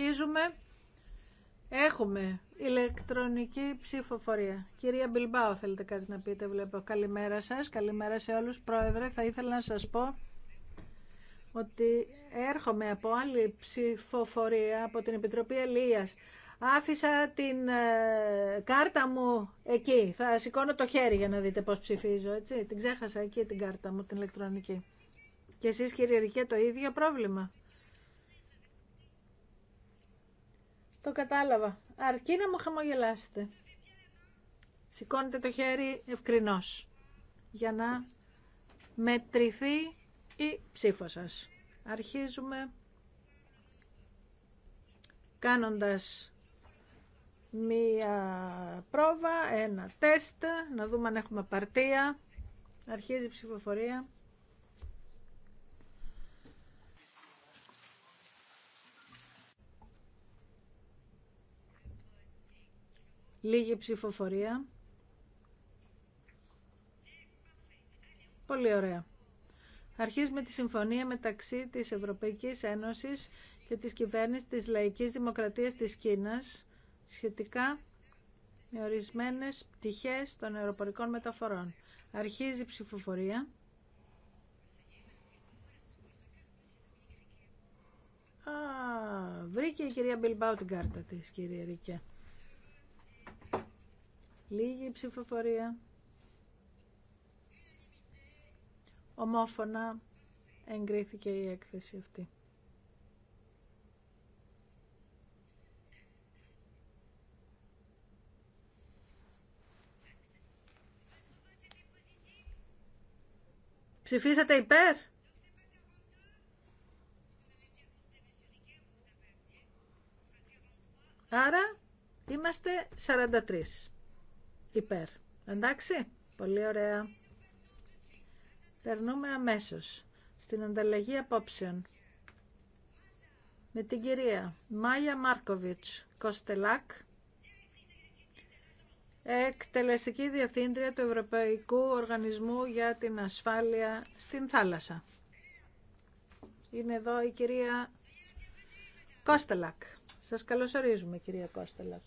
Αρχίζουμε. Έχουμε ηλεκτρονική ψηφοφορία. Κυρία Μπιλμπάου, θέλετε κάτι να πείτε, βλέπω. Καλημέρα σας, καλημέρα σε όλους. Πρόεδρε, θα ήθελα να σας πω ότι έρχομαι από άλλη ψηφοφορία από την Επιτροπή Ελίας. Άφησα την ε, κάρτα μου εκεί. Θα σηκώνω το χέρι για να δείτε πώς ψηφίζω, έτσι. Την ξέχασα εκεί την κάρτα μου, την ηλεκτρονική. Και εσείς, κύριε Ρικέ, το ίδιο πρόβλημα. Το κατάλαβα. Αρκεί να μου χαμογελάσετε. Σηκώνετε το χέρι ευκρινώς για να μετρηθεί η ψήφο σας. Αρχίζουμε κάνοντας μία πρόβα, ένα τεστ, να δούμε αν έχουμε παρτία. Αρχίζει η ψηφοφορία. Λίγη ψηφοφορία. Πολύ ωραία. Αρχίζουμε τη συμφωνία μεταξύ της Ευρωπαϊκής Ένωσης και της κυβέρνησης της Λαϊκής Δημοκρατίας της Κίνας σχετικά με ορισμένες πτυχές των αεροπορικών μεταφορών. Αρχίζει η ψηφοφορία. Α, βρήκε η κυρία Μπιλμπάου την κάρτα της, κύριε Ρικέ. Λίγη ψηφοφορία. Ομόφωνα εγκρίθηκε η έκθεση αυτή. Ψηφίσατε υπέρ. Άρα είμαστε 43 υπέρ. Εντάξει, πολύ ωραία. Περνούμε αμέσως στην ανταλλαγή απόψεων με την κυρία Μάια Μάρκοβιτς Κοστελάκ, εκτελεστική διευθύντρια του Ευρωπαϊκού Οργανισμού για την Ασφάλεια στην Θάλασσα. Είναι εδώ η κυρία Κόστελακ. Σας καλωσορίζουμε κυρία Κόστελακ.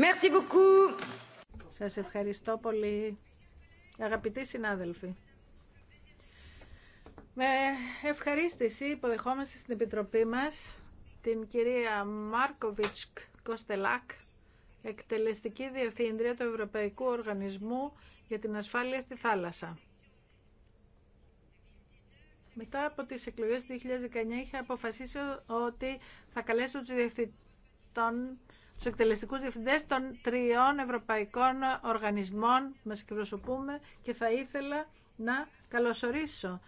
Merci beaucoup. Σας ευχαριστώ πολύ, αγαπητοί συνάδελφοι. Με ευχαρίστηση υποδεχόμαστε στην Επιτροπή μας την κυρία Μάρκοβιτς Κοστελάκ, εκτελεστική διευθύντρια του Ευρωπαϊκού Οργανισμού για την Ασφάλεια στη Θάλασσα. Μετά από τις εκλογές του 2019 είχα αποφασίσει ότι θα καλέσω τους διευθυντών στους εκτελεστικού διευθύντε των τριών ευρωπαϊκών οργανισμών που μα εκπροσωπούμε και θα ήθελα να καλωσορίσω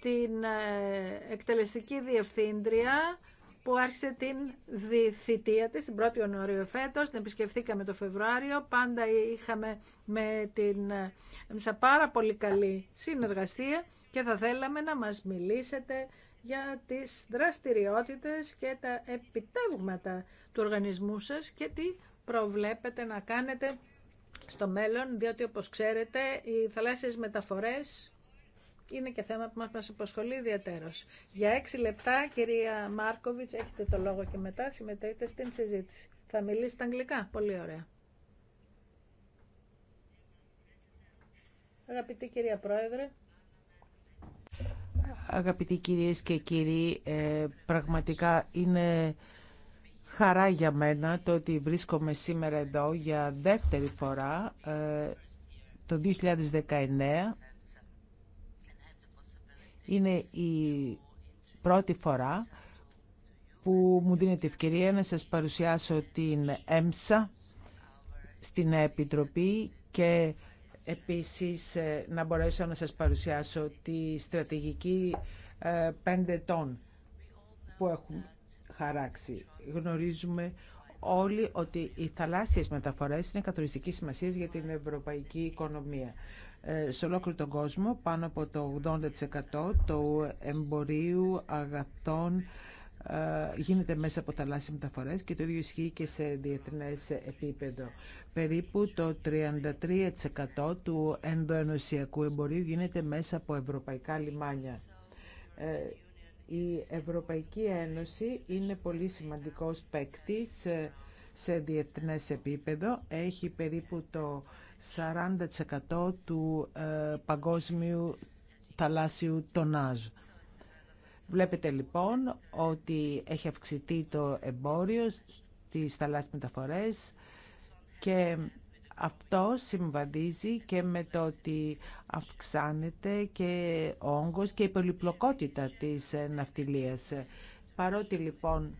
την ε, εκτελεστική διευθύντρια που άρχισε την θητεία της την 1η Ιανουαρίου φέτος, την επισκεφθήκαμε το Φεβρουάριο, πάντα είχαμε με την ε, πάρα πολύ καλή συνεργασία και θα θέλαμε να μας μιλήσετε για τις δραστηριότητες και τα επιτεύγματα του οργανισμού σας και τι προβλέπετε να κάνετε στο μέλλον, διότι όπως ξέρετε οι θαλάσσιες μεταφορές είναι και θέμα που μας υποσχολεί ιδιαίτερος. Για έξι λεπτά, κυρία Μάρκοβιτς, έχετε το λόγο και μετά συμμετέχετε στην συζήτηση. Θα μιλήσετε αγγλικά. Πολύ ωραία. Αγαπητή κυρία Πρόεδρε, Αγαπητοί κυρίες και κύριοι, ε, πραγματικά είναι χαρά για μένα το ότι βρίσκομαι σήμερα εδώ για δεύτερη φορά ε, το 2019. Είναι η πρώτη φορά που μου δίνεται ευκαιρία να σας παρουσιάσω την ΕΜΣΑ στην Επιτροπή και επίσης ε, να μπορέσω να σας παρουσιάσω τη στρατηγική ε, πέντε ετών που έχουν χαράξει. Γνωρίζουμε όλοι ότι οι θαλάσσιες μεταφορές είναι καθοριστική σημασία για την ευρωπαϊκή οικονομία. Ε, σε ολόκληρο τον κόσμο πάνω από το 80% του εμπορίου αγαθών ε, γίνεται μέσα από θαλάσσιες μεταφορές και το ίδιο ισχύει και σε διεθνές επίπεδο. Περίπου το 33% του ενδοενωσιακού εμπορίου γίνεται μέσα από ευρωπαϊκά λιμάνια. Ε, η Ευρωπαϊκή Ένωση είναι πολύ σημαντικός παίκτη ε, σε διεθνές επίπεδο. Έχει περίπου το 40% του παγκόσμιου θαλάσσιου τονάζου. Βλέπετε λοιπόν ότι έχει αυξηθεί το εμπόριο στις θαλάσσιες μεταφορές και αυτό συμβαδίζει και με το ότι αυξάνεται και ο όγκος και η πολυπλοκότητα της ναυτιλίας. Παρότι λοιπόν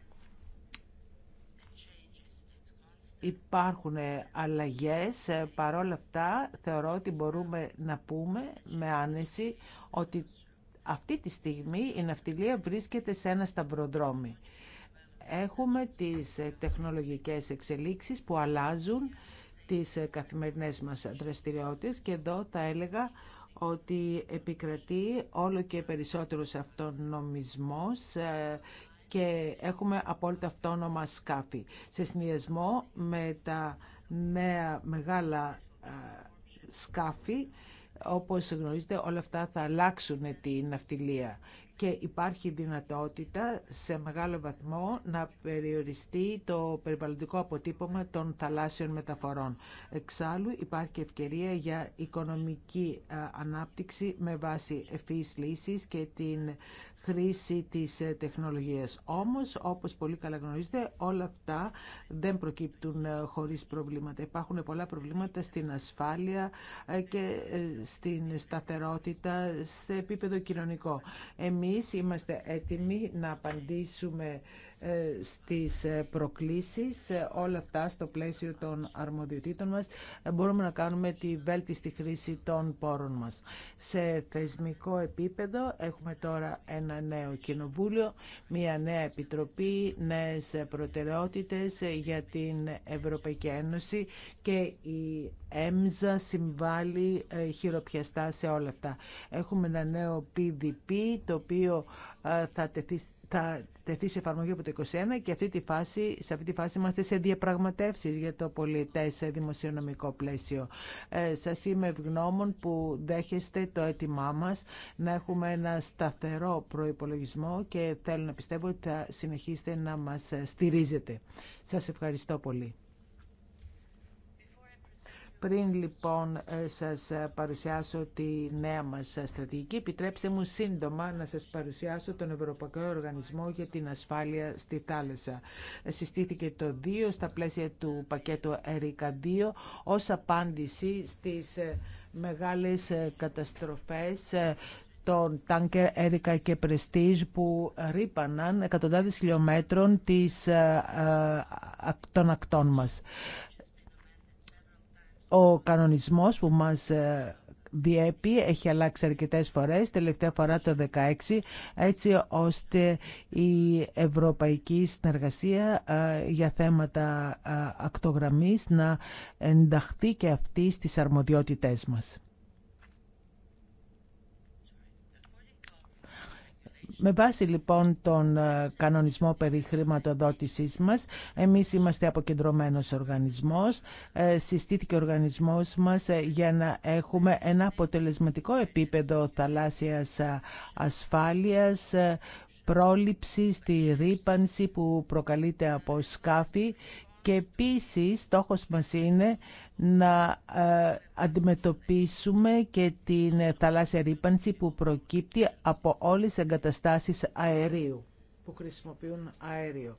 υπάρχουν αλλαγές, παρόλα αυτά θεωρώ ότι μπορούμε να πούμε με άνεση ότι αυτή τη στιγμή η ναυτιλία βρίσκεται σε ένα σταυροδρόμι. Έχουμε τις ε, τεχνολογικές εξελίξεις που αλλάζουν τις ε, καθημερινές μας δραστηριότητες και εδώ θα έλεγα ότι επικρατεί όλο και περισσότερος αυτονομισμός ε, και έχουμε απόλυτα αυτόνομα σκάφη. Σε συνδυασμό με τα νέα μεγάλα σκάφη όπως γνωρίζετε όλα αυτά θα αλλάξουν τη ναυτιλία και υπάρχει δυνατότητα σε μεγάλο βαθμό να περιοριστεί το περιβαλλοντικό αποτύπωμα των θαλάσσιων μεταφορών. Εξάλλου υπάρχει ευκαιρία για οικονομική ε, ανάπτυξη με βάση εφής λύσεις και την χρήση της ε, τεχνολογίας. Όμως, όπως πολύ καλά γνωρίζετε, όλα αυτά δεν προκύπτουν ε, χωρίς προβλήματα. Υπάρχουν πολλά προβλήματα στην ασφάλεια ε, και στην σταθερότητα σε επίπεδο κοινωνικό. Εμείς είμαστε έτοιμοι να απαντήσουμε ε, στις ε, προκλήσεις, ε, όλα αυτά στο πλαίσιο των αρμοδιοτήτων μας, μπορούμε να κάνουμε τη βέλτιστη χρήση των πόρων μας. Σε θεσμικό επίπεδο έχουμε τώρα ένα νέο κοινοβούλιο, μια νέα επιτροπή, νέες προτεραιότητες για την Ευρωπαϊκή Ένωση και η ΕΜΖΑ συμβάλλει χειροπιαστά σε όλα αυτά. Έχουμε ένα νέο PDP το οποίο θα τεθεί θα τεθεί σε εφαρμογή από το 2021 και αυτή τη φάση, σε αυτή τη φάση είμαστε σε διαπραγματεύσεις για το πολιτές δημοσιονομικό πλαίσιο. Ε, σας είμαι ευγνώμων που δέχεστε το αίτημά μας να έχουμε ένα σταθερό προϋπολογισμό και θέλω να πιστεύω ότι θα συνεχίσετε να μας στηρίζετε. Σας ευχαριστώ πολύ. Πριν λοιπόν ε, σας ε, παρουσιάσω τη νέα μας στρατηγική, επιτρέψτε μου σύντομα να σας παρουσιάσω τον Ευρωπαϊκό Οργανισμό για την Ασφάλεια στη Θάλασσα. Ε, συστήθηκε το 2 στα πλαίσια του πακέτου ΕΡΙΚΑ 2 ως απάντηση στις μεγάλες καταστροφές των τάνκερ Έρικα και Πρεστίζ που ρήπαναν εκατοντάδες χιλιόμετρων των ακτών μας. Ο κανονισμός που μας ε, Διέπει, έχει αλλάξει αρκετές φορές, τελευταία φορά το 2016, έτσι ώστε η ευρωπαϊκή συνεργασία ε, για θέματα ε, ακτογραμμής να ενταχθεί και αυτή στις αρμοδιότητές μας. Με βάση λοιπόν τον ε, κανονισμό περί χρηματοδότησής μας, εμείς είμαστε αποκεντρωμένος οργανισμός, ε, συστήθηκε ο οργανισμός μας ε, για να έχουμε ένα αποτελεσματικό επίπεδο θαλάσσιας ασφάλειας, πρόληψη στη ρήπανση που προκαλείται από σκάφη και επίσης στόχος μας είναι να ε, αντιμετωπίσουμε και την ε, θαλάσσια ρήπανση που προκύπτει από όλες τις εγκαταστάσεις αερίου, που χρησιμοποιούν αέριο.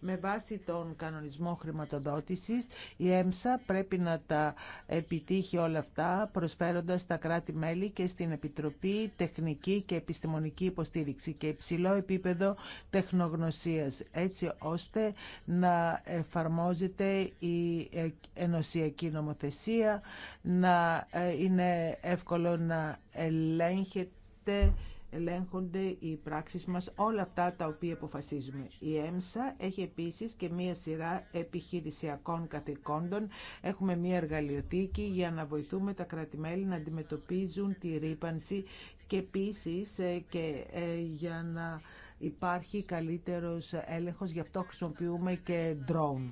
Με βάση τον κανονισμό χρηματοδότησης, η ΕΜΣΑ πρέπει να τα επιτύχει όλα αυτά, προσφέροντας τα κράτη-μέλη και στην Επιτροπή τεχνική και επιστημονική υποστήριξη και υψηλό επίπεδο τεχνογνωσίας, έτσι ώστε να εφαρμόζεται η ενωσιακή νομοθεσία, να ε, είναι εύκολο να ελέγχεται ελέγχονται οι πράξεις μας, όλα αυτά τα οποία αποφασίζουμε. Η ΕΜΣΑ έχει επίσης και μία σειρά επιχειρησιακών καθηκόντων. Έχουμε μία εργαλειοθήκη για να βοηθούμε τα κρατημέλη να αντιμετωπίζουν τη ρήπανση και επίσης ε, και ε, για να υπάρχει καλύτερος έλεγχος. Γι' αυτό χρησιμοποιούμε και drone.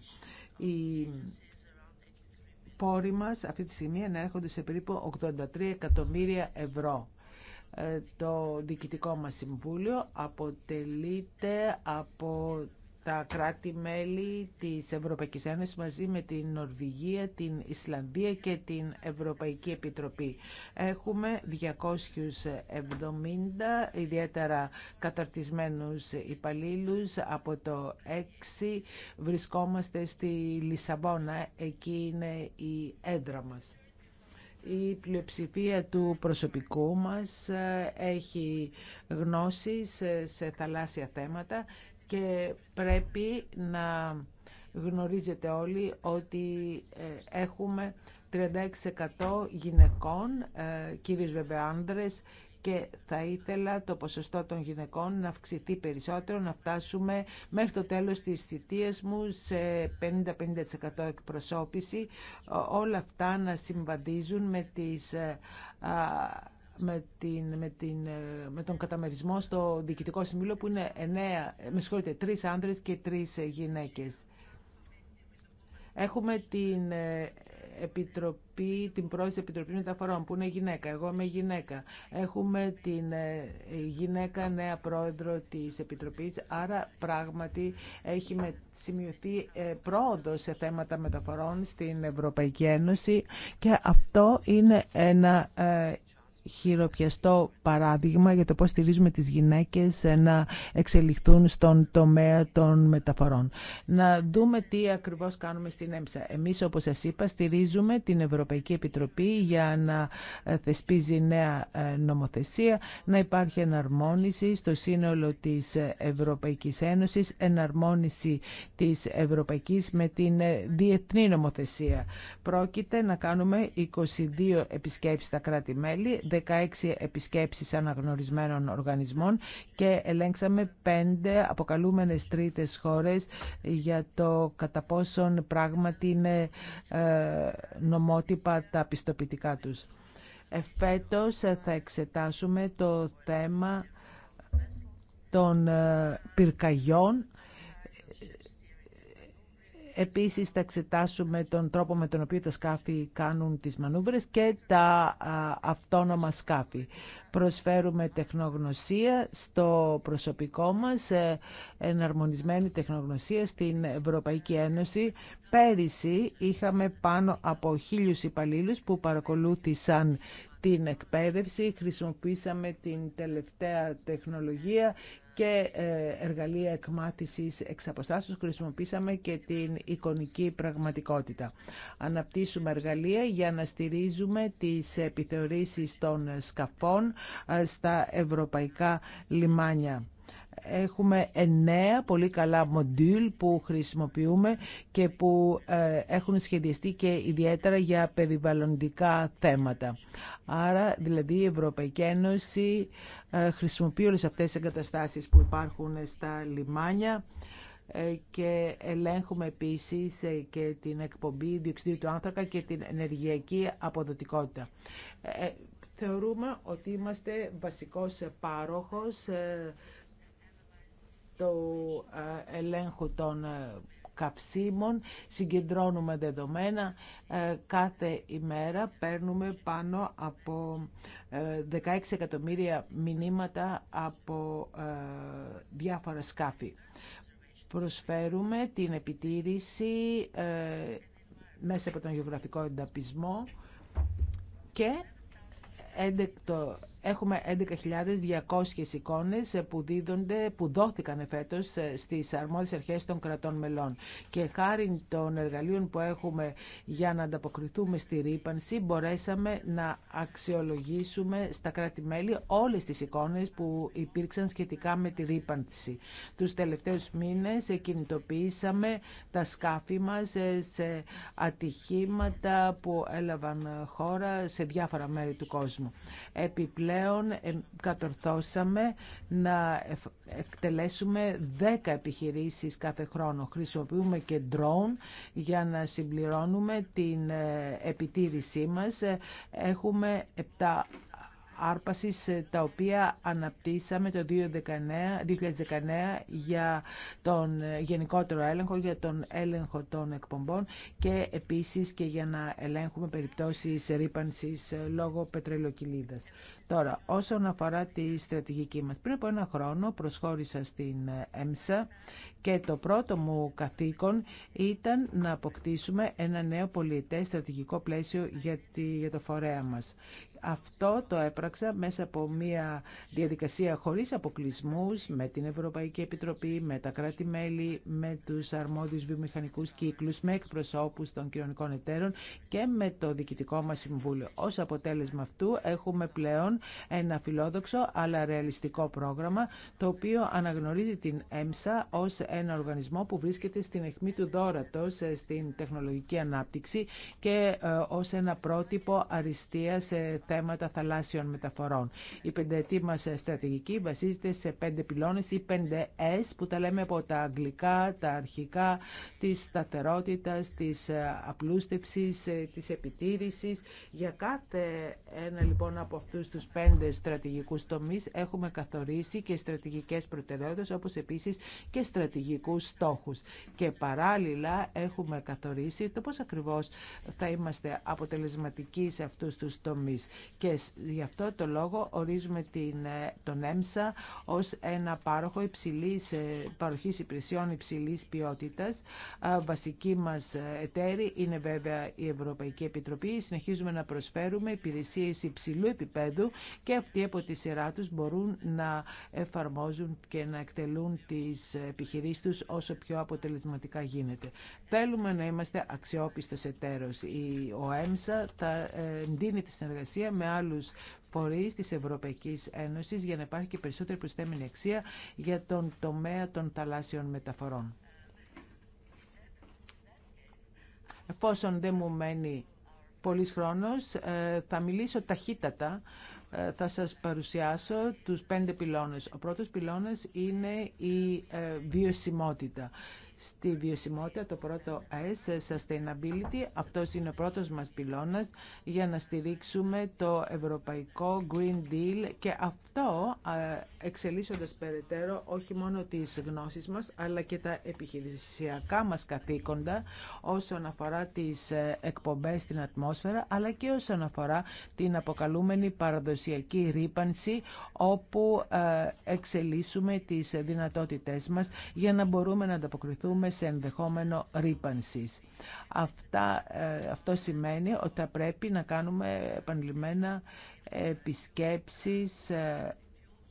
Οι πόροι μας αυτή τη στιγμή ανέρχονται σε περίπου 83 εκατομμύρια ευρώ. Ε, το Διοικητικό μας Συμβούλιο αποτελείται από τα κράτη-μέλη της Ευρωπαϊκής Ένωσης μαζί με την Νορβηγία, την Ισλανδία και την Ευρωπαϊκή Επιτροπή. Έχουμε 270 ιδιαίτερα καταρτισμένους υπαλλήλους. Από το 6 βρισκόμαστε στη Λισαβόνα, εκεί είναι η έδρα μας. Η πλειοψηφία του προσωπικού μας ε, έχει γνώσεις ε, σε θαλάσσια θέματα και πρέπει να γνωρίζετε όλοι ότι ε, έχουμε 36% γυναικών, κυρίως βέβαια άνδρες, και θα ήθελα το ποσοστό των γυναικών να αυξηθεί περισσότερο, να φτάσουμε μέχρι το τέλος της θητείας μου σε 50-50% εκπροσώπηση. Όλα αυτά να συμβαδίζουν με τις ε, με, την, με, την, ε, με τον καταμερισμό στο διοικητικό συμβούλιο που είναι εννέα, ε, με συγχωρείτε, τρεις άνδρες και τρεις γυναίκες. Έχουμε την επιτροπή, την της επιτροπή μεταφορών που είναι γυναίκα. Εγώ είμαι γυναίκα. Έχουμε την ε, γυναίκα νέα πρόεδρο της επιτροπής, άρα πράγματι έχει σημειωθεί ε, πρόοδο σε θέματα μεταφορών στην Ευρωπαϊκή Ένωση και αυτό είναι ένα ε, χειροπιαστό παράδειγμα για το πώς στηρίζουμε τις γυναίκες ε, να εξελιχθούν στον τομέα των μεταφορών. Να δούμε τι ακριβώς κάνουμε στην ΕΜΣΑ. Εμείς, όπως σας είπα, στηρίζουμε την Ευρωπαϊκή Επιτροπή για να ε, θεσπίζει νέα ε, νομοθεσία, να υπάρχει εναρμόνιση στο σύνολο της Ευρωπαϊκής Ένωσης, εναρμόνιση της Ευρωπαϊκής με την διεθνή νομοθεσία. Πρόκειται να κάνουμε 22 επισκέψεις στα κράτη-μέλη, 16 επισκέψεις αναγνωρισμένων οργανισμών και ελέγξαμε 5 αποκαλούμενες τρίτες χώρες για το κατά πόσον πράγματι είναι ε, νομότυπα τα πιστοποιητικά τους. Φέτος ε, θα εξετάσουμε το θέμα των ε, πυρκαγιών Επίσης θα εξετάσουμε τον τρόπο με τον οποίο τα σκάφη κάνουν τις μανούβρες και τα αυτόνομα σκάφη. Προσφέρουμε τεχνογνωσία στο προσωπικό μας, ε, εναρμονισμένη τεχνογνωσία στην Ευρωπαϊκή Ένωση. Πέρυσι είχαμε πάνω από χίλιους υπαλλήλους που παρακολούθησαν την εκπαίδευση, χρησιμοποίησαμε την τελευταία τεχνολογία και ε, εργαλεία εκμάθησης εξ Χρησιμοποίησαμε και την εικονική πραγματικότητα. Αναπτύσσουμε εργαλεία για να στηρίζουμε τις επιθεωρήσεις των σκαφών ε, στα ευρωπαϊκά λιμάνια. Έχουμε εννέα πολύ καλά μοντούλ που χρησιμοποιούμε και που ε, έχουν σχεδιαστεί και ιδιαίτερα για περιβαλλοντικά θέματα. Άρα, δηλαδή, η Ευρωπαϊκή Ένωση ε, χρησιμοποιεί όλες αυτές τις εγκαταστάσεις που υπάρχουν στα λιμάνια ε, και ελέγχουμε επίσης και την εκπομπή διοξιδίου του άνθρακα και την ενεργειακή αποδοτικότητα. Θεωρούμε ότι είμαστε βασικός πάροχος του ε, ελέγχου των ε, καυσίμων, συγκεντρώνουμε δεδομένα. Ε, κάθε ημέρα παίρνουμε πάνω από 16 εκατομμύρια μηνύματα από διάφορα σκάφη. Προσφέρουμε την επιτήρηση μέσα από τον γεωγραφικό ενταπισμό και έντεκτο Έχουμε 11.200 εικόνες που, δίδονται, που δόθηκαν εφέτος ε, στις αρμόδιες αρχές των κρατών μελών. Και χάρη των εργαλείων που έχουμε για να ανταποκριθούμε στη ρήπανση, μπορέσαμε να αξιολογήσουμε στα κράτη-μέλη όλες τις εικόνες που υπήρξαν σχετικά με τη ρήπανση. Τους τελευταίους μήνες κινητοποιήσαμε τα σκάφη μας ε, σε ατυχήματα που έλαβαν χώρα σε διάφορα μέρη του κόσμου. Επιπλέον, Επιπλέον ε, κατορθώσαμε να εκτελέσουμε 10 επιχειρήσεις κάθε χρόνο. Χρησιμοποιούμε και drone για να συμπληρώνουμε την ε, επιτήρησή μας. Ε, έχουμε 7 άρπασης ε, τα οποία αναπτύσσαμε το 2019 για τον ε, γενικότερο έλεγχο, για τον έλεγχο των εκπομπών και επίσης και για να ελέγχουμε περιπτώσεις ρήπανσης ε, λόγω πετρελοκυλίδας. Τώρα, όσον αφορά τη στρατηγική μας, πριν από ένα χρόνο προσχώρησα στην ΕΜΣΑ και το πρώτο μου καθήκον ήταν να αποκτήσουμε ένα νέο πολιτέ στρατηγικό πλαίσιο για, τη, για το φορέα μας. Αυτό το έπραξα μέσα από μια διαδικασία χωρίς αποκλεισμούς με την Ευρωπαϊκή Επιτροπή, με τα κράτη-μέλη, με τους αρμόδιους βιομηχανικούς κύκλους, με εκπροσώπους των κοινωνικών εταίρων και με το Διοικητικό μας Συμβούλιο. Ως αποτέλεσμα αυτού έχουμε πλέον ένα φιλόδοξο αλλά ρεαλιστικό πρόγραμμα το οποίο αναγνωρίζει την ΕΜΣΑ ως ένα οργανισμό που βρίσκεται στην αιχμή του δόρατος ε, στην τεχνολογική ανάπτυξη και ε, ως ένα πρότυπο αριστείας ε, θέματα θαλάσσιων μεταφορών. Η πενταετή μα στρατηγική βασίζεται σε πέντε πυλώνε ή πέντε S που τα λέμε από τα αγγλικά, τα αρχικά, τη σταθερότητα, τη απλούστευση, τη επιτήρηση. Για κάθε ένα λοιπόν από αυτού του πέντε στρατηγικού τομεί έχουμε καθορίσει και στρατηγικέ προτεραιότητε, όπω επίση και στρατηγικού στόχου. Και παράλληλα έχουμε καθορίσει το πώ ακριβώ θα είμαστε αποτελεσματικοί σε αυτού του τομεί. Και γι' αυτό το λόγο ορίζουμε την, ε, τον ΕΜΣΑ ως ένα πάροχο υψηλής, ε, παροχής υπηρεσιών υψηλής ποιότητας. Βασική μας ε, εταίρη είναι βέβαια η Ευρωπαϊκή Επιτροπή. Συνεχίζουμε να προσφέρουμε υπηρεσίες υψηλού επίπεδου και αυτοί από τη σειρά τους μπορούν να εφαρμόζουν και να εκτελούν τις επιχειρήσεις τους όσο πιο αποτελεσματικά γίνεται. Θέλουμε να είμαστε αξιόπιστος εταίρος. Ο ΕΜΣΑ θα ντύνει τη συνεργασία με άλλους φορείς της Ευρωπαϊκής Ένωσης για να υπάρχει και περισσότερη προσθέμενη αξία για τον τομέα των θαλάσσιων μεταφορών. Εφόσον δεν μου μένει πολύς χρόνος, ε, θα μιλήσω ταχύτατα ε, θα σας παρουσιάσω τους πέντε πυλώνες. Ο πρώτος πυλώνας είναι η ε, βιωσιμότητα. Στη βιωσιμότητα το πρώτο S, ε, Sustainability, αυτός είναι ο πρώτος μας πυλώνας για να στηρίξουμε το ευρωπαϊκό Green Deal και αυτό εξελίσσοντας περαιτέρω όχι μόνο τις γνώσεις μας αλλά και τα επιχειρησιακά μας καθήκοντα όσον αφορά τις εκπομπές στην ατμόσφαιρα αλλά και όσον αφορά την αποκαλούμενη παραδοσία παραδοσιακή ρήπανση όπου ε, εξελίσσουμε τις δυνατότητές μας για να μπορούμε να ανταποκριθούμε σε ενδεχόμενο ρήπανσης. Αυτά, ε, αυτό σημαίνει ότι θα πρέπει να κάνουμε επανειλημμένα επισκέψεις ε,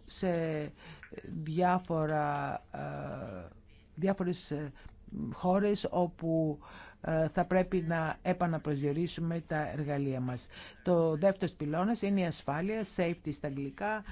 σε διάφορα, διάφορες χώρες όπου ε, θα πρέπει να επαναπροσδιορίσουμε τα εργαλεία μας. Το δεύτερο πυλώνας είναι η ασφάλεια, safety στα αγγλικά,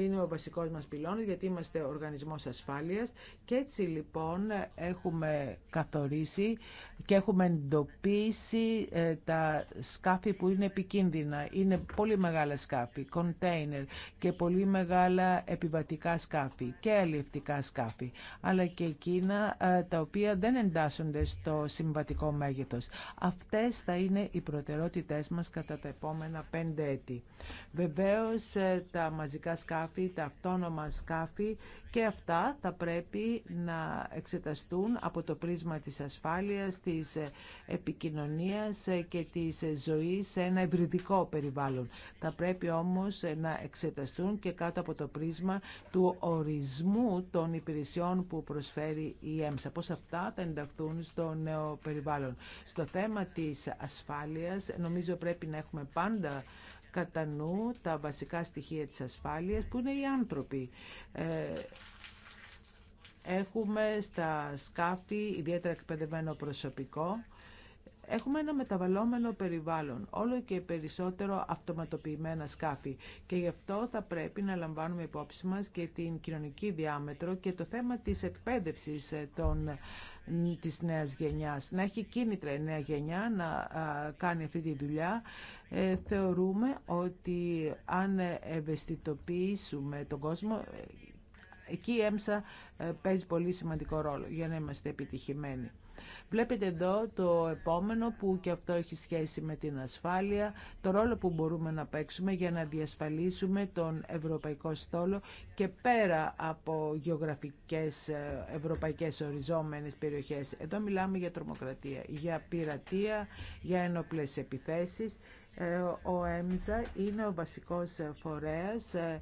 είναι ο βασικός μας πυλώνας γιατί είμαστε οργανισμός ασφάλειας και έτσι λοιπόν έχουμε καθορίσει και έχουμε εντοπίσει ε, τα σκάφη που είναι επικίνδυνα. Είναι πολύ μεγάλα σκάφη, container και πολύ μεγάλα επιβατικά σκάφη και αλληλευτικά σκάφη, αλλά και εκείνα ε, τα οποία δεν εντάσσονται στο συμβατικό μέγεθος. Αυτές θα είναι οι προτεραιότητές μας κατά τα επόμενα πέντε έτη. Βεβαίως ε, τα μαζικά σκάφη, τα αυτόνομα σκάφη και αυτά θα πρέπει να εξεταστούν από το πρίσμα της ασφάλειας, της ε, επικοινωνίας ε, και της ζωής σε ένα ευρυδικό περιβάλλον. Θα πρέπει όμως να εξεταστούν και κάτω από το πρίσμα του ορισμού των υπηρεσιών που προσφέρει η ΕΜΣΑ. Πώς αυτά θα ενταχθούν στο νέο περιβάλλον. Στο θέμα της ασφάλειας νομίζω πρέπει να έχουμε πάντα κατά νου τα βασικά στοιχεία της ασφάλειας που είναι οι άνθρωποι. Ε, έχουμε στα σκάφη ιδιαίτερα εκπαιδευμένο προσωπικό Έχουμε ένα μεταβαλλόμενο περιβάλλον, όλο και περισσότερο αυτοματοποιημένα σκάφη και γι' αυτό θα πρέπει να λαμβάνουμε υπόψη μας και την κοινωνική διάμετρο και το θέμα της εκπαίδευσης ε, των της νέας γενιάς. Να έχει κίνητρα η νέα γενιά να κάνει αυτή τη δουλειά. Ε, θεωρούμε ότι αν ευαισθητοποιήσουμε τον κόσμο, ε, εκεί η ΕΜΣΑ παίζει πολύ σημαντικό ρόλο για να είμαστε επιτυχημένοι. Βλέπετε εδώ το επόμενο που και αυτό έχει σχέση με την ασφάλεια, το ρόλο που μπορούμε να παίξουμε για να διασφαλίσουμε τον ευρωπαϊκό στόλο και πέρα από γεωγραφικές ε, ευρωπαϊκές οριζόμενες περιοχές. Εδώ μιλάμε για τρομοκρατία, για πειρατεία, για ενοπλές επιθέσεις. Ε, ο ΕΜΖΑ είναι ο βασικός φορέας ε,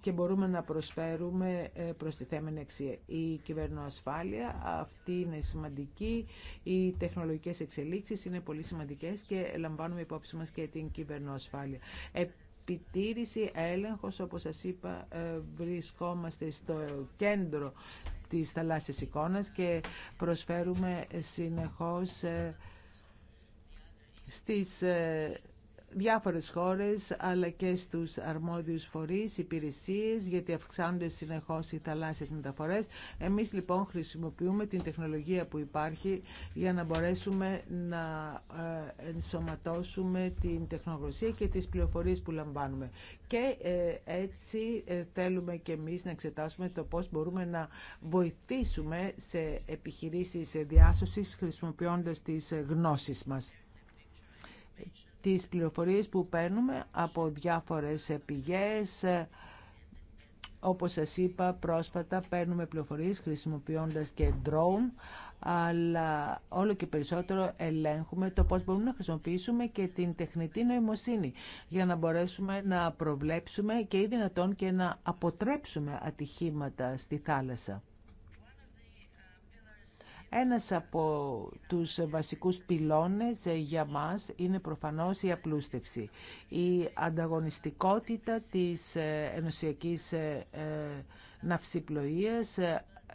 και μπορούμε να προσφέρουμε ε, τη θέμενη αξία. Η κυβερνοασφάλεια αυτή είναι σημαντική, οι τεχνολογικές εξελίξεις είναι πολύ σημαντικές και λαμβάνουμε υπόψη μας και την κυβερνοασφάλεια. Επιτήρηση, έλεγχος, όπως σας είπα, ε, βρισκόμαστε στο κέντρο της θαλάσσης εικόνας και προσφέρουμε συνεχώς ε, στις διάφορες χώρες αλλά και στους αρμόδιους φορείς, υπηρεσίες γιατί αυξάνονται συνεχώς οι θαλάσσιες μεταφορές. Εμείς λοιπόν χρησιμοποιούμε την τεχνολογία που υπάρχει για να μπορέσουμε να ε, ενσωματώσουμε την τεχνογνωσία και τις πληροφορίες που λαμβάνουμε. Και ε, έτσι ε, θέλουμε και εμείς να εξετάσουμε το πώς μπορούμε να βοηθήσουμε σε επιχειρήσεις διάσωσης χρησιμοποιώντας τις γνώσεις μας τις πληροφορίες που παίρνουμε από διάφορες πηγές. Όπως σας είπα, πρόσφατα παίρνουμε πληροφορίες χρησιμοποιώντας και drone, αλλά όλο και περισσότερο ελέγχουμε το πώς μπορούμε να χρησιμοποιήσουμε και την τεχνητή νοημοσύνη για να μπορέσουμε να προβλέψουμε και ή δυνατόν και να αποτρέψουμε ατυχήματα στη θάλασσα. Ένας από τους βασικούς πυλώνες ε, για μας είναι προφανώς η απλούστευση. Η ανταγωνιστικότητα της ε, ενωσιακής ε, ναυσιπλοείας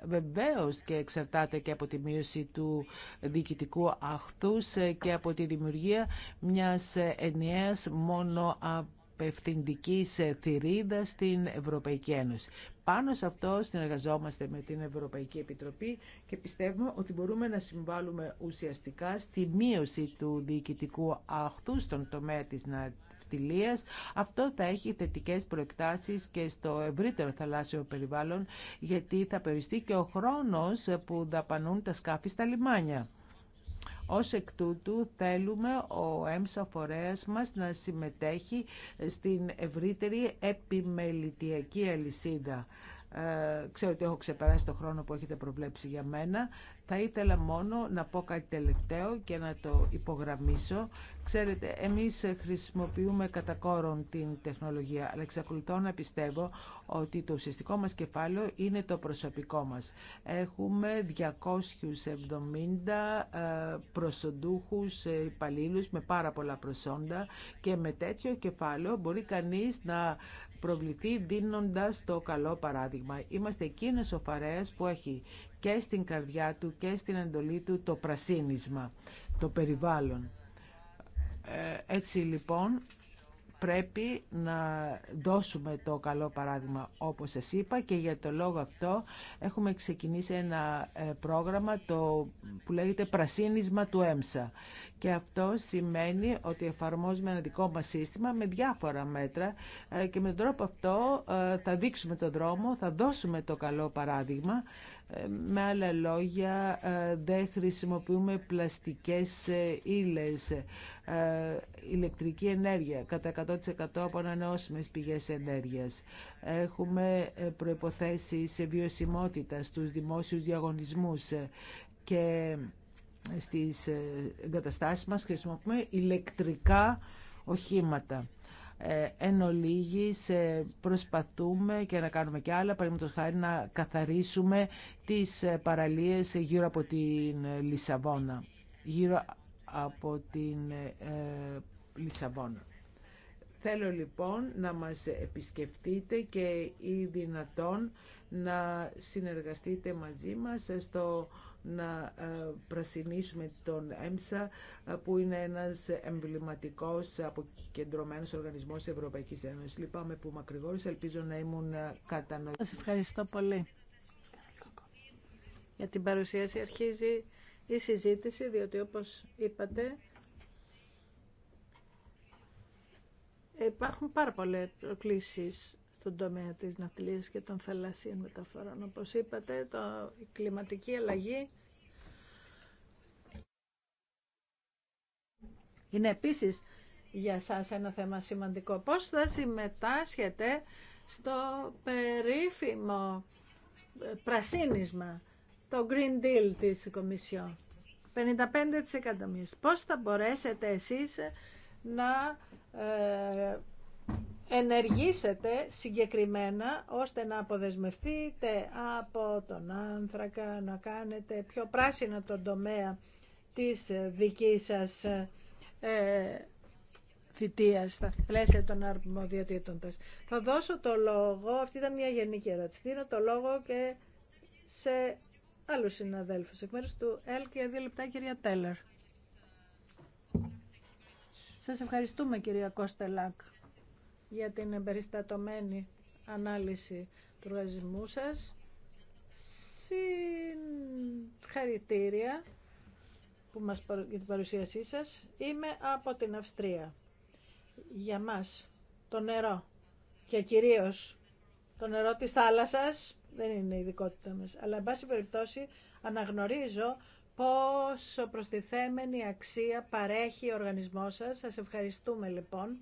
βεβαίως και εξαρτάται και από τη μείωση του διοικητικού αχθούς και από τη δημιουργία μιας ενιαίας μόνο ευθυντικής ε, θηρίδα στην Ευρωπαϊκή Ένωση. Πάνω σε αυτό συνεργαζόμαστε με την Ευρωπαϊκή Επιτροπή και πιστεύουμε ότι μπορούμε να συμβάλλουμε ουσιαστικά στη μείωση του διοικητικού αχθού στον τομέα της ναυτιλίας. Αυτό θα έχει θετικές προεκτάσεις και στο ευρύτερο θαλάσσιο περιβάλλον γιατί θα περιστεί και ο χρόνος που δαπανούν τα σκάφη στα λιμάνια. Ως εκ τούτου θέλουμε ο έμσα φορέας μας να συμμετέχει στην ευρύτερη επιμελητιακή αλυσίδα. Ε, ξέρω ότι έχω ξεπεράσει το χρόνο που έχετε προβλέψει για μένα. Θα ήθελα μόνο να πω κάτι τελευταίο και να το υπογραμμίσω. Ξέρετε, εμείς χρησιμοποιούμε κατά κόρον την τεχνολογία, αλλά εξακολουθώ να πιστεύω ότι το ουσιαστικό μας κεφάλαιο είναι το προσωπικό μας. Έχουμε 270 ε, προσοντούχους ε, υπαλλήλους με πάρα πολλά προσόντα και με τέτοιο κεφάλαιο μπορεί κανείς να προβληθεί δίνοντας το καλό παράδειγμα. Είμαστε εκείνος ο Φαρέας που έχει και στην καρδιά του και στην εντολή του το πρασίνισμα, το περιβάλλον. Ε, έτσι λοιπόν πρέπει να δώσουμε το καλό παράδειγμα όπως σας είπα και για το λόγο αυτό έχουμε ξεκινήσει ένα ε, πρόγραμμα το που λέγεται πρασίνισμα του ΕΜΣΑ και αυτό σημαίνει ότι εφαρμόζουμε ένα δικό μας σύστημα με διάφορα μέτρα ε, και με τον τρόπο αυτό ε, θα δείξουμε τον δρόμο, θα δώσουμε το καλό παράδειγμα ε, με άλλα λόγια, ε, δεν χρησιμοποιούμε πλαστικές ε, ύλες, ηλεκτρική ενέργεια, κατά 100% από ανανεώσιμες πηγές ενέργειας. Έχουμε σε βιωσιμότητα στους δημόσιους διαγωνισμούς και στις εγκαταστάσεις μας χρησιμοποιούμε ηλεκτρικά οχήματα. Ε, εν ολίγης προσπαθούμε και να κάνουμε και άλλα, παραδείγματος χάρη να καθαρίσουμε τις ε, παραλίες γύρω από την ε, Λισαβόνα. Γύρω από την Λισαβόνα. Θέλω λοιπόν να μας επισκεφτείτε και ή δυνατόν να συνεργαστείτε μαζί μας στο να ε, πρασινίσουμε τον ΕΜΣΑ ε, που είναι ένας εμβληματικός αποκεντρωμένος οργανισμός τη Ευρωπαϊκής Ένωσης. Λυπάμαι που μακρηγόρησα, ελπίζω να ήμουν ε, κατανοητή. Σας ευχαριστώ πολύ για την παρουσίαση. Αρχίζει η συζήτηση, διότι όπως είπατε υπάρχουν πάρα πολλές προκλήσεις στον τομέα της ναυτιλίας και των θαλασσίων μεταφορών. Όπως είπατε, το, η κλιματική αλλαγή είναι επίσης για σας ένα θέμα σημαντικό. Πώς θα συμμετάσχετε στο περίφημο πρασίνισμα, το Green Deal της Κομισιόν. 55% μισθ. Πώς θα μπορέσετε εσείς να ε, ενεργήσετε συγκεκριμένα ώστε να αποδεσμευτείτε από τον άνθρακα, να κάνετε πιο πράσινα τον τομέα της δικής σας ε, θητείας στα πλαίσια των αρμοδιοτήτων σας. Θα δώσω το λόγο, αυτή ήταν μια γενική ερώτηση, δίνω το λόγο και σε άλλους συναδέλφους. Εκ μέρους του ΕΛ και δύο λεπτά κυρία Τέλλερ. Σας ευχαριστούμε κυρία Κώστελακ για την εμπεριστατωμένη ανάλυση του οργανισμού σας. Συγχαρητήρια που μας, για την παρουσίασή σας. Είμαι από την Αυστρία. Για μας το νερό και κυρίως το νερό της θάλασσας δεν είναι η ειδικότητά μας. Αλλά, εν πάση περιπτώσει, αναγνωρίζω πόσο προστιθέμενη αξία παρέχει ο οργανισμός σας. Σας ευχαριστούμε, λοιπόν.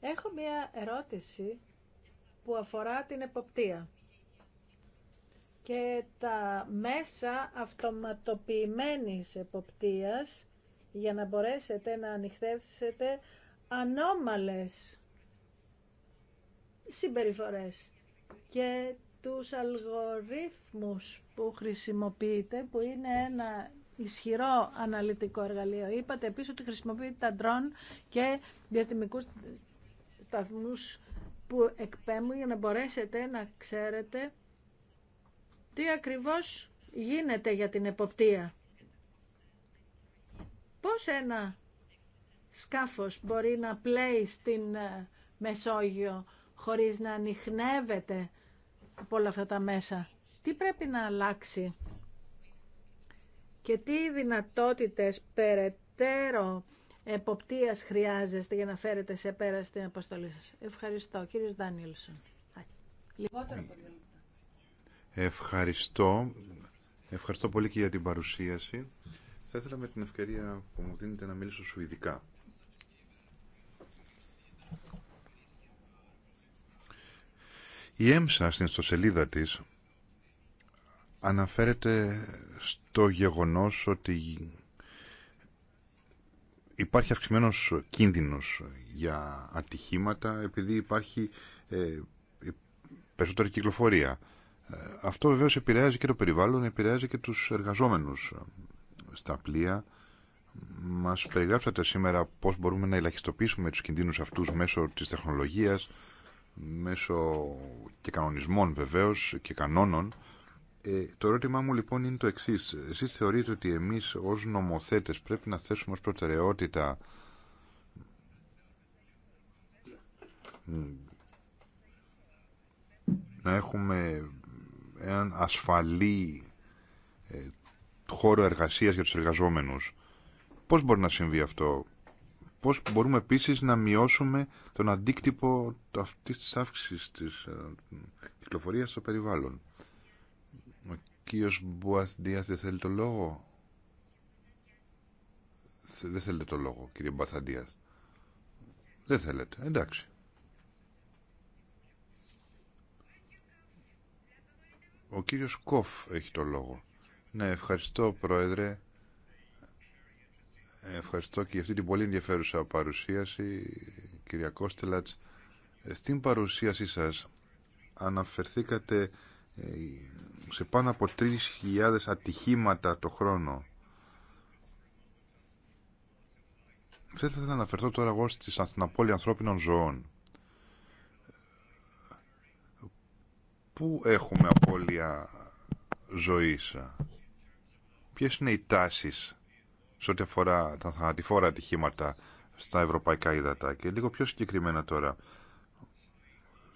Έχω μία ερώτηση που αφορά την εποπτεία και τα μέσα αυτοματοποιημένης εποπτείας για να μπορέσετε να ανοιχτεύσετε ανώμαλες συμπεριφορές και τους αλγορίθμους που χρησιμοποιείτε που είναι ένα ισχυρό αναλυτικό εργαλείο. Είπατε επίσης ότι χρησιμοποιείτε τα ντρόν και διαστημικούς σταθμούς που εκπέμπουν για να μπορέσετε να ξέρετε τι ακριβώς γίνεται για την εποπτεία. Πώς ένα σκάφος μπορεί να πλέει στην ε, Μεσόγειο χωρίς να ανοιχνεύεται από όλα αυτά τα μέσα. Τι πρέπει να αλλάξει και τι δυνατότητες περαιτέρω εποπτείας χρειάζεστε για να φέρετε σε πέρα στην αποστολή σας. Ευχαριστώ. Κύριος Δάνιλσον. Λιγότερο Ευχαριστώ. Ευχαριστώ πολύ και για την παρουσίαση. Θα ήθελα με την ευκαιρία που μου δίνετε να μιλήσω σου ειδικά. Η ΕΜΣΑ στην ιστοσελίδα της αναφέρεται στο γεγονός ότι υπάρχει αυξημένος κίνδυνος για ατυχήματα επειδή υπάρχει ε, περισσότερη κυκλοφορία. Ε, αυτό βεβαίως επηρεάζει και το περιβάλλον, επηρεάζει και τους εργαζόμενους στα πλοία. Μας περιγράψατε σήμερα πώς μπορούμε να ελαχιστοποιήσουμε τους κινδύνους αυτούς μέσω της τεχνολογίας, μέσω και κανονισμών βεβαίως και κανόνων. Ε, το ερώτημά μου λοιπόν είναι το εξή. Εσεί θεωρείτε ότι εμεί ω νομοθέτε πρέπει να θέσουμε ω προτεραιότητα να έχουμε έναν ασφαλή ε, χώρο εργασίας για τους εργαζόμενους. Πώς μπορεί να συμβεί αυτό, πώς μπορούμε επίσης να μειώσουμε τον αντίκτυπο αυτής της αύξησης της ε, κυκλοφορίας στο περιβάλλον κύριος Δίας δεν θέλει το λόγο. Δεν θέλετε το λόγο, κύριε Μπαθαντίας. Δεν θέλετε. Εντάξει. Ο κύριος Κοφ έχει το λόγο. Ναι, ευχαριστώ Πρόεδρε. Ε, ευχαριστώ και για αυτή την πολύ ενδιαφέρουσα παρουσίαση, κυρία Κώστελατς. Ε, στην παρουσίασή σας αναφερθήκατε ε, σε πάνω από 3.000 ατυχήματα το χρόνο. θα ήθελα να αναφερθώ τώρα εγώ στην απώλεια ανθρώπινων ζωών. Πού έχουμε απώλεια ζωής. Ποιες είναι οι τάσεις σε ό,τι αφορά τα θανατηφόρα ατυχήματα στα ευρωπαϊκά ύδατα και λίγο πιο συγκεκριμένα τώρα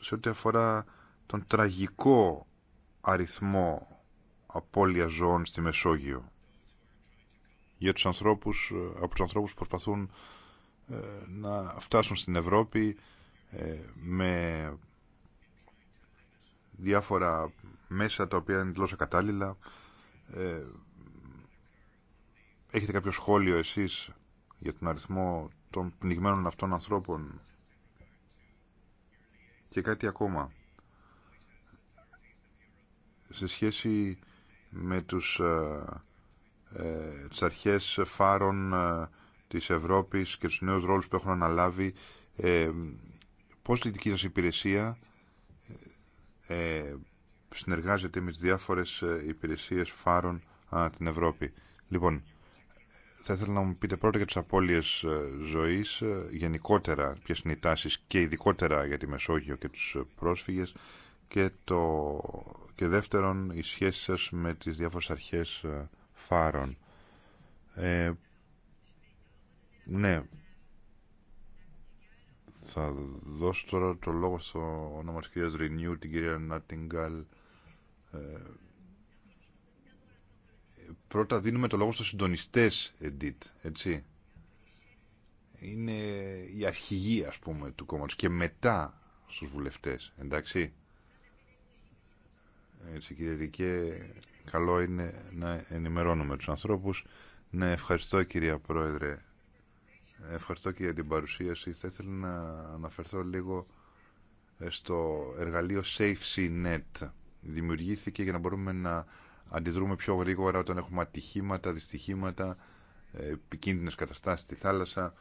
σε ό,τι αφορά τον τραγικό αριθμό απώλεια ζώων στη Μεσόγειο. Για τους ανθρώπους, ε, από τους ανθρώπους που προσπαθούν ε, να φτάσουν στην Ευρώπη ε, με διάφορα μέσα τα οποία είναι εντελώς ακατάλληλα. έχετε κάποιο σχόλιο εσείς για τον αριθμό των πνιγμένων αυτών ανθρώπων και κάτι ακόμα σε σχέση με τους, ε, ε τις αρχές φάρων ε, της Ευρώπης και τους νέους ρόλους που έχουν αναλάβει ε, πώς η δική σας υπηρεσία ε, συνεργάζεται με τις διάφορες ε, υπηρεσίες φάρων την Ευρώπη. Λοιπόν, θα ήθελα να μου πείτε πρώτα για τις απώλειες ζωής, γενικότερα ποιες είναι οι τάσεις και ειδικότερα για τη Μεσόγειο και τους πρόσφυγες και, το, και δεύτερον οι σχέση σας με τις διάφορες αρχές ε, φάρων. Ε, ναι, θα δώσω τώρα το λόγο στο όνομα της κυρίας Ρινιού, την κυρία Νάτιγκαλ. Ε, πρώτα δίνουμε το λόγο στους συντονιστές, Εντίτ, έτσι. Είναι η αρχηγή, ας πούμε, του κόμματος και μετά στους βουλευτές, εντάξει. Έτσι κύριε Ρικέ, καλό είναι να ενημερώνουμε τους ανθρώπους. Ναι, ευχαριστώ κυρία Πρόεδρε. Ευχαριστώ και για την παρουσίαση. Θα ήθελα να αναφερθώ λίγο ε, στο εργαλείο Net, Δημιουργήθηκε για να μπορούμε να αντιδρούμε πιο γρήγορα όταν έχουμε ατυχήματα, δυστυχήματα, ε, επικίνδυνες καταστάσεις στη θάλασσα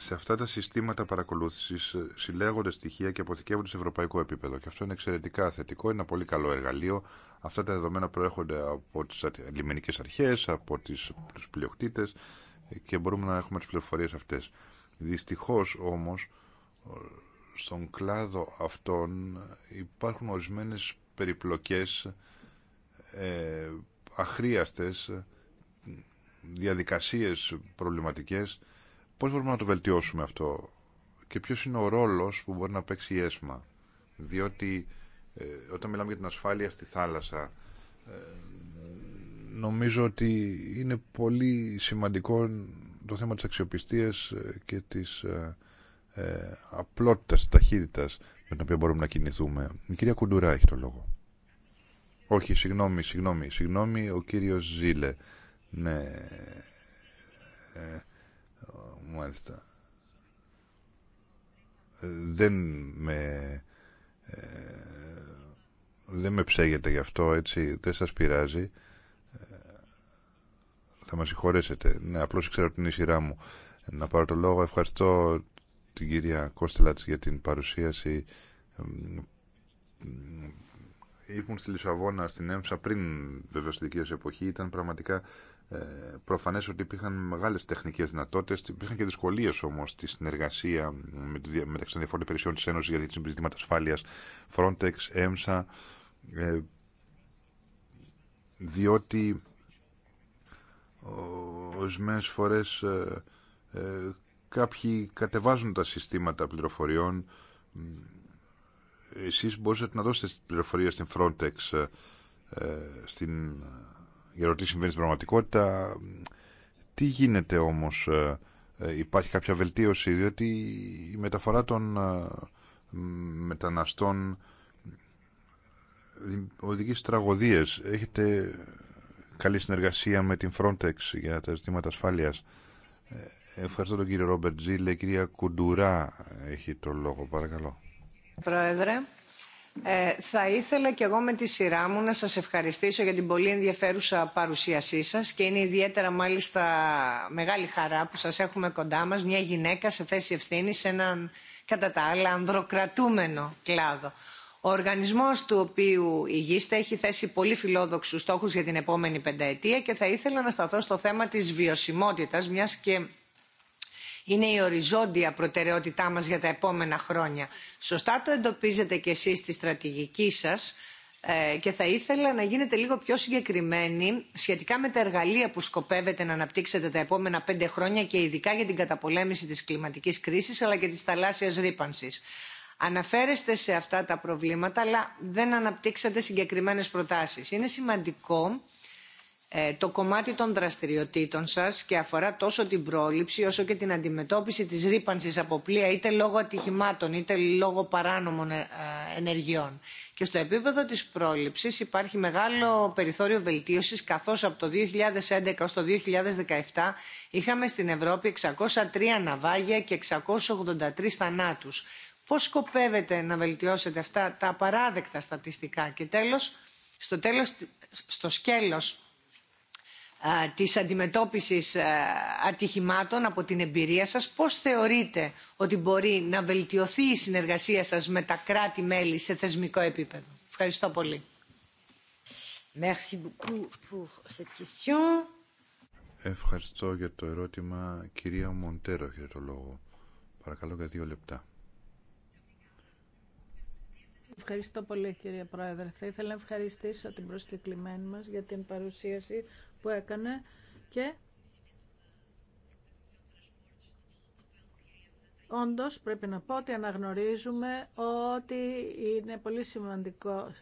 σε αυτά τα συστήματα παρακολούθησης ε, συλλέγονται στοιχεία και αποθηκεύονται σε ευρωπαϊκό επίπεδο. Και αυτό είναι εξαιρετικά θετικό, είναι ένα πολύ καλό εργαλείο. Αυτά τα δεδομένα προέρχονται από τις λιμενικές αρχές, από τις, τους ε, και μπορούμε να έχουμε τις πληροφορίες αυτές. Δυστυχώς όμως ε, στον κλάδο αυτών υπάρχουν ορισμένες περιπλοκές ε, αχρίαστες διαδικασίες προβληματικές Πώς μπορούμε να το βελτιώσουμε αυτό και ποιος είναι ο ρόλος που μπορεί να παίξει η ΕΣΜΑ. Διότι ε, όταν μιλάμε για την ασφάλεια στη θάλασσα, ε, νομίζω ότι είναι πολύ σημαντικό το θέμα της αξιοπιστίας ε, και της ε, ε, απλότητας, της ταχύτητας με την οποία μπορούμε να κινηθούμε. Η κυρία Κουντουρά έχει το λόγο. Όχι, συγγνώμη, συγγνώμη, συγγνώμη, ο κύριος Ζήλε. Ναι. Ε, Μάλιστα. Ε, δεν με... Ε, δεν με γι' αυτό, έτσι. Δεν σας πειράζει. Ε, θα μας συγχωρέσετε. Ναι, απλώς ξέρω την μου. Να πάρω το λόγο. Ευχαριστώ την κυρία Κώστελα για την παρουσίαση. Ήμουν στη Λισαβόνα, στην έμψα πριν βέβαια στη δική εποχή. Ήταν πραγματικά ε, προφανές ότι υπήρχαν μεγάλες τεχνικές δυνατότητες, υπήρχαν και δυσκολίες όμως στη συνεργασία μεταξύ των διαφορετικών υπηρεσιών της Ένωσης για τις ζητήματα ασφάλειας, Frontex, EMSA, ε, διότι ορισμένε φορές ε, κάποιοι κατεβάζουν τα συστήματα πληροφοριών, εσείς μπορούσατε να δώσετε πληροφορία στην Frontex, στην για το τι συμβαίνει στην πραγματικότητα. Τι γίνεται όμως, ε, ε, υπάρχει κάποια βελτίωση, διότι η μεταφορά των ε, μεταναστών οδηγεί στις τραγωδίες. Έχετε καλή συνεργασία με την Frontex για τα ζητήματα ασφάλειας. Ευχαριστώ τον κύριο Ρόμπερτ Τζίλε. Κυρία Κουντουρά έχει το λόγο, παρακαλώ. Πρόεδρε, ε, θα ήθελα κι εγώ με τη σειρά μου να σας ευχαριστήσω για την πολύ ενδιαφέρουσα παρουσίασή σας και είναι ιδιαίτερα μάλιστα μεγάλη χαρά που σας έχουμε κοντά μας μια γυναίκα σε θέση ευθύνη σε έναν κατά τα άλλα ανδροκρατούμενο κλάδο. Ο οργανισμός του οποίου ηγείστε έχει θέσει πολύ φιλόδοξους στόχους για την επόμενη πενταετία και θα ήθελα να σταθώ στο θέμα της βιωσιμότητας μιας και είναι η οριζόντια προτεραιότητά μας για τα επόμενα χρόνια. Σωστά το εντοπίζετε και εσείς στη στρατηγική σας ε, και θα ήθελα να γίνετε λίγο πιο συγκεκριμένοι σχετικά με τα εργαλεία που σκοπεύετε να αναπτύξετε τα επόμενα πέντε χρόνια και ειδικά για την καταπολέμηση της κλιματικής κρίσης αλλά και της θαλάσσιας ρήπανσης. Αναφέρεστε σε αυτά τα προβλήματα αλλά δεν αναπτύξατε συγκεκριμένες προτάσεις. Είναι σημαντικό ε, το κομμάτι των δραστηριοτήτων σας και αφορά τόσο την πρόληψη όσο και την αντιμετώπιση της ρήπανσης από πλοία είτε λόγω ατυχημάτων είτε λόγω παράνομων ε, ενεργειών. Και στο επίπεδο της πρόληψης υπάρχει μεγάλο περιθώριο βελτίωσης καθώς από το 2011 ως το 2017 είχαμε στην Ευρώπη 603 ναυάγια και 683 θανάτους. Πώς σκοπεύετε να βελτιώσετε αυτά τα απαράδεκτα στατιστικά και τέλος, στο, τέλος, στο σκέλος της αντιμετώπισης ατυχημάτων από την εμπειρία σας πώς θεωρείτε ότι μπορεί να βελτιωθεί η συνεργασία σας με τα κράτη μέλη σε θεσμικό επίπεδο. Ευχαριστώ πολύ. Ευχαριστώ για το ερώτημα. Κυρία Μοντέρο, έχετε το λόγο. Παρακαλώ για δύο λεπτά. Ευχαριστώ πολύ κύριε Πρόεδρε. Θα ήθελα να ευχαριστήσω την προσκεκλημένη μας για την παρουσίαση που έκανε και όντως πρέπει να πω ότι αναγνωρίζουμε ότι είναι πολύ σημαντικό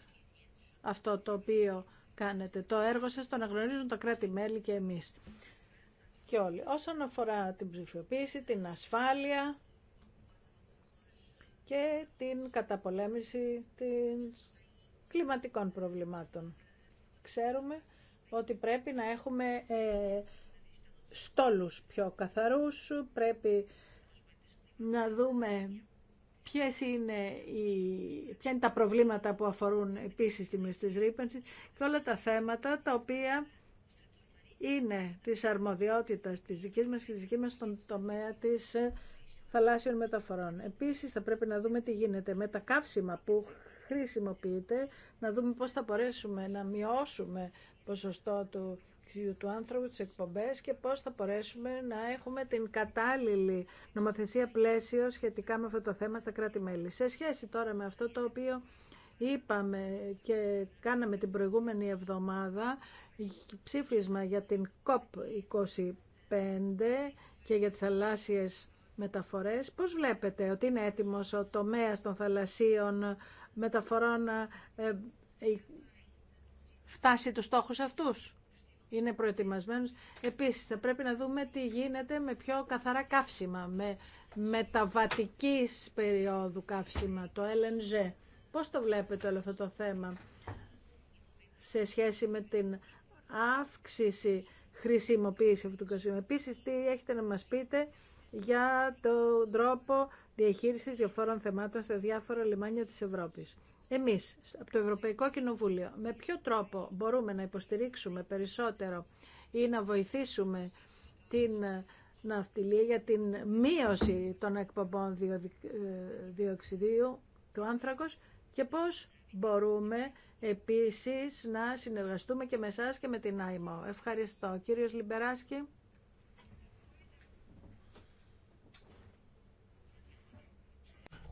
αυτό το οποίο κάνετε. Το έργο σας το αναγνωρίζουν τα κράτη-μέλη και εμείς. Και όλοι. Όσον αφορά την ψηφιοποίηση, την ασφάλεια και την καταπολέμηση των κλιματικών προβλημάτων. Ξέρουμε ότι πρέπει να έχουμε ε, στόλους πιο καθαρούς, πρέπει να δούμε ποιες είναι οι, ποια είναι τα προβλήματα που αφορούν επίσης τη μισθή της και όλα τα θέματα τα οποία είναι της αρμοδιότητας της δικής μας και της δικής μας στον τομέα της ε, θαλάσσιων μεταφορών. Επίσης θα πρέπει να δούμε τι γίνεται με τα καύσιμα που χρησιμοποιείται, να δούμε πώς θα μπορέσουμε να μειώσουμε ποσοστό του του άνθρωπου, τις εκπομπές και πώς θα μπορέσουμε να έχουμε την κατάλληλη νομοθεσία πλαίσιο σχετικά με αυτό το θέμα στα κράτη-μέλη. Σε σχέση τώρα με αυτό το οποίο είπαμε και κάναμε την προηγούμενη εβδομάδα ψήφισμα για την COP25 και για τις θαλάσσιες μεταφορές. Πώς βλέπετε ότι είναι έτοιμος ο τομέας των θαλασσίων μεταφορών ε, ε, φτάσει τους στόχους αυτούς. Είναι προετοιμασμένος. Επίσης, θα πρέπει να δούμε τι γίνεται με πιο καθαρά καύσιμα, με μεταβατικής περίοδου καύσιμα, το LNG. Πώς το βλέπετε όλο αυτό το θέμα σε σχέση με την αύξηση χρησιμοποίηση αυτού του καυσίμου. Επίσης, τι έχετε να μας πείτε για τον τρόπο διαχείρισης διαφόρων θεμάτων στα διάφορα λιμάνια της Ευρώπης εμείς από το Ευρωπαϊκό Κοινοβούλιο με ποιο τρόπο μπορούμε να υποστηρίξουμε περισσότερο ή να βοηθήσουμε την ναυτιλία για την μείωση των εκπομπών ε, διοξιδίου του άνθρακος και πώς μπορούμε επίσης να συνεργαστούμε και με εσάς και με την ΆΙΜΟ. Ευχαριστώ. Κύριος Λιμπεράσκη.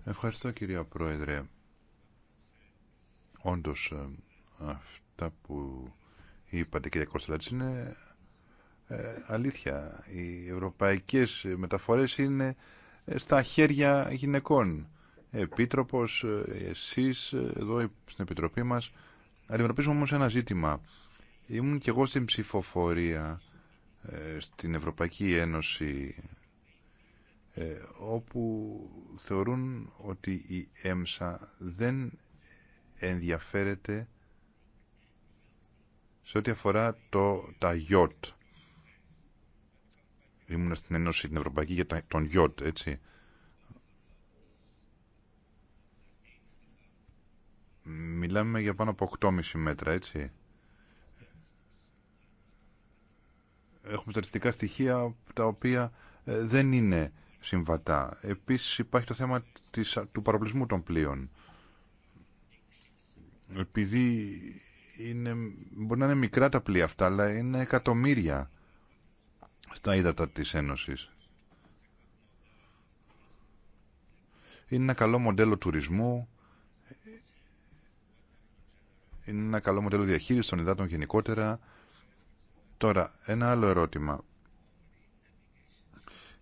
Ευχαριστώ κυρία Πρόεδρε. Όντως ε, αυτά που είπατε κύριε Κώσταλατς είναι ε, αλήθεια. Οι ευρωπαϊκές μεταφορές είναι ε, στα χέρια γυναικών. Επίτροπος, εσείς εδώ στην Επιτροπή μας. Αντιμετωπίζουμε όμως ένα ζήτημα. Ήμουν και εγώ στην ψηφοφορία στην Ευρωπαϊκή Ένωση όπου θεωρούν ότι η ΕΜΣΑ δεν ενδιαφέρεται σε ό,τι αφορά το, τα γιότ. Ήμουν στην Ένωση την Ευρωπαϊκή για τον γιότ, έτσι. Μιλάμε για πάνω από 8,5 μέτρα, έτσι. Έχουμε στατιστικά στοιχεία τα οποία ε, δεν είναι συμβατά. Επίσης υπάρχει το θέμα της, του παροπλισμού των πλοίων επειδή είναι, μπορεί να είναι μικρά τα πλοία αυτά, αλλά είναι εκατομμύρια στα ύδατα της Ένωσης. Είναι ένα καλό μοντέλο τουρισμού, είναι ένα καλό μοντέλο διαχείρισης των υδάτων γενικότερα. Τώρα, ένα άλλο ερώτημα.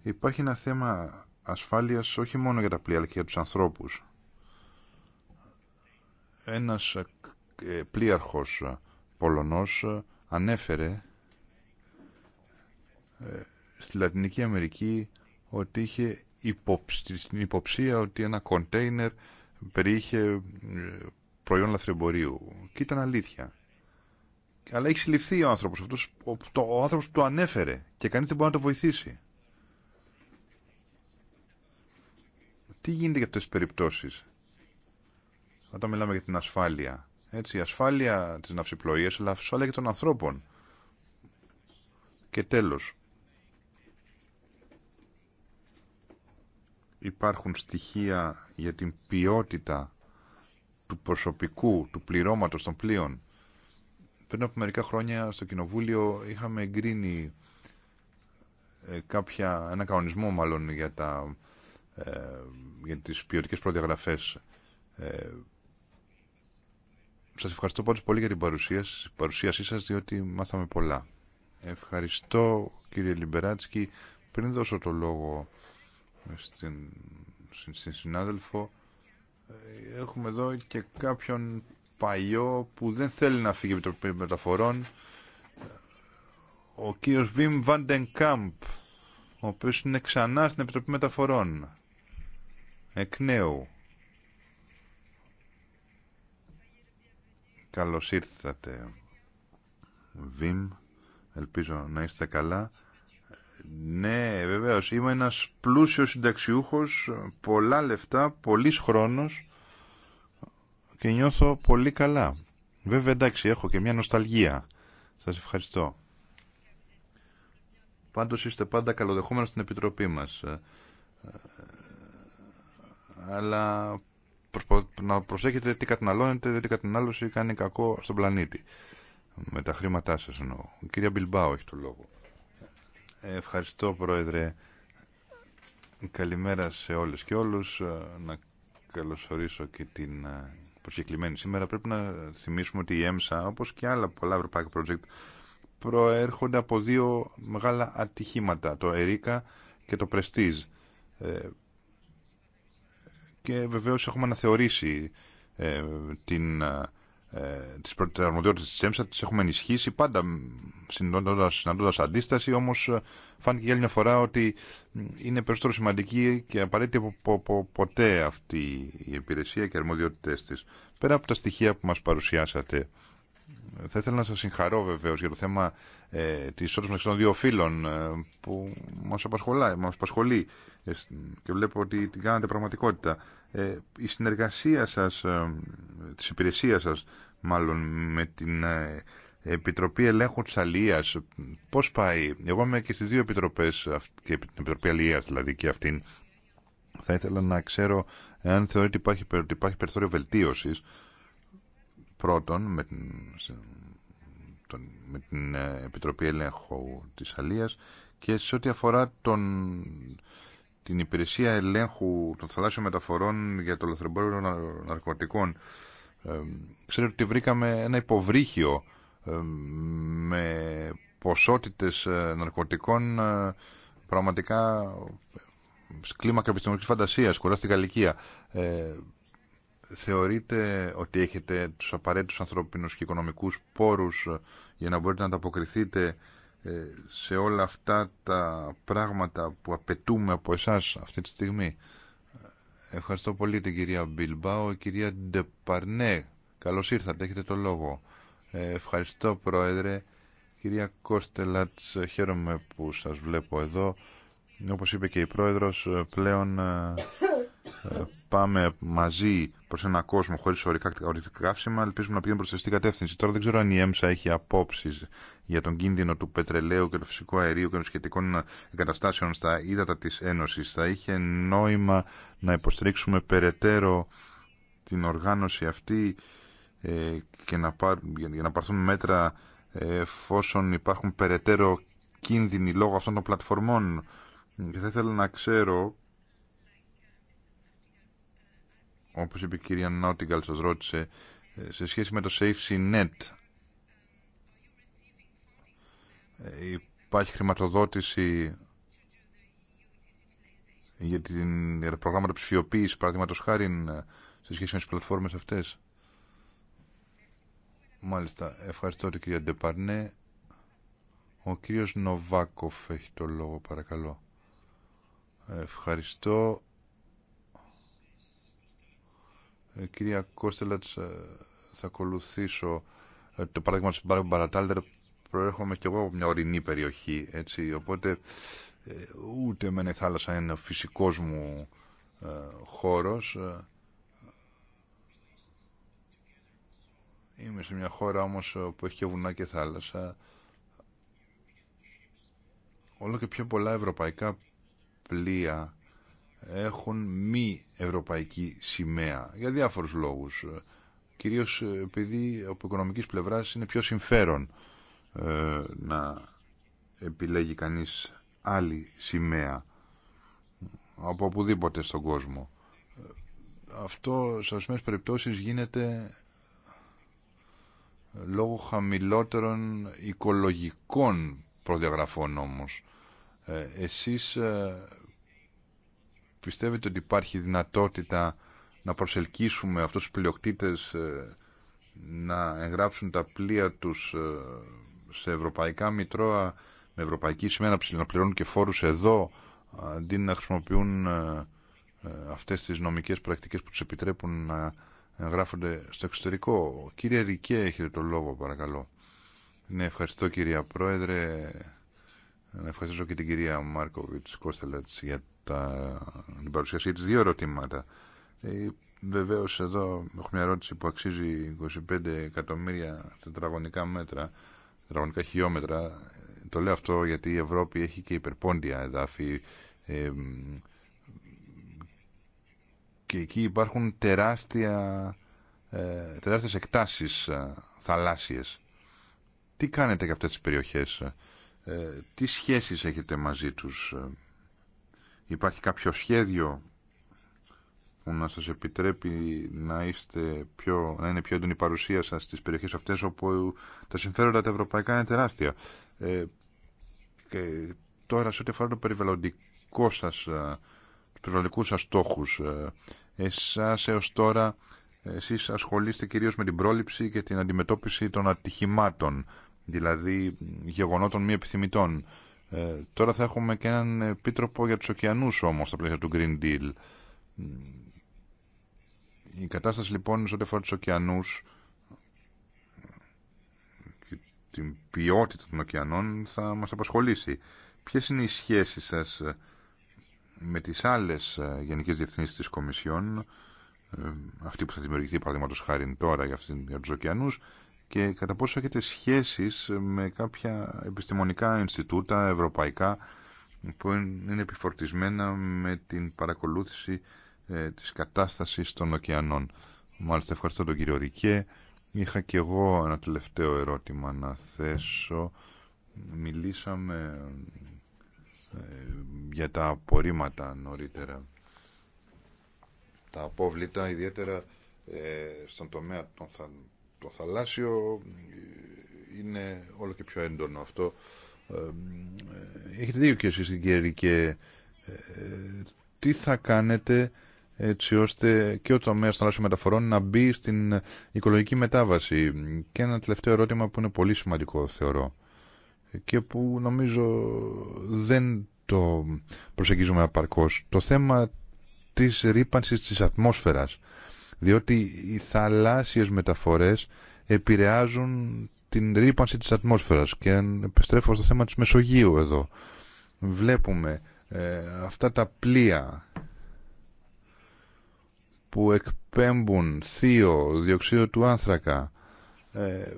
Υπάρχει ένα θέμα ασφάλειας όχι μόνο για τα πλοία, αλλά και για τους ανθρώπους ένας ε, ε, πλοίαρχος ε, Πολωνός ανέφερε στη Λατινική Αμερική ότι είχε την υποψία ότι ένα κοντέινερ περιείχε προϊόν λαθρεμπορίου. Και ήταν αλήθεια. Αλλά έχει συλληφθεί ο άνθρωπος αυτός. Ο, ο άνθρωπος το ανέφερε και κανείς δεν μπορεί να το βοηθήσει. Τι γίνεται για αυτές τις περιπτώσεις όταν μιλάμε για την ασφάλεια. Έτσι, η ασφάλεια της ναυσιπλοείας, αλλά ασφάλεια και των ανθρώπων. Και τέλος, υπάρχουν στοιχεία για την ποιότητα του προσωπικού, του πληρώματος των πλοίων. Πριν από μερικά χρόνια στο Κοινοβούλιο είχαμε εγκρίνει ε, κάποια, ένα κανονισμό μάλλον για, τα, ε, για τις ποιοτικές προδιαγραφές ε, σας ευχαριστώ πάρα πολύ για την παρουσίαση, παρουσίασή σας, διότι μάθαμε πολλά. Ευχαριστώ κύριε Λιμπεράτσκι. Πριν δώσω το λόγο ε, στην, συνάδελφο, ε, έχουμε εδώ και κάποιον παλιό που δεν θέλει να φύγει από Επιτροπή μεταφορών, ε, ο κύριος Βιμ Βαντενκάμπ, ο οποίος είναι ξανά στην Επιτροπή Μεταφορών, εκ νέου. Καλώς ήρθατε. Βιμ, ελπίζω να είστε καλά. Ναι, βεβαίως, είμαι ένας πλούσιος συνταξιούχος, πολλά λεφτά, πολύς χρόνος και νιώθω πολύ καλά. Βέβαια, εντάξει, έχω και μια νοσταλγία. Σας ευχαριστώ. Πάντως είστε πάντα καλοδεχόμενοι στην Επιτροπή μας. Ε, ε, αλλά να προσέχετε τι καταναλώνετε, διότι η κατανάλωση κάνει κακό στον πλανήτη. Με τα χρήματά σας εννοώ. κυρία Μπιλμπάου έχει το λόγο. Ε, ευχαριστώ Πρόεδρε. Καλημέρα σε όλες και όλους. Ε, να καλωσορίσω και την ε, προσκεκλημένη σήμερα. Πρέπει να θυμίσουμε ότι η ΕΜΣΑ, όπως και άλλα πολλά ευρωπαϊκά project, προέρχονται από δύο μεγάλα ατυχήματα, το ΕΡΙΚΑ και το Prestige και βεβαίως έχουμε αναθεωρήσει ε, την, ε, τις αρμοδιότητες της ΕΜΣΑ, τις έχουμε ενισχύσει πάντα συναντώντας αντίσταση, όμως ε, φάνηκε για άλλη μια φορά ότι είναι περισσότερο σημαντική και απαραίτητη από ποτέ αυτή η υπηρεσία και οι αρμοδιότητες της. Πέρα από τα στοιχεία που μας παρουσιάσατε, θα ήθελα να σας συγχαρώ βεβαίως για το θέμα ε, της ισότητας μεταξύ των δύο φίλων ε, που μας, μας απασχολεί ε, και βλέπω ότι την κάνατε πραγματικότητα. Ε, η συνεργασία σας, ε, της υπηρεσίας σας μάλλον με την ε, Επιτροπή Ελέγχου της Αλίας, πώς πάει. Εγώ είμαι και στις δύο επιτροπές, και την Επιτροπή Αλίας δηλαδή και αυτήν. Θα ήθελα να ξέρω αν θεωρείτε ότι υπάρχει, υπάρχει περιθώριο βελτίωσης Πρώτον, με την, τον, με την ε, Επιτροπή Ελέγχου της Αλίας και σε ό,τι αφορά τον, την υπηρεσία ελέγχου των θαλάσσιων μεταφορών για το λαθρεμπόριο ναρκωτικών. Ε, ξέρετε ότι βρήκαμε ένα υποβρύχιο με ποσότητες ε, ναρκωτικών ε, πραγματικά κλίμακα επιστημονικής φαντασίας, κοντά στη Γαλλικία. Ε, θεωρείτε ότι έχετε τους απαραίτητους ανθρώπινους και οικονομικούς πόρους για να μπορείτε να ανταποκριθείτε ε, σε όλα αυτά τα πράγματα που απαιτούμε από εσάς αυτή τη στιγμή. Ευχαριστώ πολύ την κυρία η Κυρία Ντεπαρνέ, καλώς ήρθατε, έχετε το λόγο. Ε, ευχαριστώ Πρόεδρε. Κυρία Κώστελατς, χαίρομαι που σας βλέπω εδώ. Όπως είπε και η Πρόεδρος, πλέον ε, πάμε μαζί προ ένα κόσμο χωρί ορικά καύσιμα, ελπίζουμε να πηγαίνουμε προ τη κατεύθυνση. Τώρα δεν ξέρω αν η ΕΜΣΑ έχει απόψει για τον κίνδυνο του πετρελαίου και του φυσικού αερίου και των σχετικών ε, εγκαταστάσεων στα ύδατα τη Ένωση. Θα είχε νόημα να υποστρίξουμε περαιτέρω την οργάνωση αυτή ε, και να για, να πάρθουν μέτρα ε, εφόσον υπάρχουν περαιτέρω κίνδυνοι λόγω αυτών των πλατφορμών. Και θα ήθελα να ξέρω όπως είπε η κυρία Νότιγκαλ σα ρώτησε, ε, σε σχέση με το net ε, υπάρχει χρηματοδότηση για, την, για τα προγράμματα ψηφιοποίηση, παραδείγματο χάρη, ε, σε σχέση με τι πλατφόρμε αυτέ. Μάλιστα. Ευχαριστώ την κυρία Ντεπαρνέ. Ο κύριος Νοβάκοφ έχει το λόγο, παρακαλώ. Ευχαριστώ. Ε, κυρία Κώστελατς, ε, θα ακολουθήσω ε, το παράδειγμα της Μπαρατάλτερ. Προέρχομαι και εγώ από μια ορεινή περιοχή, έτσι, οπότε ούτε εμένα η θάλασσα είναι ο φυσικός μου χώρος. Είμαι σε μια χώρα όμως που έχει και βουνά και θάλασσα. Όλο και πιο πολλά ευρωπαϊκά πλοία έχουν μη ευρωπαϊκή σημαία για διάφορους λόγους κυρίως επειδή από οικονομικής πλευράς είναι πιο συμφέρον ε, να επιλέγει κανείς άλλη σημαία από οπουδήποτε στον κόσμο αυτό σε ορισμένες περιπτώσεις γίνεται λόγω χαμηλότερων οικολογικών προδιαγραφών όμως. Ε, εσείς ε, πιστεύετε ότι υπάρχει δυνατότητα να προσελκύσουμε αυτούς τους πλειοκτήτες ε, να εγγράψουν τα πλοία τους ε, σε ευρωπαϊκά μητρώα με ευρωπαϊκή σημαία να πληρώνουν και φόρους εδώ αντί να χρησιμοποιούν ε, αυτές τις νομικές πρακτικές που τους επιτρέπουν να εγγράφονται στο εξωτερικό. Κύριε Ρικέ, έχετε το λόγο παρακαλώ. Ναι, ευχαριστώ κυρία Πρόεδρε. Να και την κυρία Μάρκοβιτς Κώστελετς για τα, την παρουσίασή της δύο ερωτήματα. Ε, Βεβαίω εδώ έχω μια ερώτηση που αξίζει 25 εκατομμύρια τετραγωνικά μέτρα, τετραγωνικά χιλιόμετρα. Το λέω αυτό γιατί η Ευρώπη έχει και υπερπόντια εδάφη και εκεί υπάρχουν τεράστια, ε, τεράστιες εκτάσεις ε, θαλάσσιες. Τι κάνετε για αυτές τις περιοχές, ε, τι σχέσεις έχετε μαζί τους, ε, Υπάρχει κάποιο σχέδιο που να σας επιτρέπει να, είστε πιο, να είναι πιο έντονη η παρουσία σας στις περιοχές αυτές όπου τα συμφέροντα τα ευρωπαϊκά είναι τεράστια. Ε, και τώρα σε ό,τι αφορά το περιβαλλοντικό σας, ε, τους περιβαλλοντικούς σας στόχους, ε, εσάς έως τώρα εσείς ασχολείστε κυρίως με την πρόληψη και την αντιμετώπιση των ατυχημάτων, δηλαδή γεγονότων μη επιθυμητών. Ε, τώρα θα έχουμε και έναν επίτροπο για τους ωκεανούς όμως στα πλαίσια του Green Deal. Η κατάσταση λοιπόν σε ό,τι αφορά τους ωκεανούς και την ποιότητα των ωκεανών θα μας απασχολήσει. Ποιες είναι οι σχέσεις σας με τις άλλες ε, γενικές διευθύνσεις της Κομισιόν ε, αυτή που θα δημιουργηθεί παραδείγματος χάρη τώρα για, αυτή, για τους ωκεανούς και κατά πόσο έχετε σχέσεις με κάποια επιστημονικά Ινστιτούτα ευρωπαϊκά που είναι επιφορτισμένα με την παρακολούθηση ε, της κατάστασης των ωκεανών. Μάλιστα ευχαριστώ τον κύριο Ρικέ. Είχα και εγώ ένα τελευταίο ερώτημα να θέσω. Μιλήσαμε ε, για τα απορρίμματα νωρίτερα. Τα απόβλητα ιδιαίτερα ε, στον τομέα των το θαλάσσιο είναι όλο και πιο έντονο αυτό. Ε, έχετε δίκιο και εσείς κύριε Τι θα κάνετε έτσι ώστε και ο τομέας θαλάσσιων μεταφορών να μπει στην οικολογική μετάβαση. Και ένα τελευταίο ερώτημα που είναι πολύ σημαντικό θεωρώ και που νομίζω δεν το προσεγγίζουμε απαρκώς. Το θέμα της ρήπανσης της ατμόσφαιρας διότι οι θαλάσσιες μεταφορές επηρεάζουν την ρήπανση της ατμόσφαιρας και αν επιστρέφω στο θέμα της Μεσογείου εδώ βλέπουμε ε, αυτά τα πλοία που εκπέμπουν θείο, διοξείδιο του άνθρακα ε,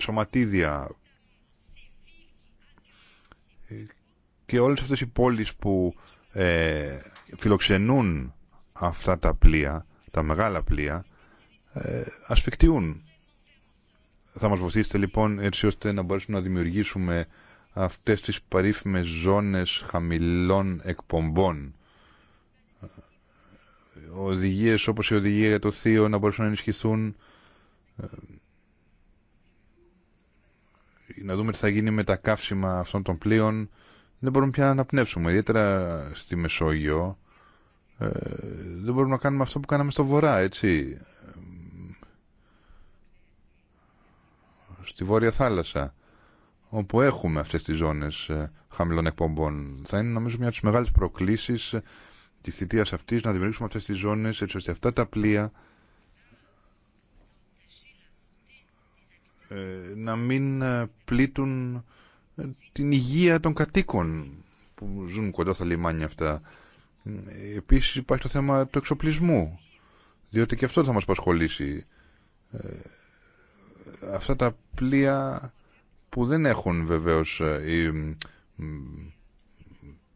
σωματίδια και όλες αυτές οι πόλεις που ε, φιλοξενούν αυτά τα πλοία τα μεγάλα πλοία, ε, ασφικτιούν. Θα μας βοηθήσετε λοιπόν έτσι ώστε να μπορέσουμε να δημιουργήσουμε αυτές τις παρήφημες ζώνες χαμηλών εκπομπών. Οδηγίες όπως η οδηγία για το θείο να μπορέσουν να ενισχυθούν. Ε, να δούμε τι θα γίνει με τα καύσιμα αυτών των πλοίων. Δεν μπορούμε πια να αναπνεύσουμε, ιδιαίτερα στη Μεσόγειο ε, δεν μπορούμε να κάνουμε αυτό που κάναμε στο βορρά, έτσι. Ε, στη Βόρεια Θάλασσα, όπου έχουμε αυτές τις ζώνες ε, χαμηλών εκπομπών. Θα είναι νομίζω μια από τις μεγάλες προκλήσεις της θητείας αυτής να δημιουργήσουμε αυτές τις ζώνες έτσι ώστε αυτά τα πλοία να μην πλήττουν την υγεία των κατοίκων που ζουν κοντά στα λιμάνια αυτά. Επίσης υπάρχει το θέμα του εξοπλισμού, διότι και αυτό θα μας απασχολήσει. Ε, αυτά τα πλοία που δεν έχουν βεβαίως ε, η,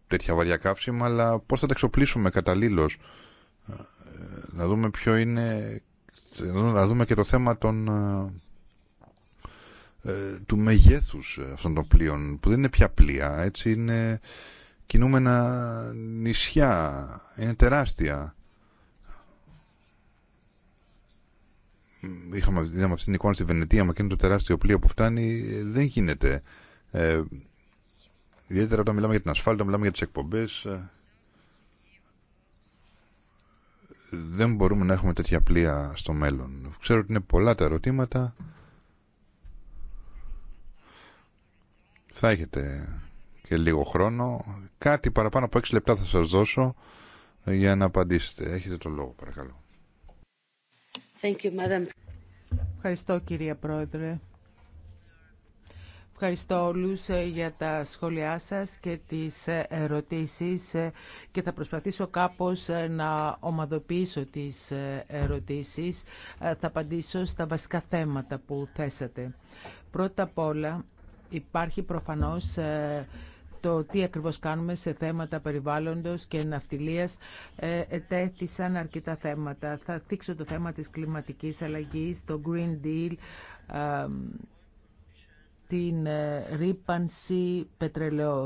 τέτοια βαριά καύσιμα, αλλά πώς θα τα εξοπλίσουμε καταλήλως. Ε, να δούμε ποιο είναι, να δούμε και το θέμα των, του μεγέθους αυτών των πλοίων, που δεν είναι πια πλοία, έτσι είναι κινούμενα νησιά. Είναι τεράστια. Είχαμε, αυτή την εικόνα στη Βενετία και είναι το τεράστιο πλοίο που φτάνει. Ε, δεν γίνεται. Ε, ιδιαίτερα όταν μιλάμε για την ασφάλεια, όταν μιλάμε για τις εκπομπές. Ε, δεν μπορούμε να έχουμε τέτοια πλοία στο μέλλον. Ξέρω ότι είναι πολλά τα ερωτήματα. Θα έχετε και λίγο χρόνο. Κάτι παραπάνω από 6 λεπτά θα σας δώσω ε, για να απαντήσετε. Έχετε τον λόγο, παρακαλώ. Thank you, Madam. Ευχαριστώ, κυρία Πρόεδρε. Ευχαριστώ όλους ε, για τα σχόλιά σας και τις ε, ερωτήσεις και θα προσπαθήσω κάπως να ομαδοποιήσω τις ερωτήσεις. Θα απαντήσω στα βασικά θέματα που θέσατε. Πρώτα απ' όλα υπάρχει προφανώς το τι ακριβώς κάνουμε σε θέματα περιβάλλοντος και ναυτιλίας ε, ετέθησαν αρκετά θέματα. Θα θίξω το θέμα της κλιματικής αλλαγής, το Green Deal, την ε, ρήπανση,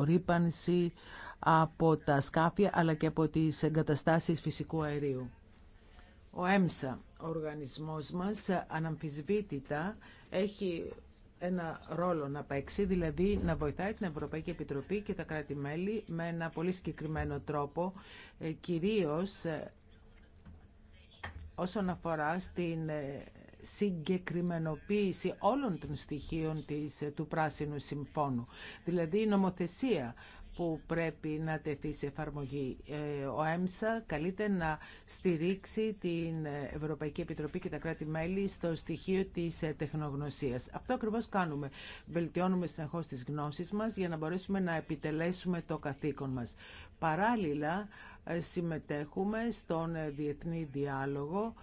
ρήπανση από τα σκάφια αλλά και από τις εγκαταστάσεις φυσικού αερίου. Ο ΕΜΣΑ, ο οργανισμός μας, αναμφισβήτητα έχει ένα ρόλο να παίξει, δηλαδή να βοηθάει την Ευρωπαϊκή Επιτροπή και τα κράτη-μέλη με ένα πολύ συγκεκριμένο τρόπο, ε, κυρίως ε, όσον αφορά στην ε, συγκεκριμενοποίηση όλων των στοιχείων της, του Πράσινου Συμφώνου. Δηλαδή η νομοθεσία που πρέπει να τεθεί σε εφαρμογή. Ε, ο ΕΜΣΑ καλείται να στηρίξει την Ευρωπαϊκή Επιτροπή και τα κράτη-μέλη στο στοιχείο της ε, τεχνογνωσίας. Αυτό ακριβώς κάνουμε. Βελτιώνουμε συνεχώ τις γνώσεις μας για να μπορέσουμε να επιτελέσουμε το καθήκον μας. Παράλληλα, συμμετέχουμε στον ε, διεθνή διάλογο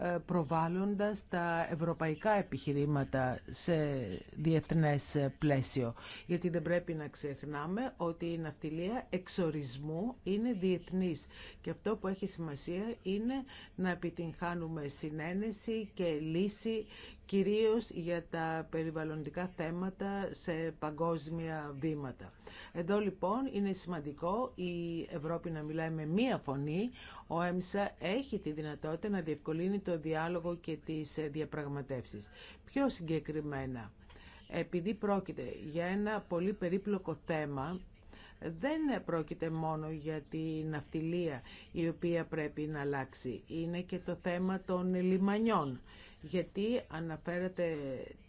ε, προβάλλοντας τα ευρωπαϊκά επιχειρήματα σε διεθνές ε, πλαίσιο. Γιατί δεν πρέπει να ξεχνάμε ότι η ναυτιλία εξορισμού είναι διεθνής και αυτό που έχει σημασία είναι να επιτυγχάνουμε συνένεση και λύση κυρίως για τα περιβαλλοντικά θέματα σε παγκόσμια βήματα. Εδώ λοιπόν είναι σημαντικό η Ευρώπη να μιλάει με μία φωνή. Ο ΕΜΣΑ έχει τη δυνατότητα να διευκολύνει το διάλογο και τις διαπραγματεύσεις. Πιο συγκεκριμένα, επειδή πρόκειται για ένα πολύ περίπλοκο θέμα, δεν πρόκειται μόνο για την ναυτιλία η οποία πρέπει να αλλάξει. Είναι και το θέμα των λιμανιών γιατί αναφέρεται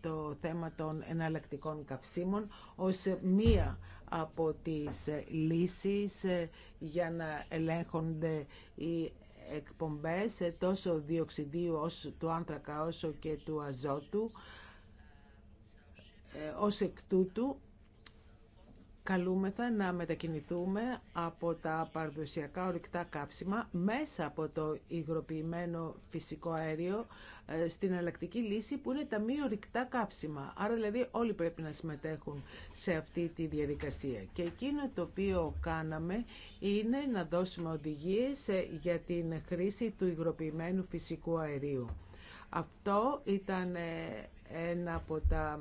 το θέμα των εναλλακτικών καυσίμων ως μία από τις λύσεις ε, για να ελέγχονται οι εκπομπές ε, τόσο διοξιδίου όσο του άνθρακα όσο και του αζότου. Ε, ως εκ τούτου καλούμεθα να μετακινηθούμε από τα παραδοσιακά ορυκτά κάψιμα μέσα από το υγροποιημένο φυσικό αέριο ε, στην αλλακτική λύση που είναι τα μη ορυκτά κάψιμα. Άρα δηλαδή όλοι πρέπει να συμμετέχουν σε αυτή τη διαδικασία. Και εκείνο το οποίο κάναμε είναι να δώσουμε οδηγίες ε, για την χρήση του υγροποιημένου φυσικού αερίου. Αυτό ήταν ε, ένα από τα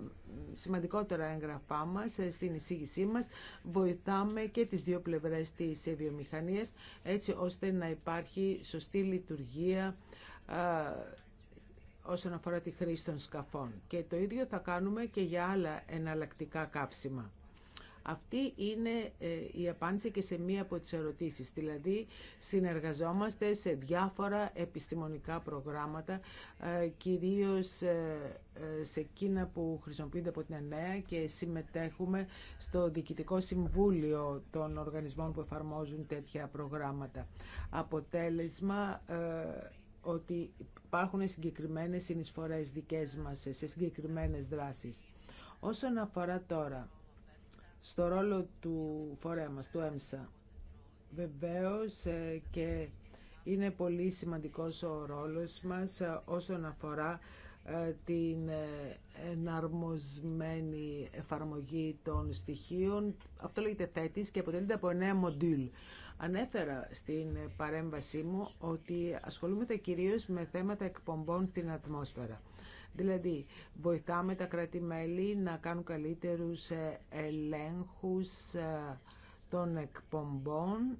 σημαντικότερα έγγραφά μας ε, στην εισήγησή μας. Βοηθάμε και τις δύο πλευρές της ε, βιομηχανίας έτσι ώστε να υπάρχει σωστή λειτουργία ε, όσον αφορά τη χρήση των σκαφών. Και το ίδιο θα κάνουμε και για άλλα εναλλακτικά κάψιμα. Αυτή είναι ε, η απάντηση και σε μία από τις ερωτήσεις. Δηλαδή, συνεργαζόμαστε σε διάφορα επιστημονικά προγράμματα, ε, κυρίως ε, σε εκείνα που χρησιμοποιούνται από την ΕΝΕΑ και συμμετέχουμε στο Διοικητικό Συμβούλιο των οργανισμών που εφαρμόζουν τέτοια προγράμματα. Αποτέλεσμα ότι υπάρχουν συγκεκριμένες συνεισφορές δικές μας σε συγκεκριμένες δράσεις. Όσον αφορά τώρα στο ρόλο του φορέα μας, του ΕΜΣΑ. Βεβαίως ε, και είναι πολύ σημαντικός ο ρόλος μας ε, όσον αφορά ε, την εναρμοσμένη εφαρμογή των στοιχείων. Αυτό λέγεται θέτης και αποτελείται από νέα μοντούλ. Ανέφερα στην παρέμβασή μου ότι ασχολούμαι κυρίως με θέματα εκπομπών στην ατμόσφαιρα. Δηλαδή, βοηθάμε τα κράτη-μέλη να κάνουν καλύτερους ε, ελέγχους ε, των εκπομπών.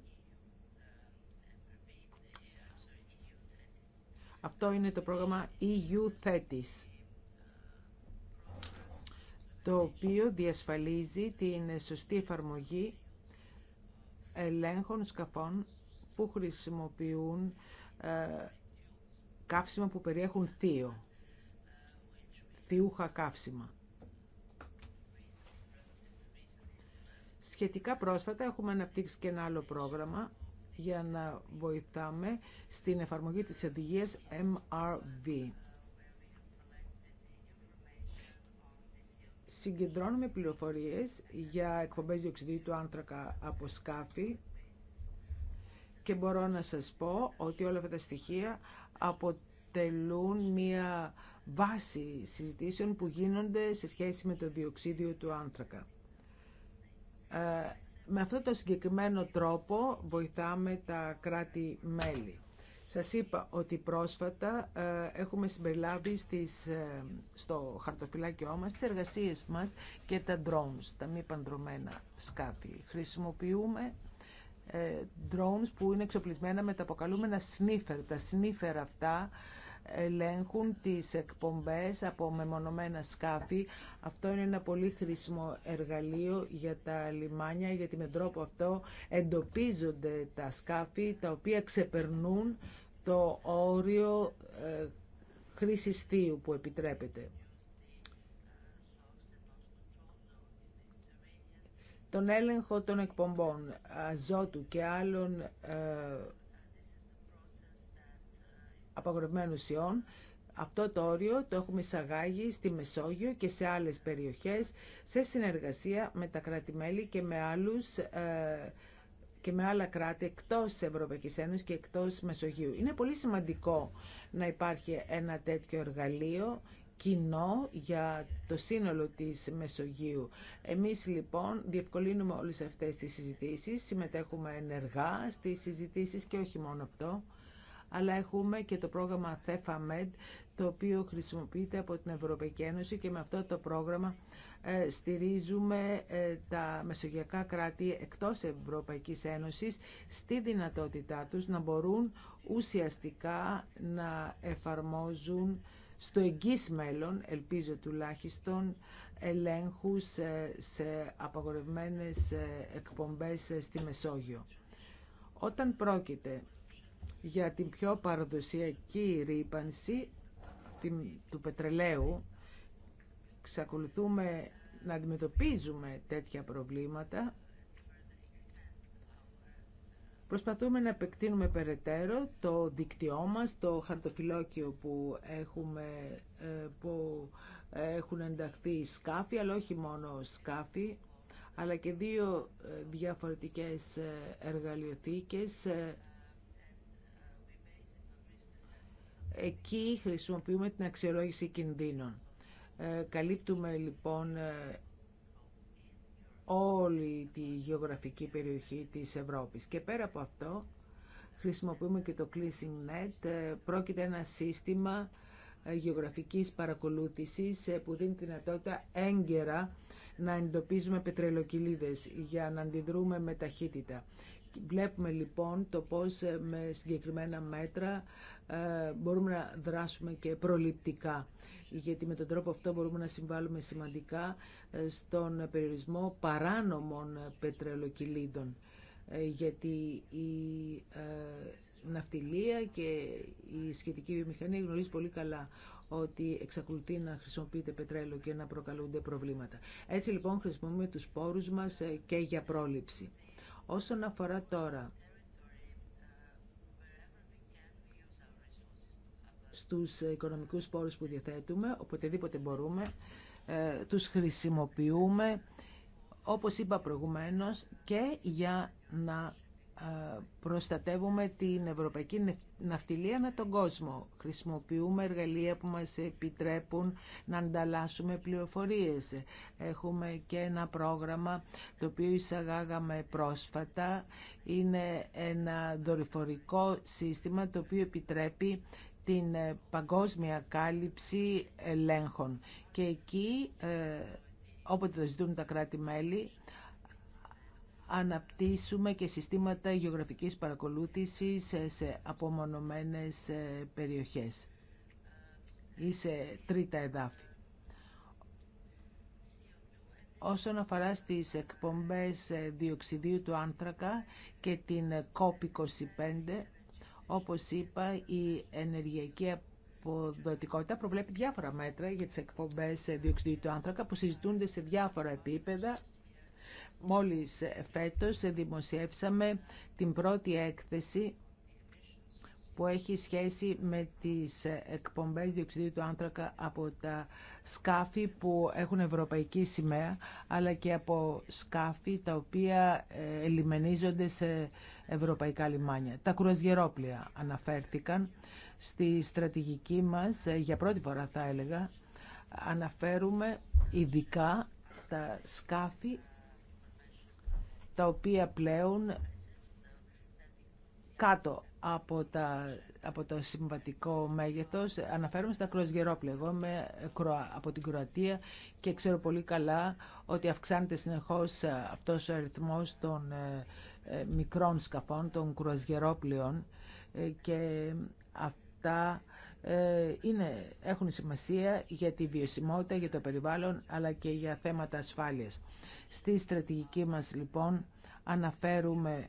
Αυτό είναι το πρόγραμμα EU Thetis, το οποίο διασφαλίζει την σωστή εφαρμογή ελέγχων σκαφών που χρησιμοποιούν ε, καύσιμα που περιέχουν θείο καύσιμα. Σχετικά πρόσφατα έχουμε αναπτύξει και ένα άλλο πρόγραμμα για να βοηθάμε στην εφαρμογή της οδηγίας MRV. Συγκεντρώνουμε πληροφορίες για εκπομπές διοξιδίου του άνθρακα από σκάφη και μπορώ να σας πω ότι όλα αυτά τα στοιχεία αποτελούν μία βάση συζητήσεων που γίνονται σε σχέση με το διοξίδιο του άνθρακα. Ε, με αυτό το συγκεκριμένο τρόπο βοηθάμε τα κράτη-μέλη. Σας είπα ότι πρόσφατα ε, έχουμε συμπεριλάβει στις, ε, στο χαρτοφυλάκιό μας τις εργασίες μας και τα drones, τα μη παντρωμένα σκάφη. Χρησιμοποιούμε drones που είναι εξοπλισμένα με τα αποκαλούμενα sniffer. Τα sniffer αυτά ελέγχουν τις εκπομπές από μεμονωμένα σκάφη. Αυτό είναι ένα πολύ χρήσιμο εργαλείο για τα λιμάνια, γιατί με τρόπο αυτό εντοπίζονται τα σκάφη τα οποία ξεπερνούν το όριο ε, χρήσης θείου που επιτρέπεται. Τον έλεγχο των εκπομπών αζότου και άλλων ε, απαγορευμένων ιών αυτό το όριο το έχουμε εισαγάγει στη Μεσόγειο και σε άλλες περιοχές σε συνεργασία με τα κράτη-μέλη και με άλλους ε, και με άλλα κράτη εκτός Ευρωπαϊκής Ένωσης και εκτός Μεσογείου. Είναι πολύ σημαντικό να υπάρχει ένα τέτοιο εργαλείο κοινό για το σύνολο της Μεσογείου. Εμείς λοιπόν διευκολύνουμε όλες αυτές τις συζητήσεις, συμμετέχουμε ενεργά στις συζητήσεις και όχι μόνο αυτό αλλά έχουμε και το πρόγραμμα ΘΕΦΑΜΕΔ, το οποίο χρησιμοποιείται από την Ευρωπαϊκή Ένωση και με αυτό το πρόγραμμα ε, στηρίζουμε ε, τα μεσογειακά κράτη εκτός Ευρωπαϊκής Ένωσης στη δυνατότητά τους να μπορούν ουσιαστικά να εφαρμόζουν στο εγγύς μέλλον, ελπίζω τουλάχιστον, ελέγχους ε, σε απαγορευμένες εκπομπές στη Μεσόγειο. Όταν πρόκειται για την πιο παραδοσιακή ρήπανση του πετρελαίου. Ξακολουθούμε να αντιμετωπίζουμε τέτοια προβλήματα. Προσπαθούμε να επεκτείνουμε περαιτέρω το δικτυό μας, το χαρτοφυλόκιο που, έχουμε, ε, που έχουν ενταχθεί σκάφη, αλλά όχι μόνο σκάφη, αλλά και δύο ε, διαφορετικές ε, εργαλειοθήκες Εκεί χρησιμοποιούμε την αξιολόγηση κινδύνων. Ε, καλύπτουμε λοιπόν ε, όλη τη γεωγραφική περιοχή της Ευρώπης. Και πέρα από αυτό χρησιμοποιούμε και το Cleasing Net. Ε, πρόκειται ένα σύστημα γεωγραφικής παρακολούθησης που δίνει τη δυνατότητα έγκαιρα να εντοπίζουμε πετρελοκυλίδες για να αντιδρούμε με ταχύτητα. Βλέπουμε λοιπόν το πώς ε, με συγκεκριμένα μέτρα ε, μπορούμε να δράσουμε και προληπτικά γιατί με τον τρόπο αυτό μπορούμε να συμβάλλουμε σημαντικά ε, στον περιορισμό παράνομων πετρελοκυλίδων γιατί η ναυτιλία και η σχετική βιομηχανία γνωρίζει πολύ καλά ότι εξακολουθεί να χρησιμοποιείται πετρέλαιο και να προκαλούνται προβλήματα. Έτσι λοιπόν χρησιμοποιούμε τους πόρους μας και για πρόληψη. Όσον αφορά τώρα στους οικονομικούς πόρους που διαθέτουμε, οποτεδήποτε μπορούμε, ε, τους χρησιμοποιούμε, όπως είπα προηγουμένως, και για να προστατεύουμε την ευρωπαϊκή ναυτιλία με τον κόσμο. Χρησιμοποιούμε εργαλεία που μας επιτρέπουν να ανταλλάσσουμε πληροφορίες. Έχουμε και ένα πρόγραμμα το οποίο εισαγάγαμε πρόσφατα. Είναι ένα δορυφορικό σύστημα το οποίο επιτρέπει την ε, παγκόσμια κάλυψη ελέγχων. Και εκεί, ε, όποτε το ζητούν τα κράτη-μέλη, αναπτύσσουμε και συστήματα γεωγραφικής παρακολούθησης σε απομονωμένες ε, περιοχές ή σε τρίτα εδάφη. Όσον αφορά στις εκπομπές ε, διοξιδίου του άνθρακα και την COP25, ε, όπως είπα, η ενεργειακή αποδοτικότητα προβλέπει διάφορα μέτρα για τις εκπομπές διοξιδίου του άνθρακα που συζητούνται σε διάφορα επίπεδα Μόλις φέτος δημοσιεύσαμε την πρώτη έκθεση που έχει σχέση με τις εκπομπές διοξιδίου του άνθρακα από τα σκάφη που έχουν ευρωπαϊκή σημαία, αλλά και από σκάφη τα οποία ελιμενίζονται σε ευρωπαϊκά λιμάνια. Τα κρουαζιερόπλια αναφέρθηκαν στη στρατηγική μας, ε, για πρώτη φορά θα έλεγα, αναφέρουμε ειδικά τα σκάφη τα οποία πλέουν κάτω από, από το συμβατικό μέγεθος. Αναφέρομαι στα κρουαζιερόπλαια. Εγώ είμαι από την Κροατία και ξέρω πολύ καλά ότι αυξάνεται συνεχώς ε, αυτός ο αριθμός των ε, ε, μικρών σκαφών, των κρουαζιερόπλαιων και αυτά ε, είναι, έχουν σημασία για τη βιωσιμότητα, για το περιβάλλον, αλλά και για θέματα ασφάλειας. Στη στρατηγική μας, λοιπόν, αναφέρουμε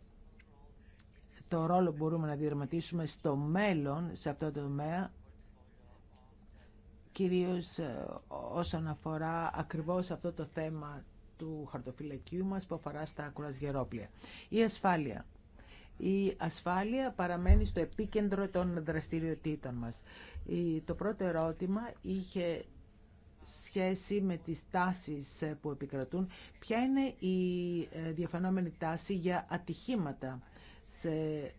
το ρόλο που μπορούμε να διαρματίσουμε στο μέλλον, σε αυτό το τομέα, κυρίως ε, όσον αφορά ακριβώς αυτό το θέμα του χαρτοφυλακίου μας που αφορά στα κουρασγερόπλια. Η ασφάλεια η ασφάλεια παραμένει στο επίκεντρο των δραστηριοτήτων μας. Το πρώτο ερώτημα είχε σχέση με τις τάσεις ε, που επικρατούν. Ποια είναι η ε, διαφανόμενη τάση για ατυχήματα σε ε,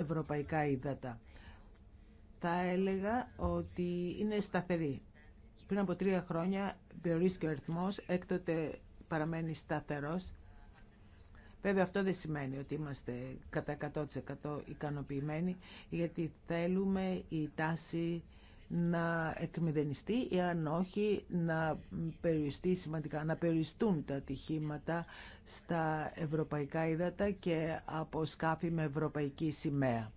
ευρωπαϊκά ύδατα. Θα έλεγα ότι είναι σταθερή. Πριν από τρία χρόνια περιορίστηκε ο αριθμός, έκτοτε παραμένει σταθερός Βέβαια αυτό δεν σημαίνει ότι είμαστε κατά 100% ικανοποιημένοι γιατί θέλουμε η τάση να εκμηδενιστεί ή αν όχι να, περιοριστεί σημαντικά, να περιοριστούν τα ατυχήματα στα ευρωπαϊκά ύδατα και από σκάφη με ευρωπαϊκή σημαία.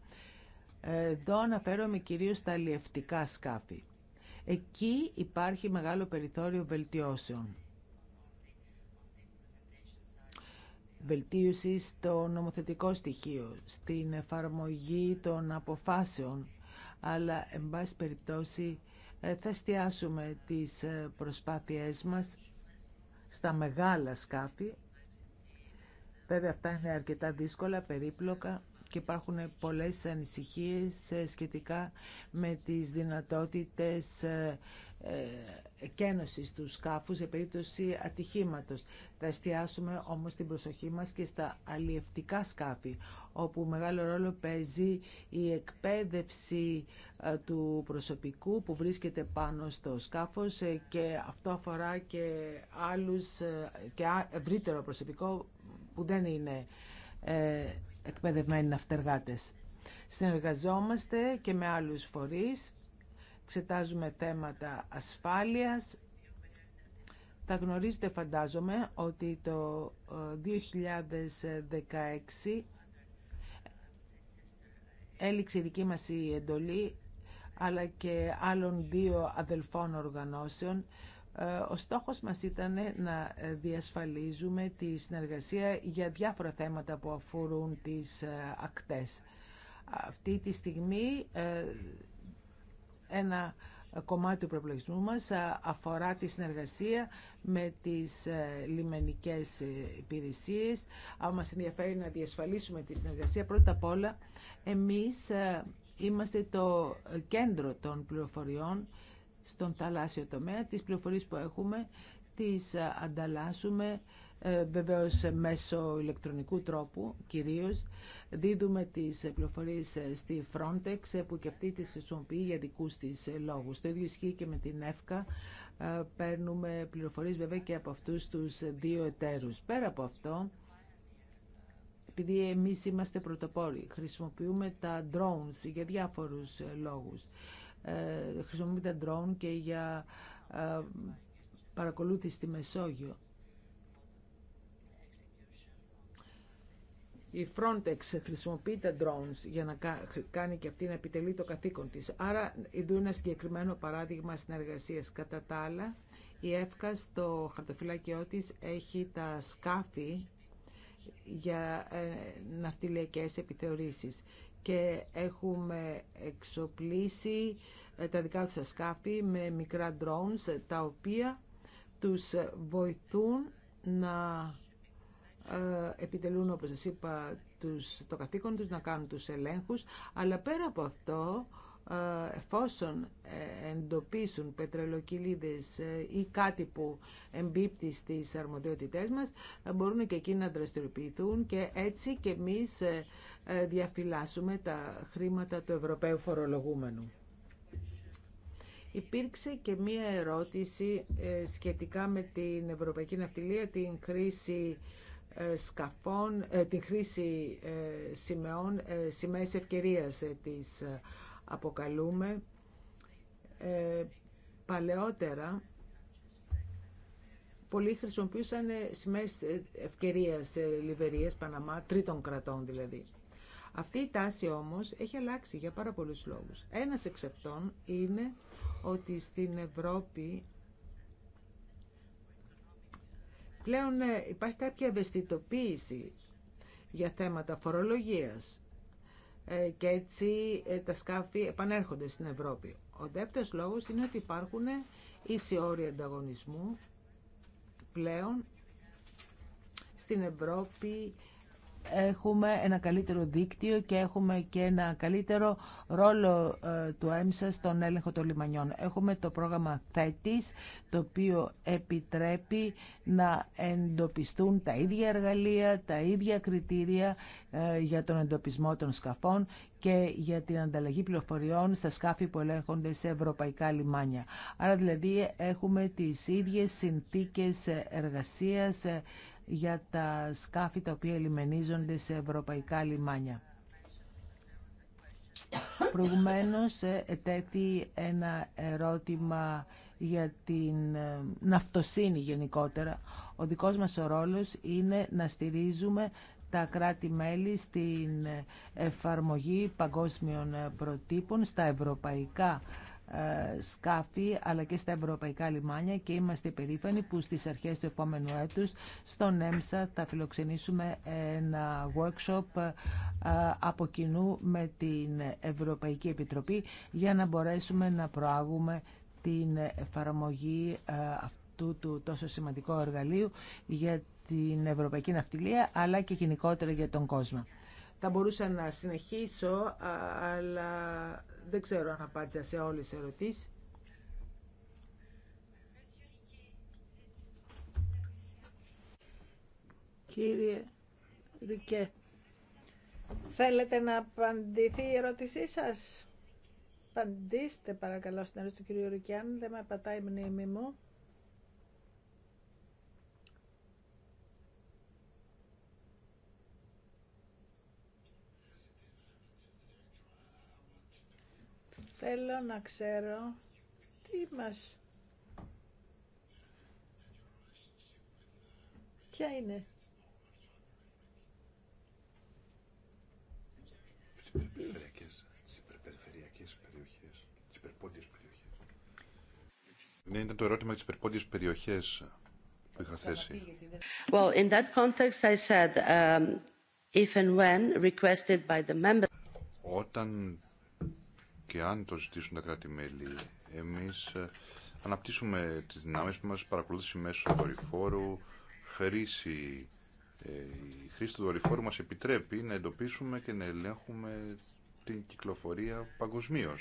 Εδώ αναφέρομαι κυρίως στα αλλιευτικά σκάφη. Εκεί υπάρχει μεγάλο περιθώριο βελτιώσεων. βελτίωση στο νομοθετικό στοιχείο, στην εφαρμογή των αποφάσεων, αλλά εν πάση περιπτώσει ε, θα εστιάσουμε τις ε, προσπάθειές μας στα μεγάλα σκάφη. Βέβαια αυτά είναι αρκετά δύσκολα, περίπλοκα και υπάρχουν πολλές ανησυχίες ε, σχετικά με τις δυνατότητες κένωση του σκάφου σε περίπτωση ατυχήματο. Θα εστιάσουμε όμως την προσοχή μας και στα αλλιευτικά σκάφη, όπου μεγάλο ρόλο παίζει η εκπαίδευση ε, του προσωπικού που βρίσκεται πάνω στο σκάφος ε, και αυτό αφορά και άλλους ε, και ευρύτερο προσωπικό που δεν είναι εκπαιδευμένοι ναυτεργάτες. Συνεργαζόμαστε και με άλλους φορείς Ξετάζουμε θέματα ασφάλειας. Θα γνωρίζετε φαντάζομαι ότι το 2016 ε, έληξε η δική μας η εντολή αλλά και άλλων δύο αδελφών οργανώσεων. Ε, ο στόχος μας ήταν να διασφαλίζουμε τη συνεργασία για διάφορα θέματα που αφορούν τις ε, ακτές. Αυτή τη στιγμή ένα κομμάτι του προπολογισμού μας αφορά τη συνεργασία με τις ε, λιμενικές ε, υπηρεσίες. Αν μας ενδιαφέρει να διασφαλίσουμε τη συνεργασία, πρώτα απ' όλα εμείς ε, είμαστε το κέντρο των πληροφοριών στον θαλάσσιο τομέα. Τις πληροφορίες που έχουμε τις ανταλλάσσουμε ε, βεβαίως μέσω ηλεκτρονικού τρόπου κυρίως. Δίδουμε τις πληροφορίες ε, στη Frontex ε, που και αυτή τις χρησιμοποιεί για δικούς της λόγους. Το ίδιο ισχύει και με την ΕΦΚΑ. Παίρνουμε πληροφορίες βέβαια και από αυτούς τους δύο εταίρους. Πέρα από αυτό, επειδή εμείς είμαστε πρωτοπόροι, χρησιμοποιούμε τα drones για διάφορους λόγους. χρησιμοποιούμε τα drone και για παρακολούθηση στη Μεσόγειο. Η Frontex χρησιμοποιεί τα drones για να κάνει και αυτή να επιτελεί το καθήκον της. Άρα, είναι ένα συγκεκριμένο παράδειγμα συνεργασίας. Κατά τα άλλα, η ΕΦΚΑ στο χαρτοφυλάκιό της έχει τα σκάφη για ε, ναυτιλιακές επιθεωρήσεις και έχουμε εξοπλίσει ε, τα δικά τους σκάφη με μικρά drones τα οποία τους βοηθούν να ε, επιτελούν, όπως σας είπα, τους, το καθήκον τους να κάνουν τους ελέγχους, αλλά πέρα από αυτό, ε, εφόσον ε, εντοπίσουν πετρελοκυλίδες ή κάτι που εμπίπτει στις αρμοδιότητές μας, μπορούν και εκεί να δραστηριοποιηθούν και έτσι και εμείς διαφυλάσσουμε τα χρήματα του Ευρωπαίου Φορολογούμενου. Υπήρξε και μία ερώτηση σχετικά με την Ευρωπαϊκή Ναυτιλία, την χρήση σκαφών, ε, την χρήση ε, σημαίων, ε, σημαίες ευκαιρίας τις αποκαλούμε. Παλαιότερα, πολλοί χρησιμοποιούσαν σημαίες ευκαιρίας Λιβερίας, Παναμά, τρίτων κρατών δηλαδή. Αυτή η τάση όμως έχει αλλάξει για πάρα πολλούς λόγους. Ένας εξ είναι ότι στην Ευρώπη Πλέον ναι, υπάρχει κάποια ευαισθητοποίηση για θέματα φορολογίας ε, και έτσι ε, τα σκάφη επανέρχονται στην Ευρώπη. Ο δεύτερος λόγος είναι ότι υπάρχουν ίσοι όροι ανταγωνισμού πλέον στην Ευρώπη έχουμε ένα καλύτερο δίκτυο και έχουμε και ένα καλύτερο ρόλο ε, του ΕΜΣΑ στον έλεγχο των λιμανιών. Έχουμε το πρόγραμμα ΘΕΤΙΣ, το οποίο επιτρέπει να εντοπιστούν τα ίδια εργαλεία, τα ίδια κριτήρια ε, για τον εντοπισμό των σκαφών και για την ανταλλαγή πληροφοριών στα σκάφη που ελέγχονται σε ευρωπαϊκά λιμάνια. Άρα δηλαδή έχουμε τις ίδιες συνθήκες εργασίας, ε, για τα σκάφη τα οποία λιμενίζονται σε ευρωπαϊκά λιμάνια. Προηγουμένως ε, ετέθη ένα ερώτημα για την ε, ναυτοσύνη γενικότερα. Ο δικός μας ο ρόλος είναι να στηρίζουμε τα κράτη-μέλη στην ε, εφαρμογή παγκόσμιων προτύπων στα ευρωπαϊκά ε, σκάφη αλλά και στα ευρωπαϊκά λιμάνια και είμαστε περήφανοι που στις αρχές του επόμενου έτους στον ΕΜΣΑ θα φιλοξενήσουμε ένα workshop ε, από κοινού με την Ευρωπαϊκή Επιτροπή για να μπορέσουμε να προάγουμε την εφαρμογή ε, αυτού του τόσο σημαντικού εργαλείου για την Ευρωπαϊκή Ναυτιλία αλλά και γενικότερα για τον κόσμο. Θα μπορούσα να συνεχίσω, αλλά δεν ξέρω αν απάντησα σε όλες τις ερωτήσεις. Κύριε Ρικέ, θέλετε να απαντηθεί η ερώτησή σας. Απαντήστε παρακαλώ στην ερώτηση του κύριου Ρικέ, αν δεν με πατάει η μνήμη μου. Θέλω να ξέρω τι μας... Ποια είναι υπερπεριφερειακές, τις υπερπεριφερειακές περιοχές, τις υπερπόντιες περιοχές. Ναι, ήταν το ερώτημα τις υπερπόντιες περιοχές που είχα θέσει. Well, in that context I said, um, if and when requested by the member... Όταν και αν το ζητήσουν τα κράτη-μέλη. Εμείς ε, αναπτύσσουμε τις δυνάμεις μας, παρακολούθηση μέσω του δορυφόρου, χρήση. Ε, η χρήση του δορυφόρου μας επιτρέπει να εντοπίσουμε και να ελέγχουμε την κυκλοφορία παγκοσμίω.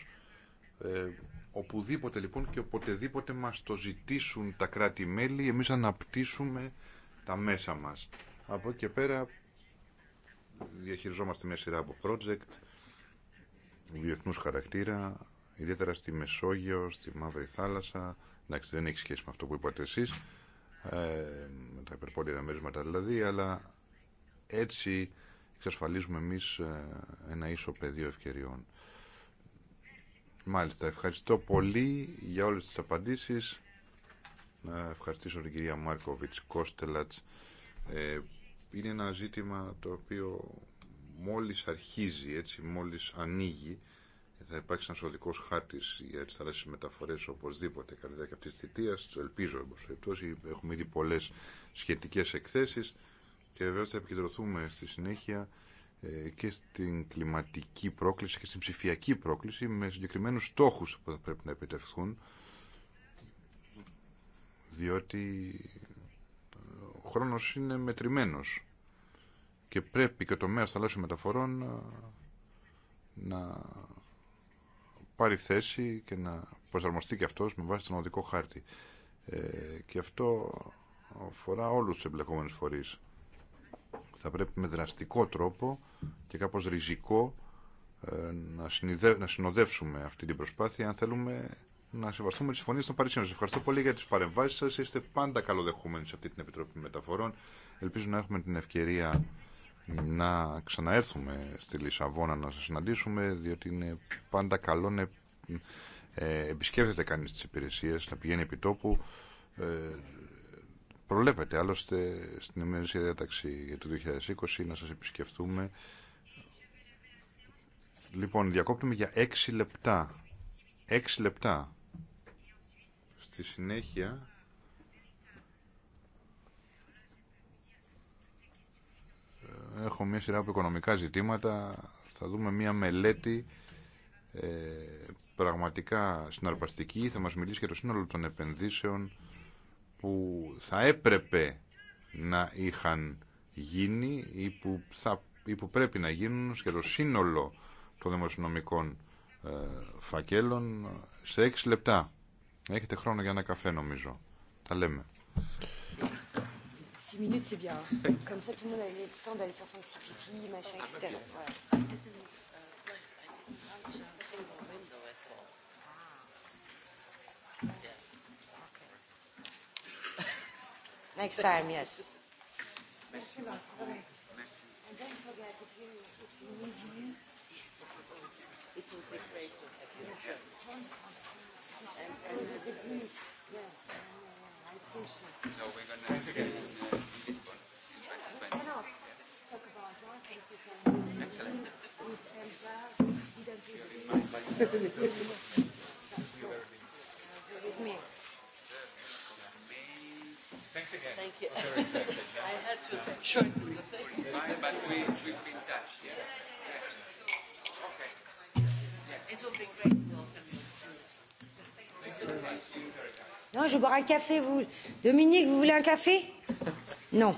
Ε, οπουδήποτε λοιπόν και οποτεδήποτε μας το ζητήσουν τα κράτη-μέλη, εμείς αναπτύσσουμε τα μέσα μας. Από εκεί και πέρα διαχειριζόμαστε μια σειρά από project Διεθνού χαρακτήρα, ιδιαίτερα στη Μεσόγειο, στη Μαύρη Θάλασσα. Εντάξει, δεν έχει σχέση με αυτό που είπατε ε, με τα υπερπόλια μερίσματα δηλαδή, αλλά έτσι εξασφαλίζουμε εμείς ε, ένα ίσο πεδίο ευκαιριών. Μάλιστα, ευχαριστώ πολύ για όλες τις απαντήσεις. Να ευχαριστήσω την κυρία Μάρκοβιτς Κόστελατς. Ε, είναι ένα ζήτημα το οποίο μόλις αρχίζει, έτσι, μόλις ανοίγει, θα υπάρξει ένας οδικός χάρτης για τις θαλάσσιες μεταφορές οπωσδήποτε κατά τη διάρκεια αυτή της θητείας, ελπίζω έχουμε ήδη πολλές σχετικές εκθέσεις και βέβαια θα επικεντρωθούμε στη συνέχεια ε, και στην κλιματική πρόκληση και στην ψηφιακή πρόκληση με συγκεκριμένους στόχους που θα πρέπει να επιτευχθούν διότι ο χρόνος είναι μετρημένος και πρέπει και ο τομέας θαλάσσιων μεταφορών ε, να πάρει θέση και να προσαρμοστεί και αυτός με βάση τον οδικό χάρτη. Ε, και αυτό αφορά όλους τους εμπλεκόμενους φορείς. Θα πρέπει με δραστικό τρόπο και κάπως ριζικό ε, να, συνοδεύσουμε αυτή την προσπάθεια αν θέλουμε να σεβαστούμε τις συμφωνίες των Παρισίων. Σας ευχαριστώ πολύ για τις παρεμβάσεις σας. Είστε πάντα καλοδεχούμενοι σε αυτή την Επιτροπή Μεταφορών. Ελπίζω να έχουμε την ευκαιρία να ξαναέρθουμε στη Λισαβόνα να σας συναντήσουμε διότι είναι πάντα καλό να ε, επισκέπτεται κανείς τις υπηρεσίες να πηγαίνει επί τόπου ε, προλέπετε άλλωστε στην ημερήσια διάταξη για το 2020 να σας επισκεφτούμε λοιπόν διακόπτουμε για 6 λεπτά 6 λεπτά στη συνέχεια έχω μια σειρά από οικονομικά ζητήματα. Θα δούμε μια μελέτη ε, πραγματικά συναρπαστική. Θα μας μιλήσει για το σύνολο των επενδύσεων που θα έπρεπε να είχαν γίνει ή που, θα, ή που πρέπει να γίνουν και το σύνολο των δημοσιονομικών ε, φακέλων σε έξι λεπτά. Έχετε χρόνο για ένα καφέ νομίζω. Τα λέμε. 6 minutes, c'est bien. Comme ça, tout le monde a le temps d'aller faire son petit pipi, machin, etc. Voilà. Next time, yes. Merci. Merci. And don't forget, if you, if you need you, it will be great to have you. So we're Excellent. me. Thank you. I had to But we, Yeah. It will be great. Thank you very much. Non, je bois un café. Vous... Dominique, vous voulez un café Non.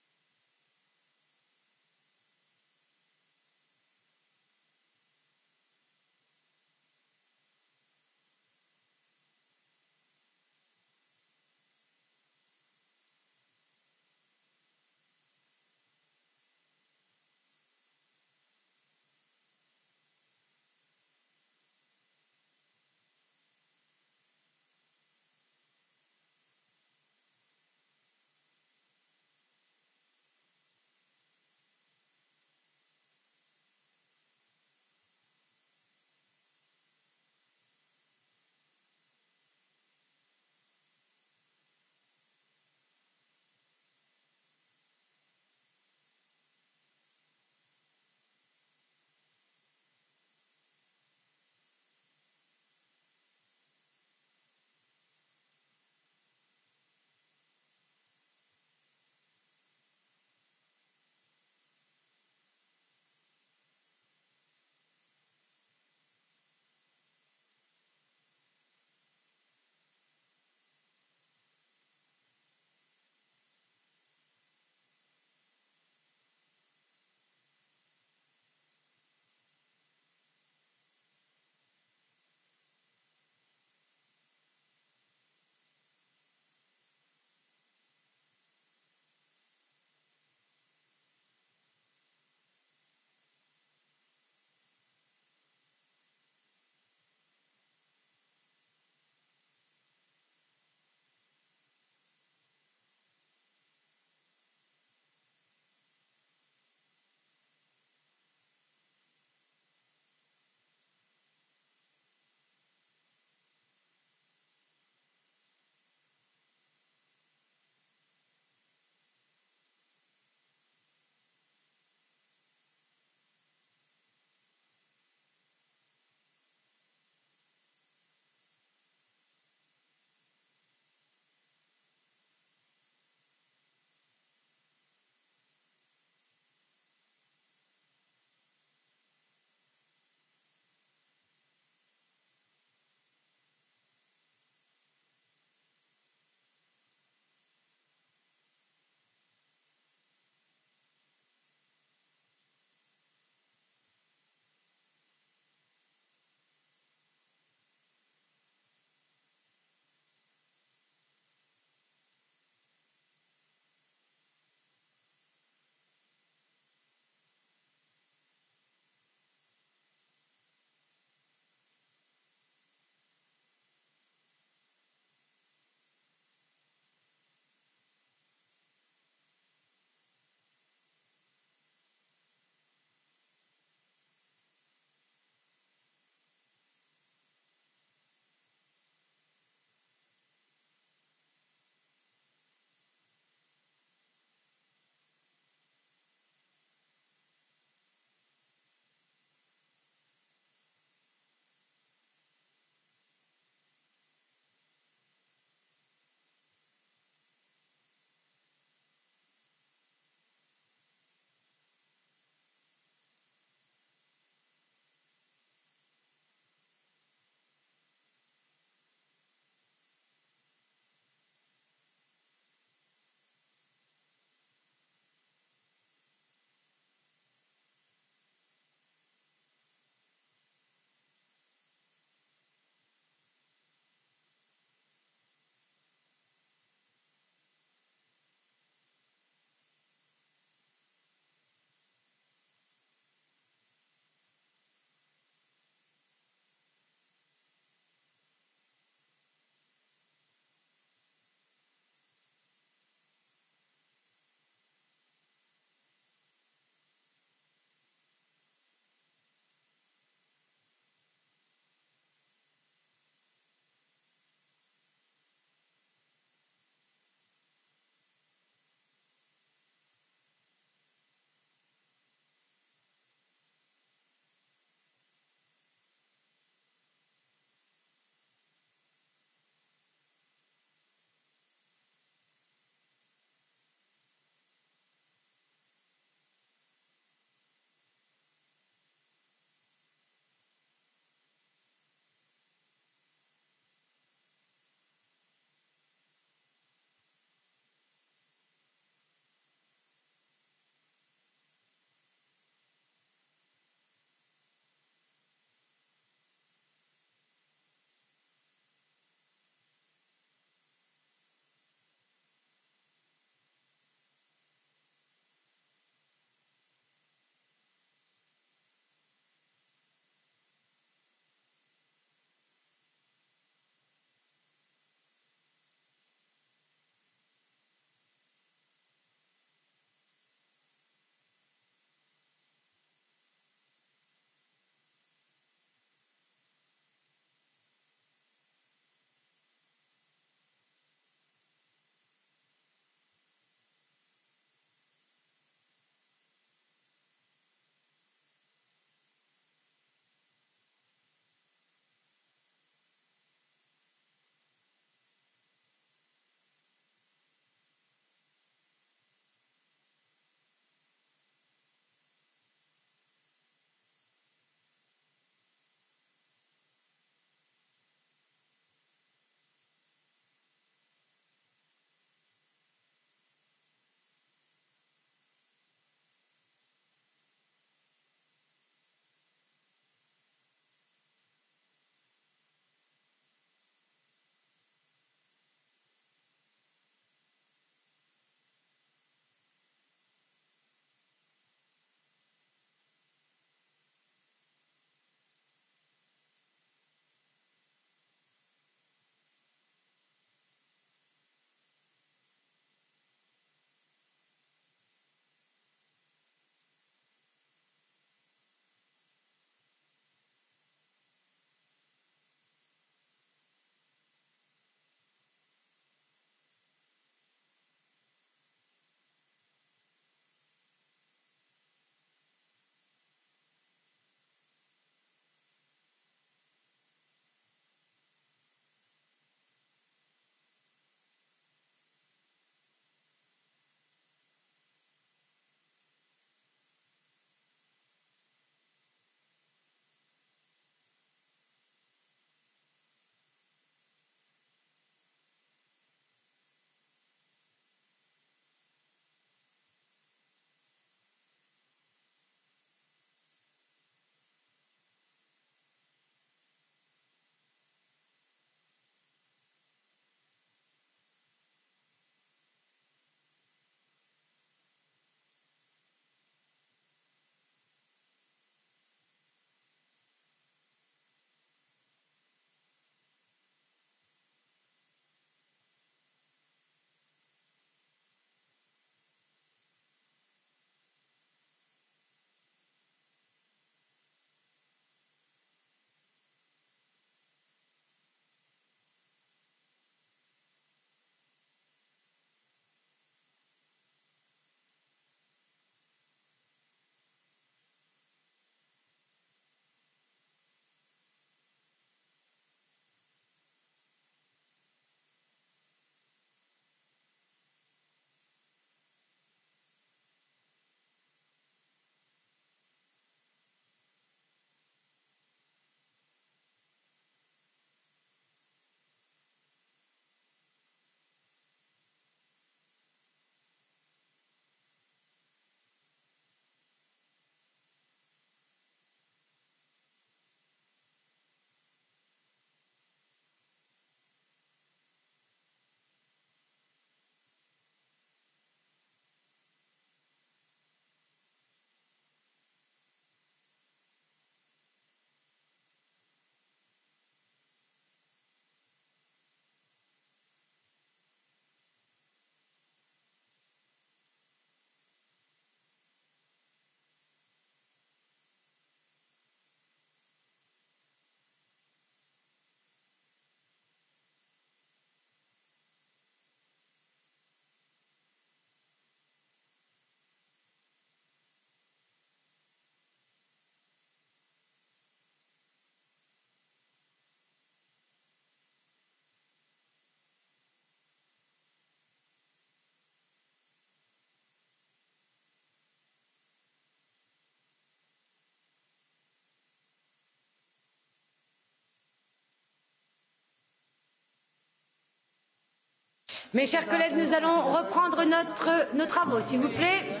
Mes chers collègues, nous allons reprendre notre, nos travaux, s'il vous plaît.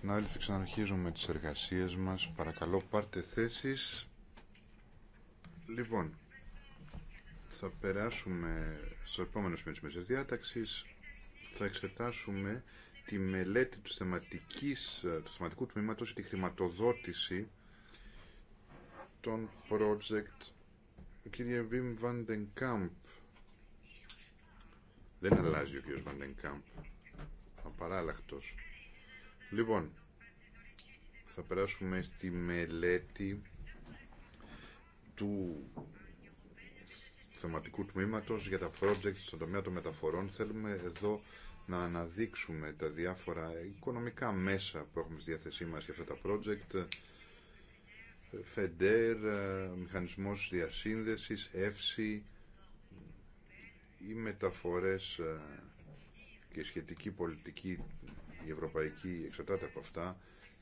Συνάδελφοι, ξαναρχίζουμε τις εργασίες μας. Παρακαλώ, πάρτε θέσεις. Λοιπόν, θα περάσουμε στο επόμενο σημείο της μέσης διάταξης. Θα εξετάσουμε τη μελέτη του, του θεματικού τμήματος για τη χρηματοδότηση των project. Κύριε Βιμ Βαντενκάμπ, δεν αλλάζει ο κ. Βαντενκάμπ. απαράλλαχτος. Λοιπόν, θα περάσουμε στη μελέτη του θεματικού τμήματος για τα project στον τομέα των μεταφορών. Θέλουμε εδώ να αναδείξουμε τα διάφορα οικονομικά μέσα που έχουμε στη διάθεσή μα για αυτά τα project. FEDER, Μηχανισμός Διασύνδεσης, Εύση οι μεταφορές ε, και η σχετική πολιτική η ευρωπαϊκή εξαρτάται από αυτά.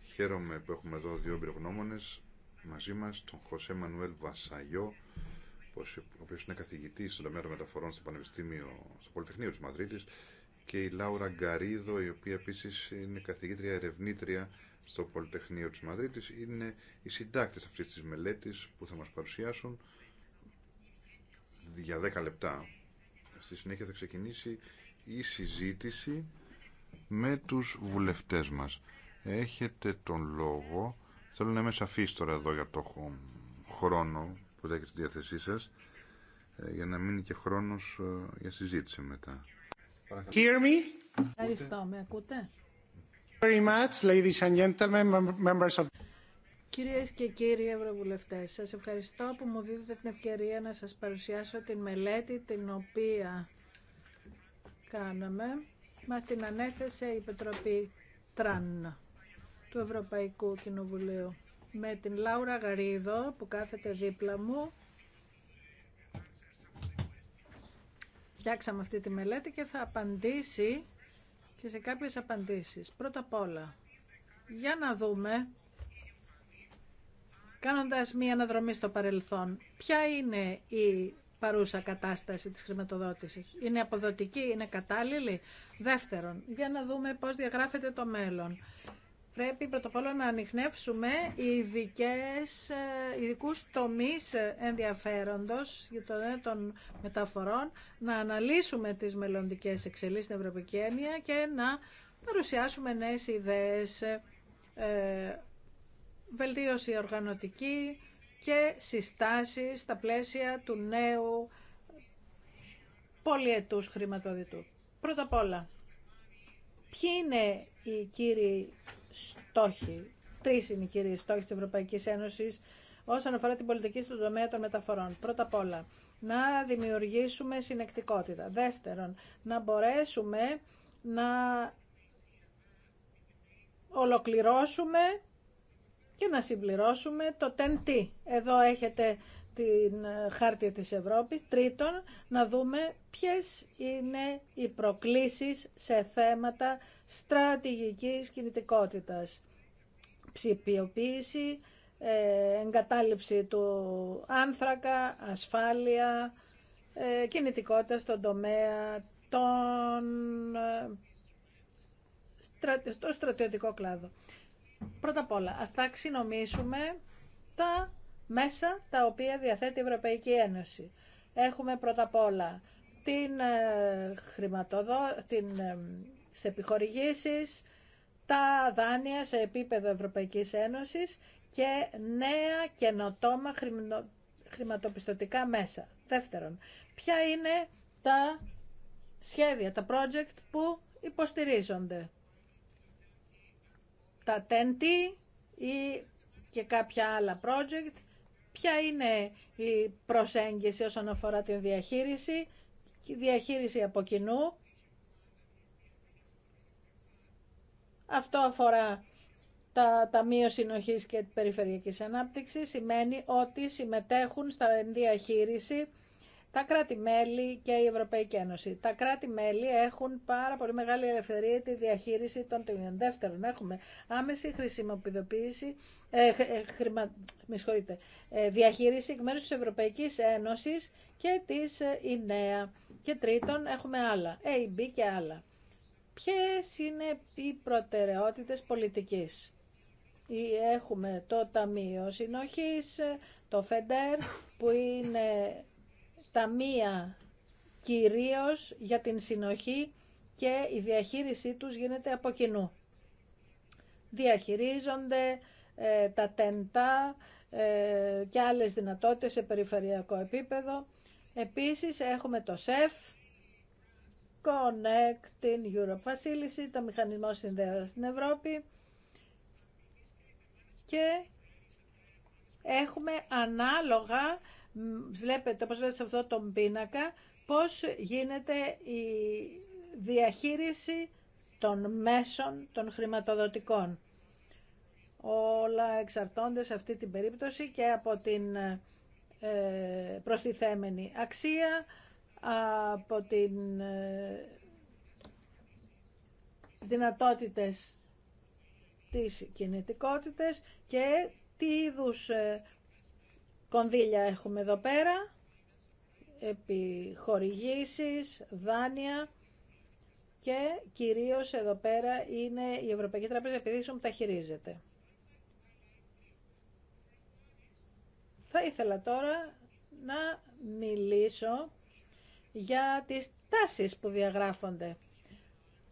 Χαίρομαι που έχουμε εδώ δύο εμπειρογνώμονες μαζί μας, τον Χωσέ Μανουέλ Βασαγιό, ο οποίος είναι καθηγητής στο τομέα των μεταφορών στο Πανεπιστήμιο, στο Πολυτεχνείο της Μαδρίτης, και η Λάουρα Γκαρίδο, η οποία επίσης είναι καθηγήτρια ερευνήτρια στο Πολυτεχνείο της Μαδρίτης, είναι οι συντάκτες αυτής της μελέτης που θα μας παρουσιάσουν για 10 λεπτά Στη συνέχεια θα ξεκινήσει η συζήτηση με τους βουλευτές μας. Έχετε τον λόγο. Θέλω να είμαι σαφής τώρα εδώ για το χρόνο που έχετε στη διάθεσή σας ε, για να μείνει και χρόνος ε, για συζήτηση μετά. Hear me? Ευχαριστώ. Με ακούτε? Very much, ladies and gentlemen, members of... Κυρίες και κύριοι Ευρωβουλευτές, σας ευχαριστώ που μου δίδετε την ευκαιρία να σας παρουσιάσω τη μελέτη την οποία κάναμε. Μας την ανέθεσε η Πετροπή Τραν του Ευρωπαϊκού Κοινοβουλίου με την Λάουρα Γαρίδο που κάθεται δίπλα μου. Φτιάξαμε αυτή τη μελέτη και θα απαντήσει και σε κάποιες απαντήσεις. Πρώτα απ' όλα, για να δούμε κάνοντας μία αναδρομή στο παρελθόν. Ποια είναι η παρούσα κατάσταση της χρηματοδότησης. Είναι αποδοτική, είναι κατάλληλη. Δεύτερον, για να δούμε πώς διαγράφεται το μέλλον. Πρέπει πρώτα απ' όλα να ανοιχνεύσουμε ειδικές, ε, ειδικούς τομείς ενδιαφέροντος για το των μεταφορών, να αναλύσουμε τις μελλοντικές εξελίξεις στην Ευρωπαϊκή και να παρουσιάσουμε νέες ιδέες ε, βελτίωση οργανωτική και συστάσεις στα πλαίσια του νέου πολυετούς χρηματοδητού. Πρώτα απ' όλα, ποιοι είναι οι κύριοι στόχοι, τρεις είναι οι κύριοι στόχοι της Ευρωπαϊκής Ένωσης όσον αφορά την πολιτική στον τομέα των μεταφορών. Πρώτα απ' όλα, να δημιουργήσουμε συνεκτικότητα. Δεύτερον, να μπορέσουμε να ολοκληρώσουμε και να συμπληρώσουμε το ten Εδώ έχετε την ε, χάρτη της Ευρώπης. Τρίτον, να δούμε ποιες είναι οι προκλήσεις σε θέματα στρατηγικής κινητικότητας. Ψηπιοποίηση, ε, εγκατάλειψη του άνθρακα, ασφάλεια, ε, κινητικότητα στον τομέα των στο στρατιωτικό κλάδο. Πρώτα απ' όλα, ας ταξινομήσουμε τα μέσα τα οποία διαθέτει η Ευρωπαϊκή Ένωση. Έχουμε πρώτα απ' όλα την, ε, χρηματοδο... την ε, επιχορηγήσεις, τα δάνεια σε επίπεδο Ευρωπαϊκής Ένωσης και νέα καινοτόμα χρηματοπιστωτικά μέσα. Δεύτερον, ποια είναι τα σχέδια, τα project που υποστηρίζονται τα TNT ή και κάποια άλλα project, ποια είναι η προσέγγιση όσον αφορά τη διαχείριση, η διαχείριση από κοινού. Αυτό αφορά τα Ταμείο Συνοχής και Περιφερειακής Ανάπτυξης, σημαίνει ότι συμμετέχουν στα διαχείριση τα κράτη-μέλη και η Ευρωπαϊκή Ένωση. Τα κράτη-μέλη έχουν πάρα πολύ μεγάλη ελευθερία τη διαχείριση των τελειών. Δεύτερον, έχουμε άμεση χρησιμοποιητοποίηση, ε, ε χρημα, ε, διαχείριση εκ μέρους της Ευρωπαϊκής Ένωσης και της ΙΝΕΑ. Ε, και τρίτον, έχουμε άλλα, B και άλλα. Ποιες είναι οι προτεραιότητες πολιτικής. Έχουμε το Ταμείο Συνοχής, το ΦΕΝΤΕΡ που είναι ταμεία κυρίως για την συνοχή και η διαχείρισή τους γίνεται από κοινού. Διαχειρίζονται ε, τα τεντά ε, και άλλες δυνατότητες σε περιφερειακό επίπεδο. Επίσης έχουμε το ΣΕΦ, Connecting Europe Facility, το μηχανισμό συνδέοντα στην Ευρώπη και έχουμε ανάλογα βλέπετε όπως βλέπετε σε αυτό τον πίνακα πώς γίνεται η διαχείριση των μέσων των χρηματοδοτικών. Όλα εξαρτώνται σε αυτή την περίπτωση και από την ε, προστιθέμενη αξία, από την ε, δυνατότητες της κινητικότητες και τι είδους ε, Κονδύλια έχουμε εδώ πέρα, επιχορηγήσεις, δάνεια και κυρίως εδώ πέρα είναι η Ευρωπαϊκή Τράπεζα Επιδείξεων που τα χειρίζεται. Θα ήθελα τώρα να μιλήσω για τις τάσεις που διαγράφονται.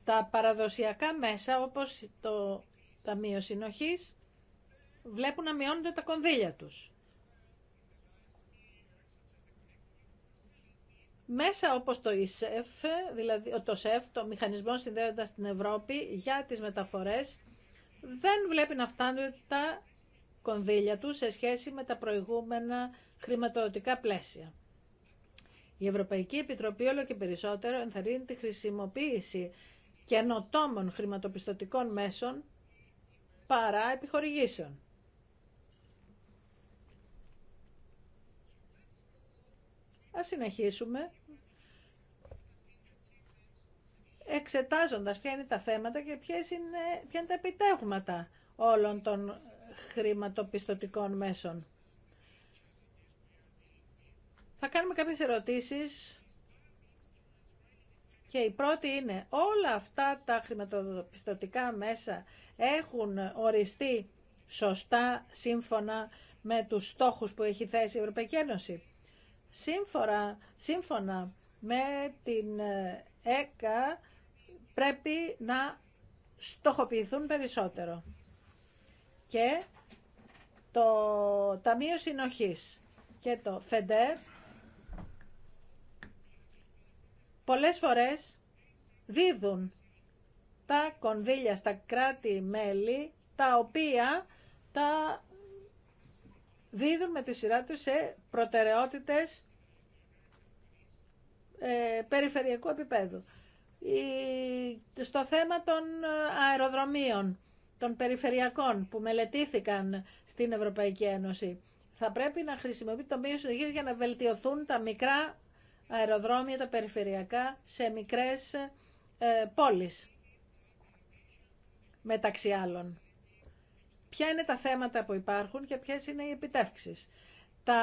Τα παραδοσιακά μέσα όπως το Ταμείο Συνοχής βλέπουν να μειώνονται τα κονδύλια τους. μέσα όπως το ΙΣΕΦ, δηλαδή το ΣΕΦ, το Μηχανισμό Συνδέοντας την Ευρώπη για τις μεταφορές, δεν βλέπει να φτάνουν τα κονδύλια του σε σχέση με τα προηγούμενα χρηματοδοτικά πλαίσια. Η Ευρωπαϊκή Επιτροπή όλο και περισσότερο ενθαρρύνει τη χρησιμοποίηση καινοτόμων χρηματοπιστωτικών μέσων παρά επιχορηγήσεων. Ας συνεχίσουμε εξετάζοντας ποια είναι τα θέματα και ποιες είναι, ποια είναι τα επιτέγματα όλων των χρηματοπιστωτικών μέσων. Θα κάνουμε κάποιες ερωτήσεις και η πρώτη είναι όλα αυτά τα χρηματοπιστωτικά μέσα έχουν οριστεί σωστά σύμφωνα με τους στόχους που έχει θέσει η Ευρωπαϊκή Ένωση. Σύμφωνα, σύμφωνα με την ε, ΕΚΑ πρέπει να στοχοποιηθούν περισσότερο. Και το Ταμείο Συνοχής και το ΦΕΝΤΕΡ πολλές φορές δίδουν τα κονδύλια στα κράτη-μέλη, τα οποία τα δίδουν με τη σειρά τους σε προτεραιότητες ε, περιφερειακού επίπεδου. Στο θέμα των αεροδρομίων, των περιφερειακών που μελετήθηκαν στην Ευρωπαϊκή Ένωση, θα πρέπει να χρησιμοποιεί το μείωση για να βελτιωθούν τα μικρά αεροδρόμια, τα περιφερειακά, σε μικρές ε, πόλεις, μεταξύ άλλων. Ποια είναι τα θέματα που υπάρχουν και ποιες είναι οι επιτεύξεις. Τα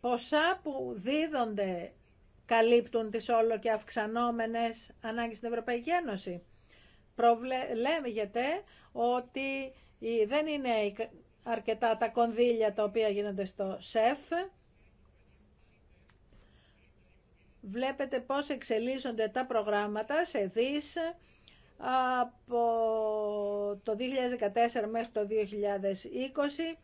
ποσά που δίδονται καλύπτουν τις όλο και αυξανόμενες ανάγκες στην Ευρωπαϊκή Ένωση. Προβλέπετε ότι δεν είναι αρκετά τα κονδύλια τα οποία γίνονται στο ΣΕΦ. Βλέπετε πώς εξελίσσονται τα προγράμματα σε δις από το 2014 μέχρι το 2020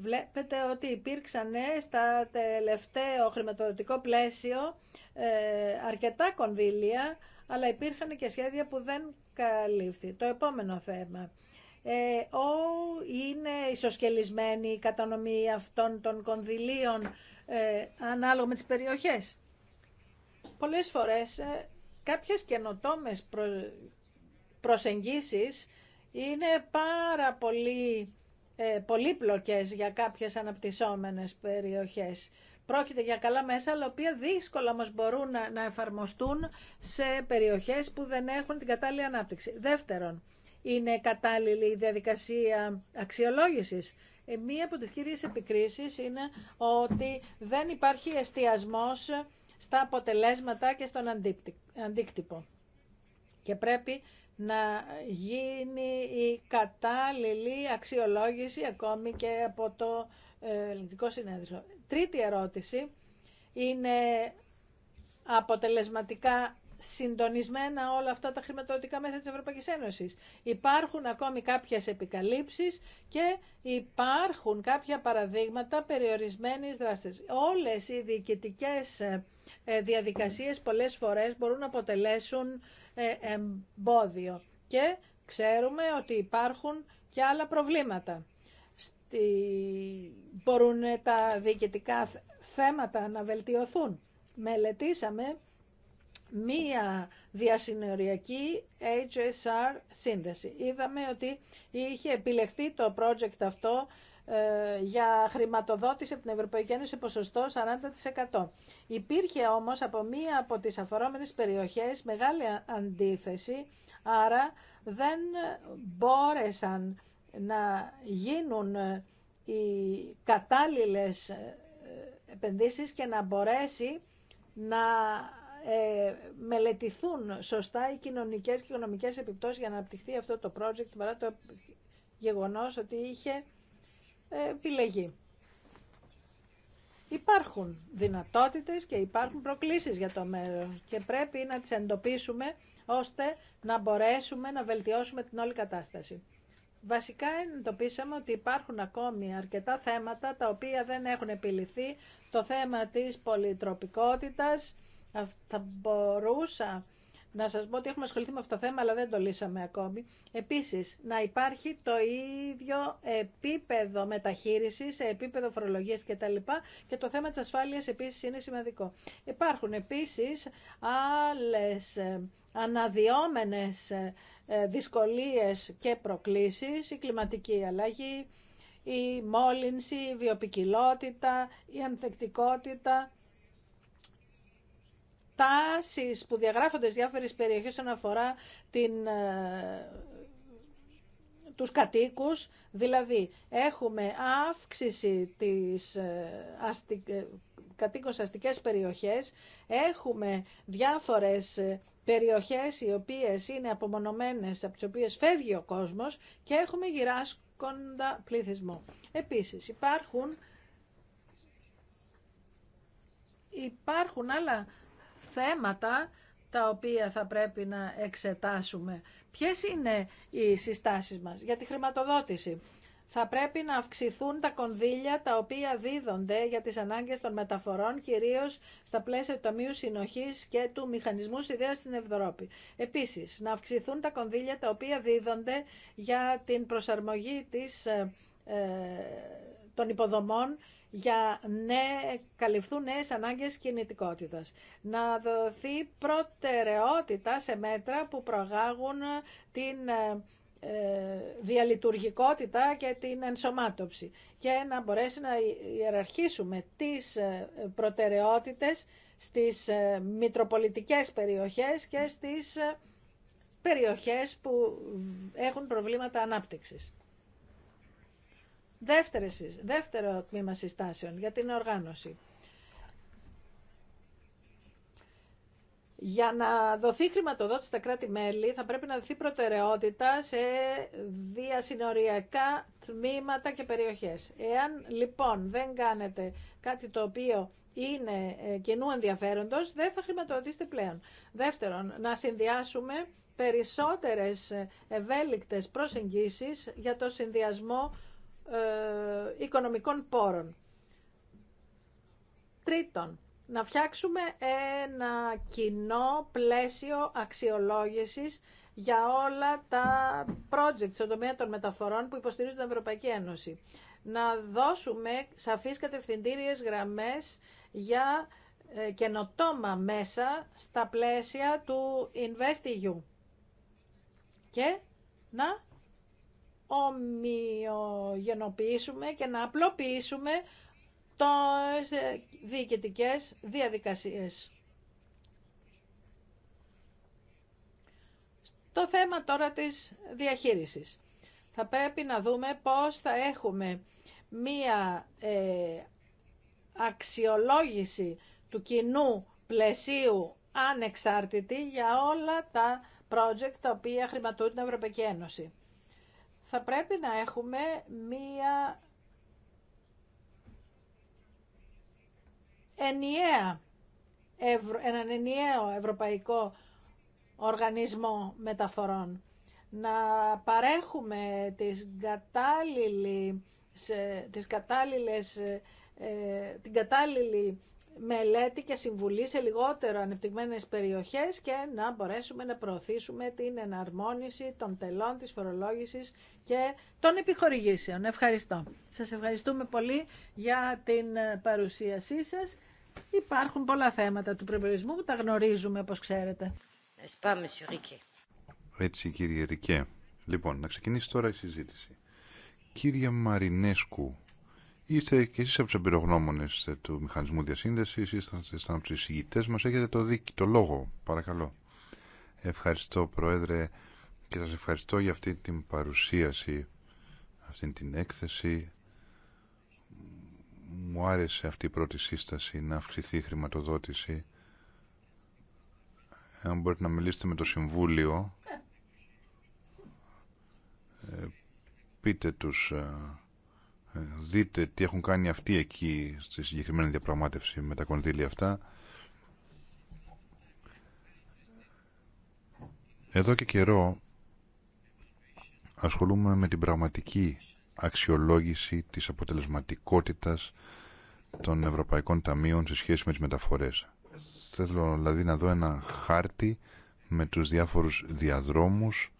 βλέπετε ότι υπήρξαν στα τελευταίο χρηματοδοτικό πλαίσιο ε, αρκετά κονδύλια, αλλά υπήρχαν και σχέδια που δεν καλύφθη. Το επόμενο θέμα. Ε, ο, είναι ισοσκελισμένη η κατανομή αυτών των κονδυλίων ε, ανάλογα με τις περιοχές. Πολλές φορές κάποιες καινοτόμες προσεγγίσεις είναι πάρα πολύ ε, πολύπλοκες για κάποιες αναπτυσσόμενες περιοχές. Πρόκειται για καλά μέσα, αλλά οποία δύσκολα μας μπορούν να, να εφαρμοστούν σε περιοχές που δεν έχουν την κατάλληλη ανάπτυξη. Δεύτερον, είναι κατάλληλη η διαδικασία αξιολόγησης. Ε, μία από τις κυρίες επικρίσεις είναι ότι δεν υπάρχει εστιασμός στα αποτελέσματα και στον αντίκτυπο. Και πρέπει να γίνει η κατάλληλη αξιολόγηση ακόμη και από το ε, ελληνικό συνέδριο. Τρίτη ερώτηση είναι αποτελεσματικά συντονισμένα όλα αυτά τα χρηματοδοτικά μέσα της Ευρωπαϊκής Ένωσης. Υπάρχουν ακόμη κάποιες επικαλύψεις και υπάρχουν κάποια παραδείγματα περιορισμένης δράσης. Όλες οι διοικητικές ε, διαδικασίες πολλές φορές μπορούν να αποτελέσουν ε, εμπόδιο. Και ξέρουμε ότι υπάρχουν και άλλα προβλήματα. Στη... Μπορούν τα διοικητικά θέματα να βελτιωθούν. Μελετήσαμε μία διασυνοριακή HSR σύνδεση. Είδαμε ότι είχε επιλεχθεί το project αυτό ε, για χρηματοδότηση από την Ευρωπαϊκή Ένωση ποσοστό 40%. Υπήρχε όμως από μία από τις αφορόμενες περιοχές μεγάλη αντίθεση, άρα δεν μπόρεσαν να γίνουν ε, οι κατάλληλες ε, επενδύσεις και να μπορέσει να μελετηθούν σωστά οι κοινωνικές και οικονομικές επιπτώσεις για να αναπτυχθεί αυτό το project παρά το γεγονός ότι είχε ε, επιλεγή. Υπάρχουν δυνατότητες και υπάρχουν προκλήσεις για το μέλλον και πρέπει να τις εντοπίσουμε ώστε να μπορέσουμε να βελτιώσουμε την όλη κατάσταση. Βασικά εντοπίσαμε ότι υπάρχουν ακόμη αρκετά θέματα τα οποία δεν έχουν επιληθεί. Το θέμα της πολυτροπικότητας θα μπορούσα να σας πω ότι έχουμε ασχοληθεί με αυτό το θέμα, αλλά δεν το λύσαμε ακόμη. Επίσης, να υπάρχει το ίδιο επίπεδο μεταχείρισης, επίπεδο φορολογία κτλ. Και το θέμα της ασφάλειας επίσης είναι σημαντικό. Υπάρχουν επίσης άλλε αναδιόμενες ε, ε, δυσκολίες και προκλήσεις, η κλιματική αλλαγή, η μόλυνση, η βιοπικιλότητα, η ανθεκτικότητα, τάσεις που διαγράφονται στις διάφορες περιοχές όσον αφορά την, ε, τους κατοίκους, δηλαδή έχουμε αύξηση της ε, αστι... Ε, αστικές περιοχές, έχουμε διάφορες περιοχές οι οποίες είναι απομονωμένες, από τις οποίες φεύγει ο κόσμος και έχουμε γυράσκοντα πληθυσμό. Επίσης υπάρχουν, υπάρχουν άλλα θέματα τα οποία θα πρέπει να εξετάσουμε. Ποιες είναι οι συστάσεις μας για τη χρηματοδότηση. Θα πρέπει να αυξηθούν τα κονδύλια τα οποία δίδονται για τις ανάγκες των μεταφορών, κυρίως στα πλαίσια του Ταμείου Συνοχής και του Μηχανισμού Συνδέας στην Ευρώπη. Επίσης, να αυξηθούν τα κονδύλια τα οποία δίδονται για την προσαρμογή της, ε, ε, των υποδομών για να καλυφθούν νέες ανάγκες κινητικότητας. Να δοθεί προτεραιότητα σε μέτρα που προγάγουν την ε, ε, διαλειτουργικότητα και την ενσωμάτωση και να μπορέσει να ιεραρχήσουμε τις ε, προτεραιότητες στις μητροπολιτικές περιοχές και στις περιοχές που έχουν προβλήματα ανάπτυξης. Δεύτερο, δεύτερο τμήμα συστάσεων για την οργάνωση. Για να δοθεί χρηματοδότηση στα κράτη-μέλη θα πρέπει να δοθεί προτεραιότητα σε διασυνοριακά τμήματα και περιοχές. Εάν λοιπόν δεν κάνετε κάτι το οποίο είναι ε, κοινού ενδιαφέροντος, δεν θα χρηματοδοτήσετε πλέον. Δεύτερον, να συνδυάσουμε περισσότερες ευέλικτες προσεγγίσεις για το συνδυασμό ε, οικονομικών πόρων. Τρίτον, να φτιάξουμε ένα κοινό πλαίσιο αξιολόγησης για όλα τα project στον τομέα των μεταφορών που υποστηρίζουν την Ευρωπαϊκή Ένωση. Να δώσουμε σαφείς κατευθυντήριες γραμμές για ε, καινοτόμα μέσα στα πλαίσια του InvestEU. Και να ομοιογενοποιήσουμε και να απλοποιήσουμε τις διοικητικές διαδικασίες. Το θέμα τώρα της διαχείρισης. Θα πρέπει να δούμε πώς θα έχουμε μία ε, αξιολόγηση του κοινού πλαισίου ανεξάρτητη για όλα τα project τα οποία χρηματούν την Ευρωπαϊκή Ένωση θα πρέπει να έχουμε μία ενιαία, έναν ενιαίο ευρωπαϊκό οργανισμό μεταφορών. Να παρέχουμε τις, κατάλληλες τις κατάλληλες, ε, την κατάλληλη μελέτη και συμβουλή σε λιγότερο ανεπτυγμένες περιοχές και να μπορέσουμε να προωθήσουμε την εναρμόνιση των τελών της φορολόγησης και των επιχορηγήσεων. Ευχαριστώ. Σας ευχαριστούμε πολύ για την ε, παρουσίασή σας. Υπάρχουν πολλά θέματα του προπολογισμού που τα γνωρίζουμε, όπως ξέρετε. Έτσι, κύριε Ρικέ. Λοιπόν, να ξεκινήσει τώρα η συζήτηση. Κύριε Μαρινέσκου, Είστε και εσείς από τους εμπειρογνώμονες ε, του Μηχανισμού Διασύνδεσης, είστε από τους εισηγητές μας, έχετε το, δίκ, το λόγο, παρακαλώ. Ευχαριστώ Πρόεδρε και σας ευχαριστώ για αυτή την παρουσίαση, αυτή την έκθεση. Μου άρεσε αυτή η πρώτη σύσταση να αυξηθεί η χρηματοδότηση. Αν μπορείτε να μιλήσετε με το Συμβούλιο, ε, πείτε τους ε, ε, δείτε τι έχουν κάνει αυτοί εκεί στη συγκεκριμένη διαπραγμάτευση με τα κονδύλια αυτά. Εδώ και καιρό ασχολούμαι με την πραγματική αξιολόγηση της αποτελεσματικότητας των Ευρωπαϊκών Ταμείων σε σχέση με τις μεταφορές. Θέλω δηλαδή να δω ένα χάρτη με τους διάφορους διαδρόμους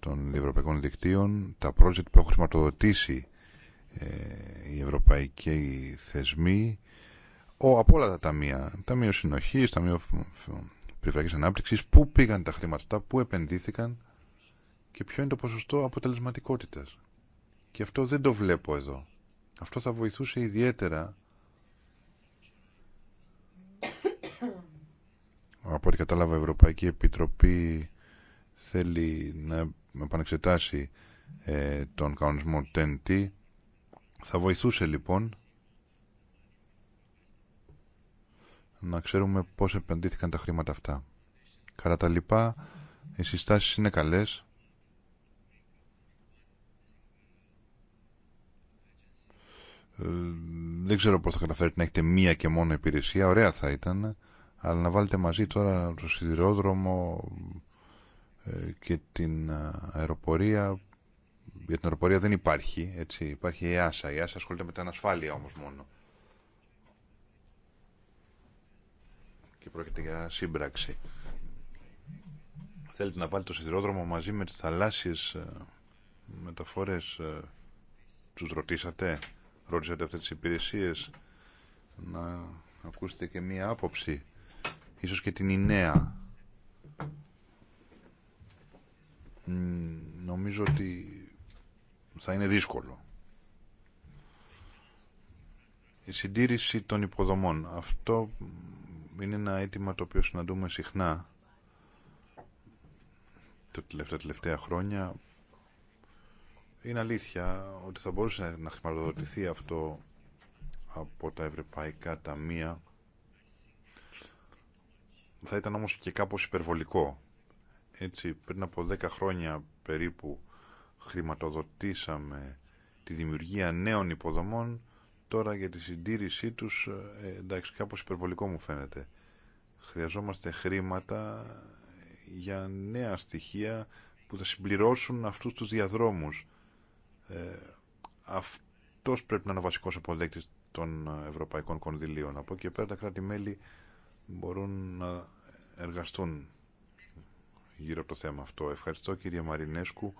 των Ευρωπαϊκών Δικτύων, τα project που έχουν χρηματοδοτήσει ε, οι ευρωπαϊκοί θεσμοί, ο, από όλα τα ταμεία, ταμείο συνοχής, ταμείο περιφερειακής ανάπτυξης, πού πήγαν τα χρήματα πού επενδύθηκαν και ποιο είναι το ποσοστό αποτελεσματικότητας. Και αυτό δεν το βλέπω εδώ. Αυτό θα βοηθούσε ιδιαίτερα από ό,τι κατάλαβα η Ευρωπαϊκή Επιτροπή θέλει να επανεξετάσει ε, τον κανονισμό TNT θα βοηθούσε λοιπόν να ξέρουμε πώς επενδύθηκαν τα χρήματα αυτά. Κατά τα λοιπά, οι συστάσεις είναι καλές. Ε, δεν ξέρω πώς θα καταφέρετε να έχετε μία και μόνο υπηρεσία. Ωραία θα ήταν. Αλλά να βάλετε μαζί τώρα το σιδηρόδρομο ε, και την ε, αεροπορία για την αεροπορία δεν υπάρχει, έτσι, υπάρχει η ΆΣΑ. Η ΆΣΑ ασχολείται με την ασφάλεια όμως μόνο. Και πρόκειται για σύμπραξη. Θέλετε να πάρει το σιδηρόδρομο μαζί με τις θαλάσσιες ε, μεταφορές. Ε, τους ρωτήσατε, ρώτησατε αυτές τις υπηρεσίες να ακούσετε και μία άποψη. Ίσως και την ΙΝΕΑ. Νομίζω ότι θα είναι δύσκολο. Η συντήρηση των υποδομών. Αυτό είναι ένα αίτημα το οποίο συναντούμε συχνά τα τελευταία, τελευταία χρόνια. Είναι αλήθεια ότι θα μπορούσε να χρηματοδοτηθεί αυτό από τα ευρωπαϊκά ταμεία. Θα ήταν όμως και κάπως υπερβολικό. Έτσι, πριν από 10 χρόνια περίπου χρηματοδοτήσαμε τη δημιουργία νέων υποδομών, τώρα για τη συντήρησή τους, ε, εντάξει, κάπως υπερβολικό μου φαίνεται. Χρειαζόμαστε χρήματα για νέα στοιχεία που θα συμπληρώσουν αυτούς τους διαδρόμους. Ε, αυτός πρέπει να είναι ο βασικός αποδέκτης των ευρωπαϊκών κονδυλίων. Από εκεί πέρα τα κράτη-μέλη μπορούν να εργαστούν γύρω από το θέμα αυτό. Ευχαριστώ κύριε Μαρινέσκου.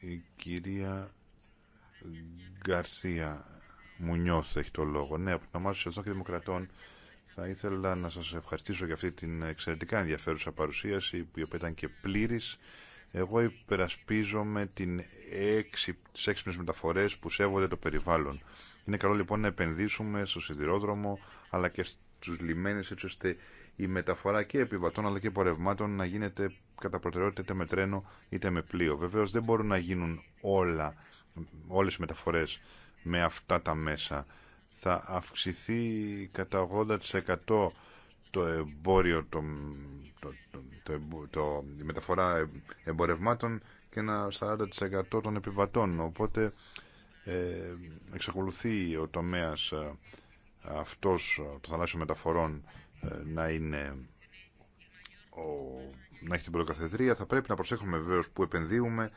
Η κυρία Γκαρσία Μουνιώθ έχει το λόγο. Ναι, από την ομάδα Σοσιαλιστών και Δημοκρατών θα ήθελα να σας ευχαριστήσω για αυτή την εξαιρετικά ενδιαφέρουσα παρουσίαση που ήταν και πλήρης. Εγώ υπερασπίζομαι την έξι, τις έξυπνες μεταφορές που σέβονται το περιβάλλον. Είναι καλό λοιπόν να επενδύσουμε στο σιδηρόδρομο αλλά και στους λιμένες έτσι ώστε η μεταφορά και επιβατών αλλά και πορευμάτων να γίνεται κατά προτεραιότητα είτε με τρένο είτε με πλοίο. Βεβαίω δεν μπορούν να γίνουν όλα, όλες οι μεταφορές με αυτά τα μέσα. Θα αυξηθεί κατά 80% το εμπόριο, το, το, το, το, η μεταφορά εμπορευμάτων και ένα 40% των επιβατών. Οπότε ε, εξακολουθεί ο τομέας ε, αυτός των θαλάσσιων μεταφορών ε, να είναι ο να έχει την πρωτοκαθεδρία. Θα πρέπει να προσέχουμε βεβαίω που επενδύουμε,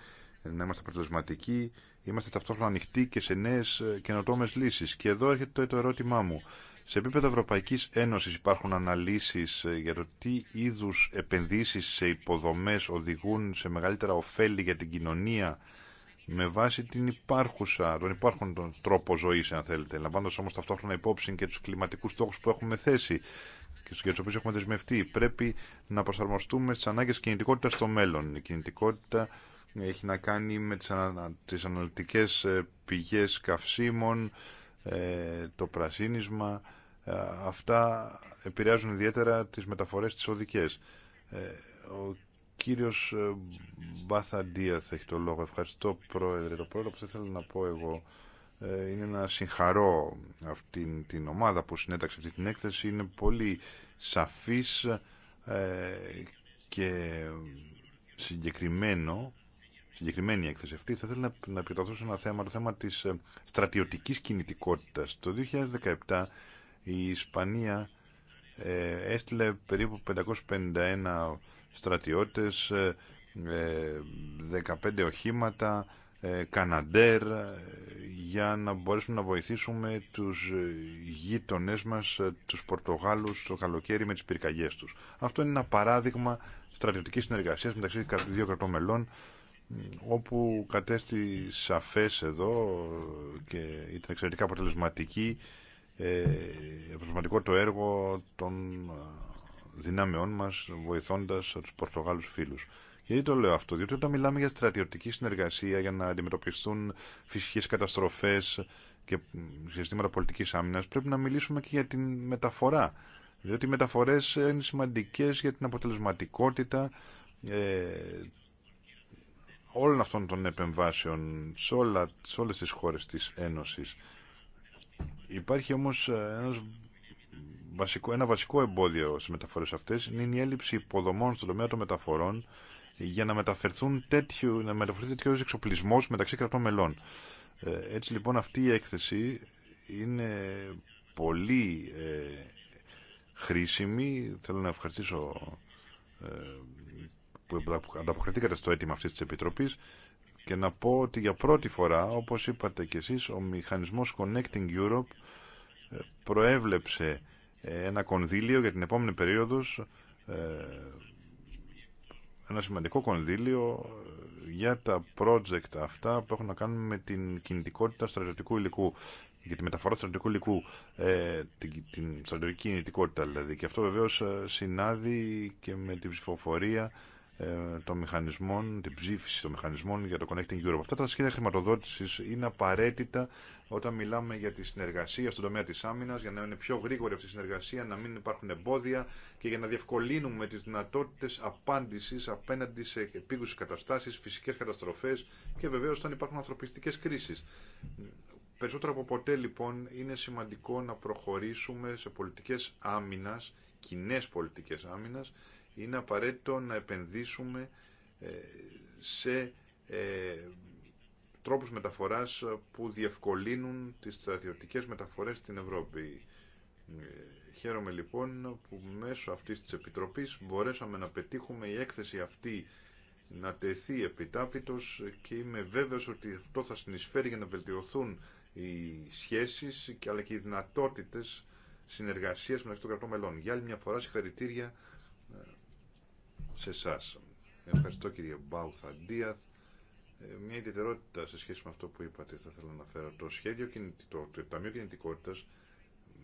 να είμαστε αποτελεσματικοί. Είμαστε ταυτόχρονα ανοιχτοί και σε νέε καινοτόμε λύσει. Και εδώ έρχεται το ερώτημά μου. Σε επίπεδο Ευρωπαϊκή Ένωση υπάρχουν αναλύσει ε, για το τι είδου επενδύσει σε υποδομέ οδηγούν σε μεγαλύτερα ωφέλη για την κοινωνία με βάση την υπάρχουσα, τον υπάρχον τρόπο ζωή, αν θέλετε. Λαμβάνοντα όμω ταυτόχρονα υπόψη και του κλιματικού στόχου που έχουμε θέσει για του οποίου έχουμε δεσμευτεί. Πρέπει να προσαρμοστούμε στι ανάγκε κινητικότητα στο μέλλον. Η κινητικότητα έχει να κάνει με τι αναλυτικέ ε, πηγέ καυσίμων, ε, το πρασίνισμα. Ε, αυτά επηρεάζουν ιδιαίτερα τις μεταφορές τις οδικές. Ο κύριος Μπαθαντία θα έχει το λόγο. Ευχαριστώ πρόεδρε. Το πρώτο που θα ήθελα να πω εγώ ε, είναι να συγχαρώ αυτή την ομάδα που συνέταξε αυτή την έκθεση. Είναι πολύ σαφής ε, και συγκεκριμένο, συγκεκριμένη έκθεση αυτή. Θα ήθελα να επικεντρωθώ σε ένα θέμα, το θέμα της ε, στρατιωτικής κινητικότητας. Το 2017 η Ισπανία έστειλε περίπου 551 στρατιώτες, 15 οχήματα, ε, Καναντέρ ε, για να μπορέσουμε να βοηθήσουμε τους γείτονές μας, ε, τους Πορτογάλους, το καλοκαίρι με τις πυρκαγιές τους. Αυτό είναι ένα παράδειγμα στρατιωτικής συνεργασίας μεταξύ δύο κρατών μελών όπου κατέστη σαφές εδώ και ήταν εξαιρετικά αποτελεσματική αποτελεσματικό το έργο των δυνάμεών μας βοηθώντας τους Πορτογάλους φίλους. Γιατί το λέω αυτό, διότι όταν μιλάμε για στρατιωτική συνεργασία για να αντιμετωπιστούν φυσικέ καταστροφές και συστήματα πολιτικής άμυνας, πρέπει να μιλήσουμε και για την μεταφορά. Διότι οι μεταφορές είναι σημαντικές για την αποτελεσματικότητα ε, όλων αυτών των επεμβάσεων σε, όλα, σε όλες τις χώρες της Ένωσης. Υπάρχει όμως ένα βασικό εμπόδιο στις μεταφορές αυτές είναι η έλλειψη υποδομών στον τομέα των μεταφορών για να, μεταφερθούν τέτοιου, να μεταφερθεί τέτοιο εξοπλισμό μεταξύ κρατών μελών. Ε, έτσι λοιπόν αυτή η έκθεση είναι πολύ ε, χρήσιμη. Θέλω να ευχαριστήσω ε, που ανταποκριθήκατε στο αίτημα αυτής της Επιτροπής και να πω ότι για πρώτη φορά, όπως είπατε κι εσείς, ο μηχανισμός Connecting Europe ε, προέβλεψε ε, ένα κονδύλιο για την επόμενη περίοδος ένα σημαντικό κονδύλιο για τα project αυτά που έχουν να κάνουν με την κινητικότητα στρατιωτικού υλικού για τη μεταφορά στρατιωτικού υλικού, ε, την, την στρατιωτική κινητικότητα δηλαδή. Και αυτό βεβαίως ε, συνάδει και με την ψηφοφορία ε, των μηχανισμών, την ψήφιση των μηχανισμών για το Connecting Europe. Αυτά τα σχέδια χρηματοδότηση είναι απαραίτητα όταν μιλάμε για τη συνεργασία στον τομέα τη άμυνα, για να είναι πιο γρήγορη αυτή η συνεργασία, να μην υπάρχουν εμπόδια και για να διευκολύνουμε τι δυνατότητε απάντηση απέναντι σε επίγουσε καταστάσει, φυσικέ καταστροφέ και βεβαίω όταν υπάρχουν ανθρωπιστικέ κρίσει. Περισσότερο από ποτέ λοιπόν είναι σημαντικό να προχωρήσουμε σε πολιτικές άμυνας, κοινέ πολιτικές άμυνας είναι απαραίτητο να επενδύσουμε ε, σε ε, τρόπους μεταφοράς που διευκολύνουν τις στρατιωτικές μεταφορές στην Ευρώπη. Ε, χαίρομαι λοιπόν που μέσω αυτής της Επιτροπής μπορέσαμε να πετύχουμε η έκθεση αυτή να τεθεί επιτάπητος και είμαι βέβαιος ότι αυτό θα συνεισφέρει για να βελτιωθούν οι σχέσεις αλλά και οι δυνατότητες συνεργασίας μεταξύ των κρατών μελών. Για άλλη μια φορά συγχαρητήρια σε εσά. Ευχαριστώ κύριε Μπάουθα Ντίαθ. Ε, μια ιδιαιτερότητα σε σχέση με αυτό που είπατε θα θέλω να αναφέρω. Το σχέδιο κινητικό, το Ταμείο Κινητικότητα,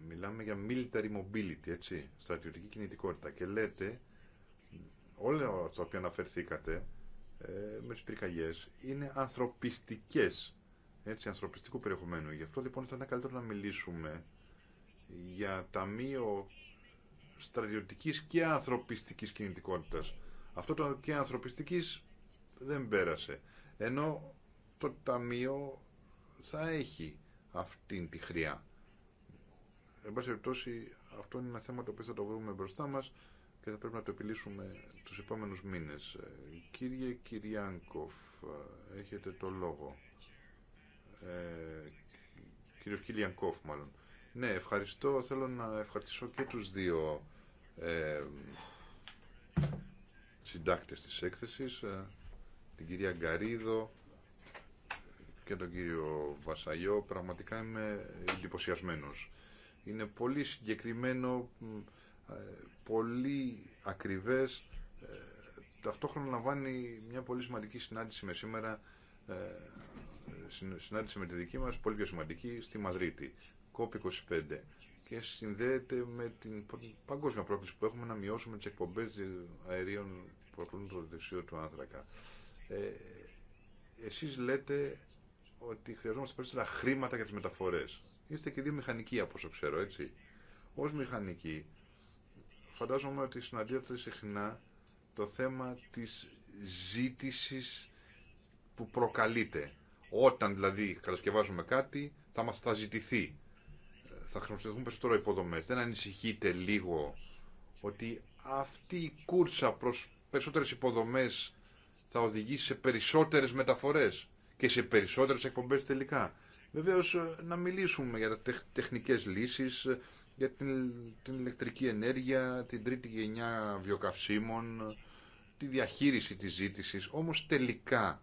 μιλάμε για military mobility, έτσι, στρατιωτική κινητικότητα. Και λέτε, όλα τα οποία αναφερθήκατε, ε, με τι πυρκαγιέ, είναι ανθρωπιστικέ, έτσι, ανθρωπιστικού περιεχομένου. Γι' αυτό λοιπόν θα ήταν καλύτερο να μιλήσουμε για Ταμείο στρατιωτικής και ανθρωπιστικής κινητικότητας. Αυτό το και ανθρωπιστικής δεν πέρασε. Ενώ το Ταμείο θα έχει αυτή τη χρειά. Εν πάση περιπτώσει, αυτό είναι ένα θέμα το οποίο θα το βρούμε μπροστά μας και θα πρέπει να το επιλύσουμε τους επόμενους μήνες. Ε, κύριε Κυριάνκοφ, έχετε το λόγο. Ε, κύριος μάλλον. Ναι, ευχαριστώ. Θέλω να ευχαριστήσω και τους δύο ε, συντάκτες της έκθεσης, ε, την κυρία Γκαρίδο και τον κύριο Βασαγιό. Πραγματικά είμαι εντυπωσιασμένο. Είναι πολύ συγκεκριμένο, ε, πολύ ακριβές, ε, ταυτόχρονα λαμβάνει μια πολύ σημαντική συνάντηση με σήμερα, συνάντηση με τη δική μας, πολύ πιο σημαντική, στη Μαδρίτη, COP25 και συνδέεται με την παγκόσμια πρόκληση που έχουμε να μειώσουμε τις εκπομπές αερίων που προκλούν το δεξιό του άνθρακα. Ε, εσείς λέτε ότι χρειαζόμαστε περισσότερα χρήματα για τις μεταφορές. Είστε και δύο μηχανικοί από όσο ξέρω, έτσι. Ως μηχανικοί, φαντάζομαι ότι συναντήσατε συχνά το θέμα της ζήτησης που προκαλείται. Όταν δηλαδή κατασκευάζουμε κάτι, θα μας τα ζητηθεί θα χρησιμοποιηθούν περισσότερο υποδομέ. Δεν ανησυχείτε λίγο ότι αυτή η κούρσα προ περισσότερε υποδομέ θα οδηγήσει σε περισσότερε μεταφορέ και σε περισσότερε εκπομπέ τελικά. Βεβαίω ε, να μιλήσουμε για τα τεχνικές λύσεις, ε, για την, την ηλεκτρική ενέργεια, την τρίτη γενιά βιοκαυσίμων, ε, τη διαχείριση της ζήτησης. Όμως τελικά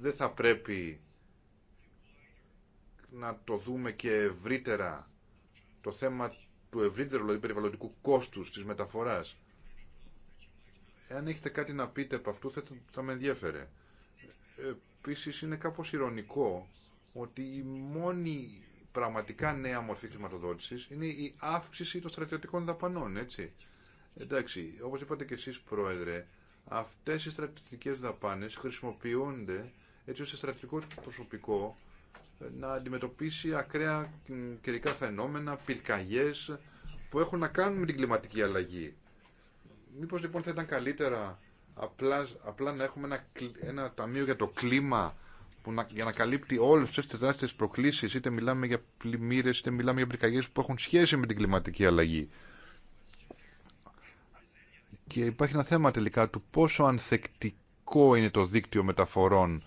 δεν θα πρέπει να το δούμε και ευρύτερα το θέμα του ευρύτερου δηλαδή περιβαλλοντικού κόστους της μεταφοράς. Εάν έχετε κάτι να πείτε από αυτού θα, θα με ενδιαφέρε. Επίσης είναι κάπως ηρωνικό ότι η μόνη πραγματικά νέα μορφή χρηματοδότηση είναι η αύξηση των στρατιωτικών δαπανών, έτσι. Εντάξει, όπως είπατε και εσείς πρόεδρε, αυτές οι στρατιωτικές δαπάνες χρησιμοποιούνται έτσι ώστε στρατιωτικό προσωπικό να αντιμετωπίσει ακραία καιρικά φαινόμενα, πυρκαγιές που έχουν να κάνουν με την κλιματική αλλαγή. Μήπως λοιπόν θα ήταν καλύτερα απλά, απλά να έχουμε ένα, ένα ταμείο για το κλίμα που να, για να καλύπτει όλε αυτέ τι τεράστιε προκλήσει, είτε μιλάμε για πλημμύρε, είτε μιλάμε για πυρκαγιέ που έχουν σχέση με την κλιματική αλλαγή. Και υπάρχει ένα θέμα τελικά του πόσο ανθεκτικό είναι το δίκτυο μεταφορών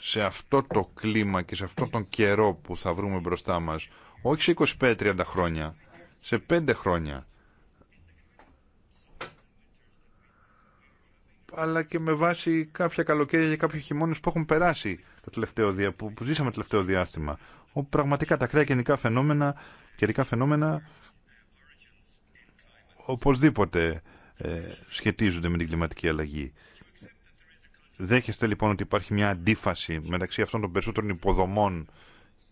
σε αυτό το κλίμα και σε αυτό τον καιρό που θα βρούμε μπροστά μας όχι σε 25-30 χρόνια σε 5 χρόνια αλλά και με βάση κάποια καλοκαίρια και κάποιους χειμώνες που έχουν περάσει το τελευταίο δια, που, ζήσαμε το τελευταίο διάστημα όπου πραγματικά τα κρέα καιρικά φαινόμενα, καιρικά φαινόμενα οπωσδήποτε ε, σχετίζονται με την κλιματική αλλαγή. Δέχεστε λοιπόν ότι υπάρχει μια αντίφαση μεταξύ αυτών των περισσότερων υποδομών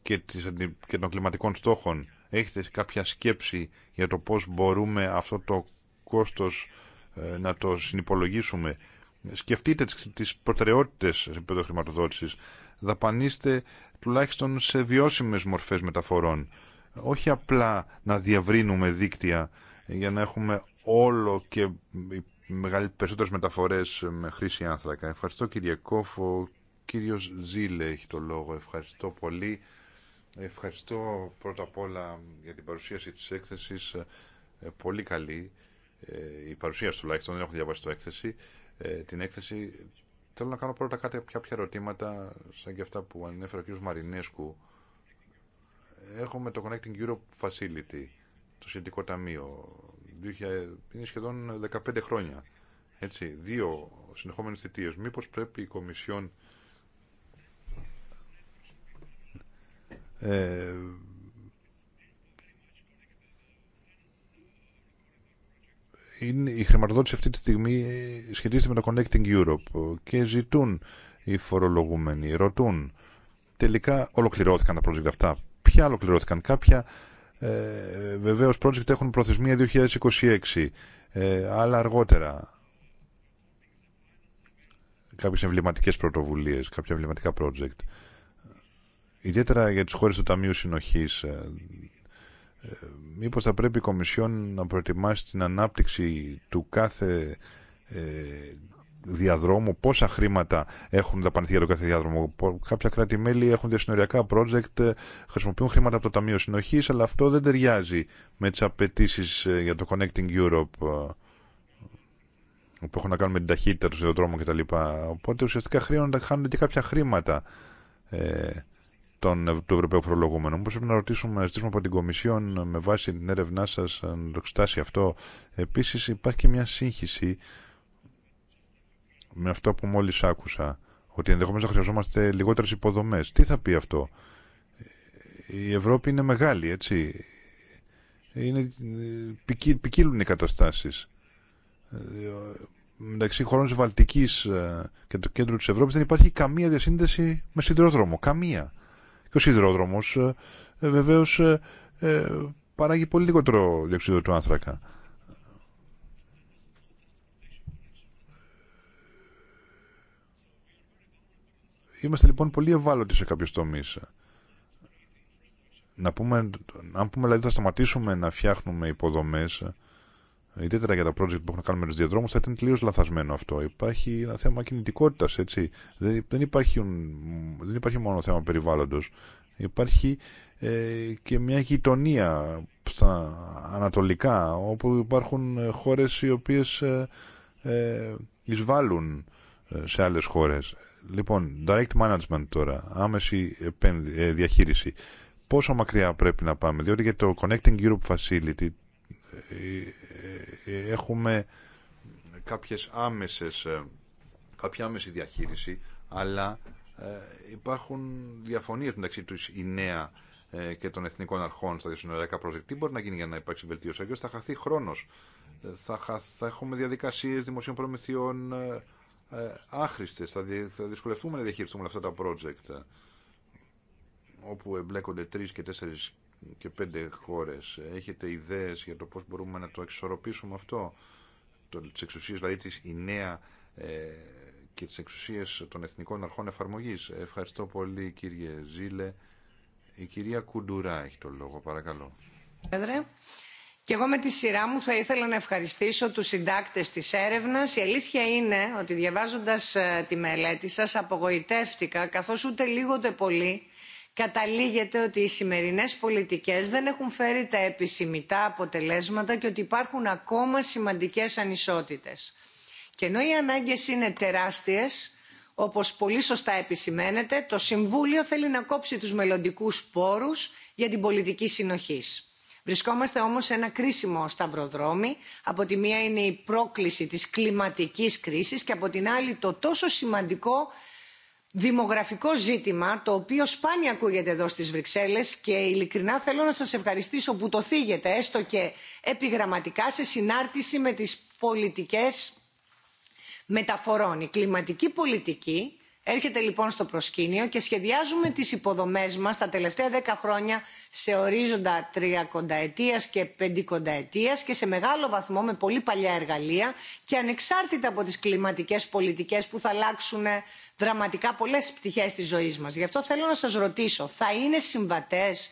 και, της, και των κλιματικών στόχων. Έχετε κάποια σκέψη για το πώς μπορούμε αυτό το κόστος ε, να το συνυπολογίσουμε. Σκεφτείτε τις, τις προτεραιότητες σε επίπεδο χρηματοδότησης. Δαπανίστε τουλάχιστον σε βιώσιμες μορφές μεταφορών. Όχι απλά να διαβρύνουμε δίκτυα για να έχουμε όλο και περισσότερες μεταφορές ε, με χρήση άνθρακα. Ευχαριστώ κύριε Κόφο. Κύριος Ζήλε έχει το λόγο. Ευχαριστώ πολύ. Ευχαριστώ πρώτα απ' όλα για την παρουσίαση της έκθεσης. Ε, πολύ καλή. Ε, η παρουσίαση τουλάχιστον, δεν έχω διαβάσει το έκθεση. Την έκθεση θέλω να κάνω πρώτα κάτι, κάποια ερωτήματα σαν και αυτά που ανέφερε ο κύριος Μαρινέσκου. Έχουμε το Connecting Europe Facility, το σχετικό Ταμείο είναι σχεδόν 15 χρόνια. Έτσι, δύο συνεχόμενες θητείες. Μήπως πρέπει η Κομισιόν ε, είναι, η χρηματοδότηση αυτή τη στιγμή σχετίζεται με το Connecting Europe και ζητούν οι φορολογούμενοι, ρωτούν τελικά ολοκληρώθηκαν τα project αυτά. Ποια ολοκληρώθηκαν κάποια ε, βεβαίως project έχουν προθεσμία 2026, αλλά ε, αργότερα κάποιες εμβληματικές πρωτοβουλίες, κάποια εμβληματικά project. Ιδιαίτερα για τις χώρες του Ταμείου Συνοχής, ε, ε μήπως θα πρέπει η Κομισιόν να προετοιμάσει την ανάπτυξη του κάθε ε, διαδρόμου, πόσα χρήματα έχουν δαπανηθεί για του κάθε διάδρομο. Κάποια κράτη-μέλη έχουν διασυνοριακά project, ε, χρησιμοποιούν χρήματα από το Ταμείο Συνοχή, αλλά αυτό δεν ταιριάζει με τι απαιτήσει ε, για το Connecting Europe ε, που έχουν να κάνουν με την ταχύτητα του δρόμο κτλ. Οπότε ουσιαστικά χρήματα χάνονται και κάποια χρήματα ε, των, του Ευρωπαίου Φορολογούμενου. Μπορούμε πρέπει να ρωτήσουμε, να ζητήσουμε από την Κομισιόν με βάση την έρευνά σα να το εξετάσει αυτό. Επίση υπάρχει και μια σύγχυση με αυτό που μόλι άκουσα, ότι ενδεχομένω θα χρειαζόμαστε λιγότερε υποδομέ. Τι θα πει αυτό. Η Ευρώπη είναι μεγάλη, έτσι. Είναι, ποικίλουν οι καταστάσει. Μεταξύ χωρών τη Βαλτική ε, και του κέντρου τη Ευρώπη δεν υπάρχει καμία διασύνδεση με σιδηρόδρομο. Καμία. Και ο σιδηρόδρομο ε, ε, βεβαίω παράγει πολύ λιγότερο διοξείδιο του άνθρακα. Είμαστε λοιπόν πολύ ευάλωτοι σε κάποιους τομείς. Να πούμε, αν πούμε δηλαδή θα σταματήσουμε να φτιάχνουμε υποδομές, ιδιαίτερα για τα project που έχουν να με τους διαδρόμους, θα ήταν τελείω λαθασμένο αυτό. Υπάρχει ένα θέμα κινητικότητας, έτσι. Δεν, υπάρχει, δεν υπάρχει μόνο θέμα περιβάλλοντος. Υπάρχει ε, και μια γειτονία στα ανατολικά, όπου υπάρχουν χώρες οι οποίες ε, ε εισβάλλουν ε, σε άλλες χώρες. Λοιπόν, direct management τώρα, άμεση ε, διαχείριση. Πόσο μακριά πρέπει να πάμε, διότι για το Connecting Europe Facility ε, ε, έχουμε κάποιες άμεσες, κάποια άμεση διαχείριση, αλλά υπάρχουν διαφωνίες μεταξύ του η νέα και των εθνικών αρχών στα διασυνοριακά project. Τι μπορεί να γίνει για να υπάρξει βελτίωση, θα χαθεί χρόνος. Θα, θα έχουμε διαδικασίες δημοσίων προμηθειών, ε, Άχρηστε, Θα δυσκολευτούμε να διαχειριστούμε αυτά τα project ε, όπου εμπλέκονται τρει και τέσσερι και πέντε χώρες. Έχετε ιδέες για το πώς μπορούμε να το εξορροπήσουμε αυτό, τι τις εξουσίες δηλαδή της η νέα ε, και τι εξουσίες των εθνικών αρχών εφαρμογής. Ευχαριστώ πολύ κύριε Ζήλε. Η κυρία Κουντουρά έχει το λόγο, παρακαλώ. Και εγώ με τη σειρά μου θα ήθελα να ευχαριστήσω τους συντάκτες της έρευνας. Η αλήθεια είναι ότι διαβάζοντας ε, τη μελέτη σας απογοητεύτηκα καθώς ούτε λίγο ούτε πολύ καταλήγεται ότι οι σημερινές πολιτικές δεν έχουν φέρει τα επιθυμητά αποτελέσματα και ότι υπάρχουν ακόμα σημαντικές ανισότητες. Και ενώ οι ανάγκες είναι τεράστιες, όπως πολύ σωστά επισημαίνεται, το Συμβούλιο θέλει να κόψει τους μελλοντικού πόρους για την πολιτική συνοχής Βρισκόμαστε όμως σε ένα κρίσιμο σταυροδρόμι. Από τη μία είναι η πρόκληση της κλιματικής κρίσης και από την άλλη το τόσο σημαντικό δημογραφικό ζήτημα το οποίο σπάνια ακούγεται εδώ στις Βρυξέλλες και ειλικρινά θέλω να σας ευχαριστήσω που το θίγετε έστω και επιγραμματικά σε συνάρτηση με τις πολιτικές μεταφορών. Η κλιματική πολιτική Έρχεται λοιπόν στο προσκήνιο και σχεδιάζουμε τις υποδομές μας τα τελευταία δέκα χρόνια σε ορίζοντα τριακονταετίας και πεντηκονταετίας και σε μεγάλο βαθμό με πολύ παλιά εργαλεία και ανεξάρτητα από τις κλιματικές πολιτικές που θα αλλάξουν δραματικά πολλές πτυχές της ζωής μας. Γι' αυτό θέλω να σας ρωτήσω, θα είναι συμβατές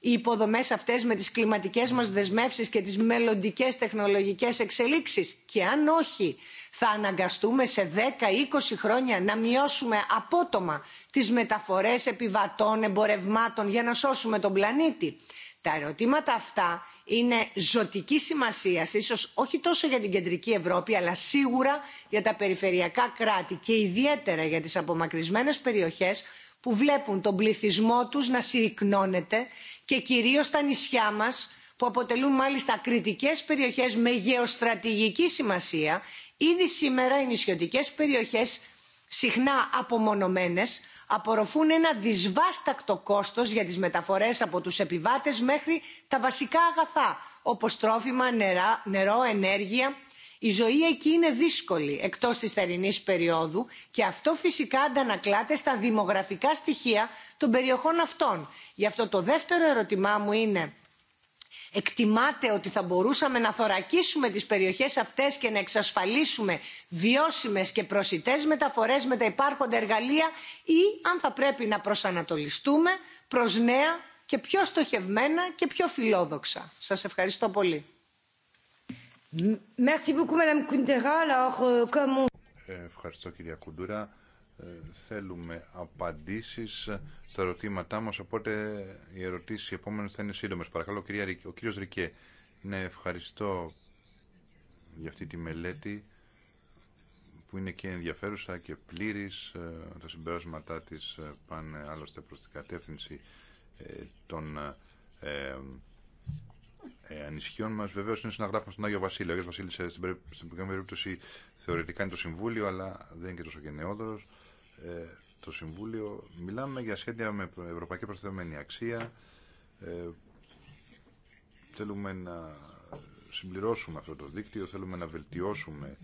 οι υποδομές αυτές με τις κλιματικές μας δεσμεύσεις και τις μελλοντικές τεχνολογικές εξελίξεις και αν όχι θα αναγκαστούμε σε 10-20 χρόνια να μειώσουμε απότομα τις μεταφορές επιβατών, εμπορευμάτων για να σώσουμε τον πλανήτη. Τα ερωτήματα αυτά είναι ζωτική σημασία, ίσως όχι τόσο για την κεντρική Ευρώπη, αλλά σίγουρα για τα περιφερειακά κράτη και ιδιαίτερα για τις απομακρυσμένες περιοχές που βλέπουν τον πληθυσμό τους να συρρυκνώνεται και κυρίως τα νησιά μας που αποτελούν μάλιστα κριτικές περιοχές με γεωστρατηγική σημασία Ήδη σήμερα οι νησιωτικές περιοχές, συχνά απομονωμένες, απορροφούν ένα δυσβάστακτο κόστος για τις μεταφορές από τους επιβάτες μέχρι τα βασικά αγαθά, όπως τρόφιμα, νερό, ενέργεια. Η ζωή εκεί είναι δύσκολη, εκτός της θερινής περίοδου και αυτό φυσικά αντανακλάται στα δημογραφικά στοιχεία των περιοχών αυτών. Γι' αυτό το δεύτερο ερώτημά μου είναι εκτιμάτε ότι θα μπορούσαμε να θωρακίσουμε τις περιοχές αυτές και να εξασφαλίσουμε βιώσιμες και προσιτές μεταφορές με τα υπάρχοντα εργαλεία ή αν θα πρέπει να προσανατολιστούμε προς νέα και πιο στοχευμένα και πιο φιλόδοξα. Σας ευχαριστώ πολύ. Euh, ε, ευχαριστώ κυρία Κουντούρα. Ε, θέλουμε απαντήσεις στα ερωτήματά μας, οπότε οι ερωτήσεις οι επόμενες θα είναι σύντομες. Παρακαλώ, κυρία, ο κύριος Ρικέ, ναι, ευχαριστώ για αυτή τη μελέτη που είναι και ενδιαφέρουσα και πλήρης. Ε, τα συμπεράσματά της ε, πάνε άλλωστε προς την κατεύθυνση των ε, ε, ανησυχιών μας. Βεβαίως είναι συναγράφουμε στον Άγιο Βασίλειο. Ο Άγιος Βασίλης στην περίπτωση θεωρητικά είναι το Συμβούλιο, αλλά δεν είναι και τόσο γενναιόδωρος. Ε, το Συμβούλιο. Μιλάμε για σχέδια με ευρωπαϊκή προσθεμένη αξία. Ε, θέλουμε να συμπληρώσουμε αυτό το δίκτυο, θέλουμε να βελτιώσουμε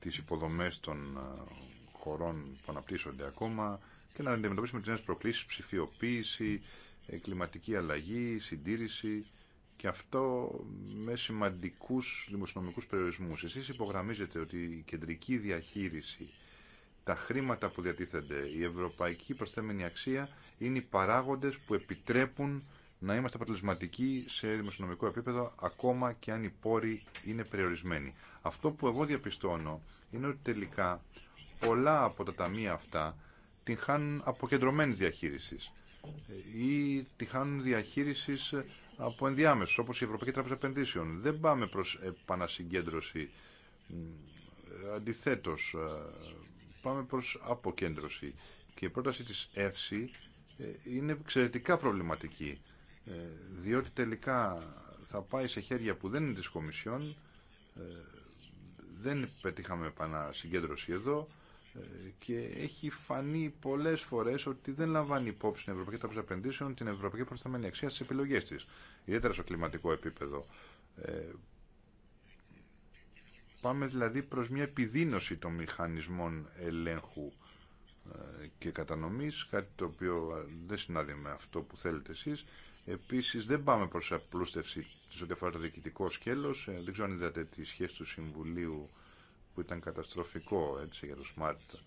τις υποδομές των χωρών που αναπτύσσονται ακόμα και να αντιμετωπίσουμε τις νέες προκλήσεις, ψηφιοποίηση, ε, κλιματική αλλαγή, συντήρηση και αυτό με σημαντικούς δημοσιονομικούς περιορισμούς. Εσείς υπογραμμίζετε ότι η κεντρική διαχείριση τα χρήματα που διατίθενται, η ευρωπαϊκή προσθέμενη αξία είναι οι παράγοντες που επιτρέπουν να είμαστε αποτελεσματικοί σε δημοσιονομικό επίπεδο, ακόμα και αν οι πόροι είναι περιορισμένοι. Αυτό που εγώ διαπιστώνω είναι ότι τελικά πολλά από τα ταμεία αυτά την χάνουν αποκεντρωμένης διαχείρισης ή τη χάνουν διαχείριση από ενδιάμεσου, όπω η την χανουν διαχειριση απο ενδιαμεσου οπω η Επενδύσεων. Δεν πάμε προ επανασυγκέντρωση. αντιθέτω. Ε, πάμε προς αποκέντρωση. Και η πρόταση της ΕΦΣΗ είναι εξαιρετικά προβληματική, ε, διότι τελικά θα πάει σε χέρια που δεν είναι της Κομισιόν, ε, δεν πετύχαμε επανασυγκέντρωση εδώ ε, και έχει φανεί πολλές φορές ότι δεν λαμβάνει υπόψη την Ευρωπαϊκή Τράπεζα Επενδύσεων την Ευρωπαϊκή Προσταμένη Αξία στις επιλογές της, ιδιαίτερα στο κλιματικό επίπεδο. Πάμε δηλαδή προς μια επιδίνωση των μηχανισμών ελέγχου ε, και κατανομής, κάτι το οποίο ε, δεν συνάδει με αυτό που θέλετε εσείς. Επίσης δεν πάμε προς απλούστευση της ό,τι αφορά το διοικητικό σκέλος. Ε, δεν ξέρω αν είδατε τη σχέση του Συμβουλίου που ήταν καταστροφικό έτσι, για το Smart.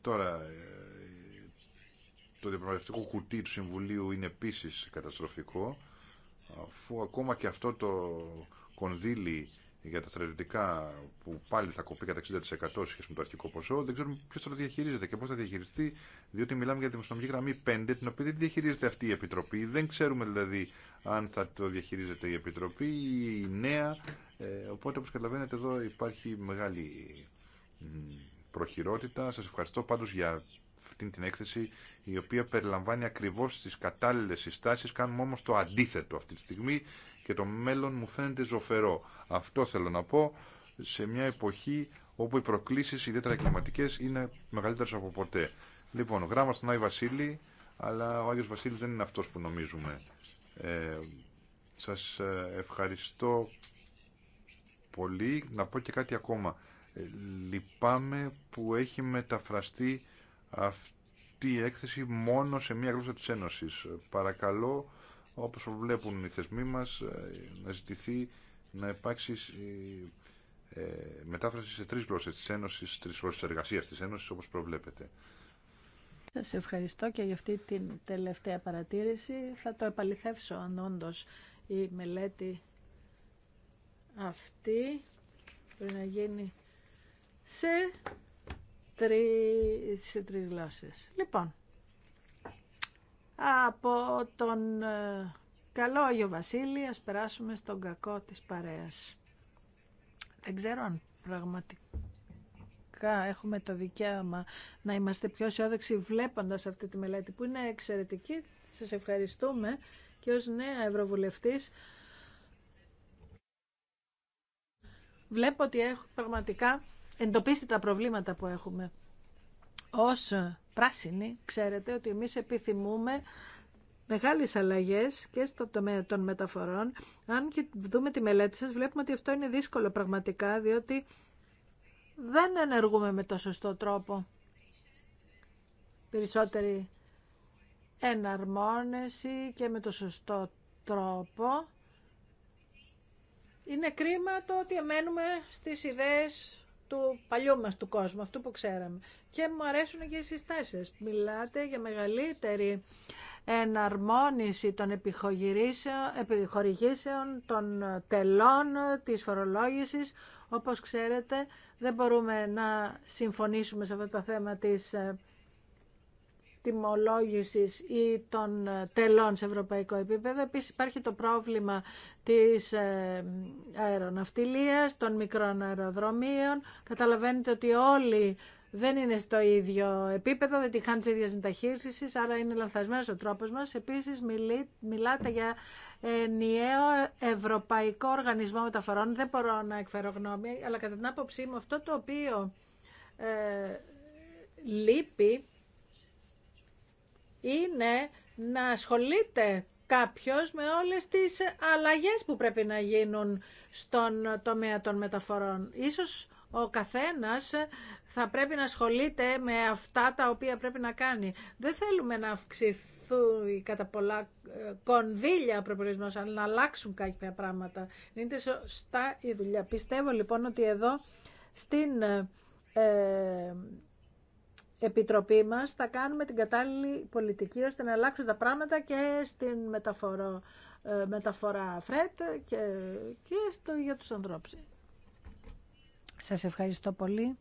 τώρα το διαπραγματευτικό κουτί του Συμβουλίου είναι επίσης καταστροφικό αφού ακόμα και αυτό το κονδύλι για τα στρατιωτικά που πάλι θα κοπεί κατά 60% σχέση με το αρχικό ποσό, δεν ξέρουμε ποιο θα το διαχειρίζεται και πώ θα διαχειριστεί, διότι μιλάμε για τη δημοσιονομική γραμμή 5, την οποία δεν διαχειρίζεται αυτή η Επιτροπή. Δεν ξέρουμε δηλαδή αν θα το διαχειρίζεται η Επιτροπή ή η νέα. Ε, οπότε, όπω καταλαβαίνετε, εδώ υπάρχει μεγάλη προχειρότητα. Σα ευχαριστώ πάντω για αυτή την έκθεση, η οποία περιλαμβάνει ακριβώ τι κατάλληλε συστάσει. Κάνουμε όμω το αντίθετο αυτή τη στιγμή και το μέλλον μου φαίνεται ζωφερό. Αυτό θέλω να πω σε μια εποχή όπου οι προκλήσεις ιδιαίτερα κλιματικέ είναι μεγαλύτερες από ποτέ. Λοιπόν, γράμμα στον Άγιο Βασίλη, αλλά ο Άγιος Βασίλης δεν είναι αυτός που νομίζουμε. Ε, σας ε, ευχαριστώ πολύ. Να πω και κάτι ακόμα. Ε, λυπάμαι που έχει μεταφραστεί αυτή η έκθεση μόνο σε μία γλώσσα της Ένωσης. Παρακαλώ όπως προβλέπουν οι θεσμοί μας, ε, να ζητηθεί να υπάρξει ε, μετάφραση σε τρεις γλώσσες της Ένωσης, τρεις γλώσσες εργασίας της Ένωσης, όπως προβλέπετε. Σας ευχαριστώ και για αυτή την τελευταία παρατήρηση. Θα το επαληθεύσω αν όντω η μελέτη αυτή πρέπει να γίνει σε, τρεις σε τρεις γλώσσες. Λοιπόν, από τον ε, καλό Άγιο Βασίλη ας περάσουμε στον κακό της παρέας. Δεν ξέρω αν πραγματικά έχουμε το δικαίωμα να είμαστε πιο αισιόδοξοι βλέποντας αυτή τη μελέτη που είναι εξαιρετική. Σας ευχαριστούμε και ως νέα Ευρωβουλευτής βλέπω ότι έχω πραγματικά εντοπίσει τα προβλήματα που έχουμε ως Πράσινη. ξέρετε ότι εμείς επιθυμούμε μεγάλες αλλαγές και στο τομέα των μεταφορών. Αν και δούμε τη μελέτη σας, βλέπουμε ότι αυτό είναι δύσκολο πραγματικά, διότι δεν ενεργούμε με το σωστό τρόπο. Περισσότερη εναρμόνεση και με το σωστό τρόπο. Είναι κρίμα το ότι μένουμε στις ιδέες του παλιού μας του κόσμου, αυτού που ξέραμε. Και μου αρέσουν και οι συστάσεις. Μιλάτε για μεγαλύτερη εναρμόνιση των επιχορηγήσεων, των τελών, της φορολόγησης. Όπως ξέρετε, δεν μπορούμε να συμφωνήσουμε σε αυτό το θέμα της ε, τιμολόγησης ή των ε, τελών σε ευρωπαϊκό επίπεδο. Επίσης υπάρχει το πρόβλημα της ε, αεροναυτιλίας, των μικρών αεροδρομίων. Καταλαβαίνετε ότι όλοι δεν είναι στο ίδιο επίπεδο, δεν τη τις τη ίδια άρα είναι λανθασμένος ο τρόπο μα. Επίση, μιλάτε για ενιαίο Ευρωπαϊκό Οργανισμό Μεταφορών. Δεν μπορώ να εκφέρω γνώμη, αλλά κατά την άποψή μου, αυτό το οποίο ε, λείπει είναι να ασχολείται κάποιος με όλες τις αλλαγές που πρέπει να γίνουν στον τομέα των μεταφορών. Ίσως ο καθένας θα πρέπει να ασχολείται με αυτά τα οποία πρέπει να κάνει. Δεν θέλουμε να αυξηθούν κατά πολλά ε, κονδύλια ο αλλά να αλλάξουν κάποια πράγματα. Είναι σωστά η δουλειά. Πιστεύω λοιπόν ότι εδώ στην ε, Επιτροπή μας θα κάνουμε την κατάλληλη πολιτική ώστε να αλλάξουν τα πράγματα και στην ε, μεταφορά, μεταφορά φρέτ και, και στο, για τους ανθρώπους. Σας ευχαριστώ πολύ.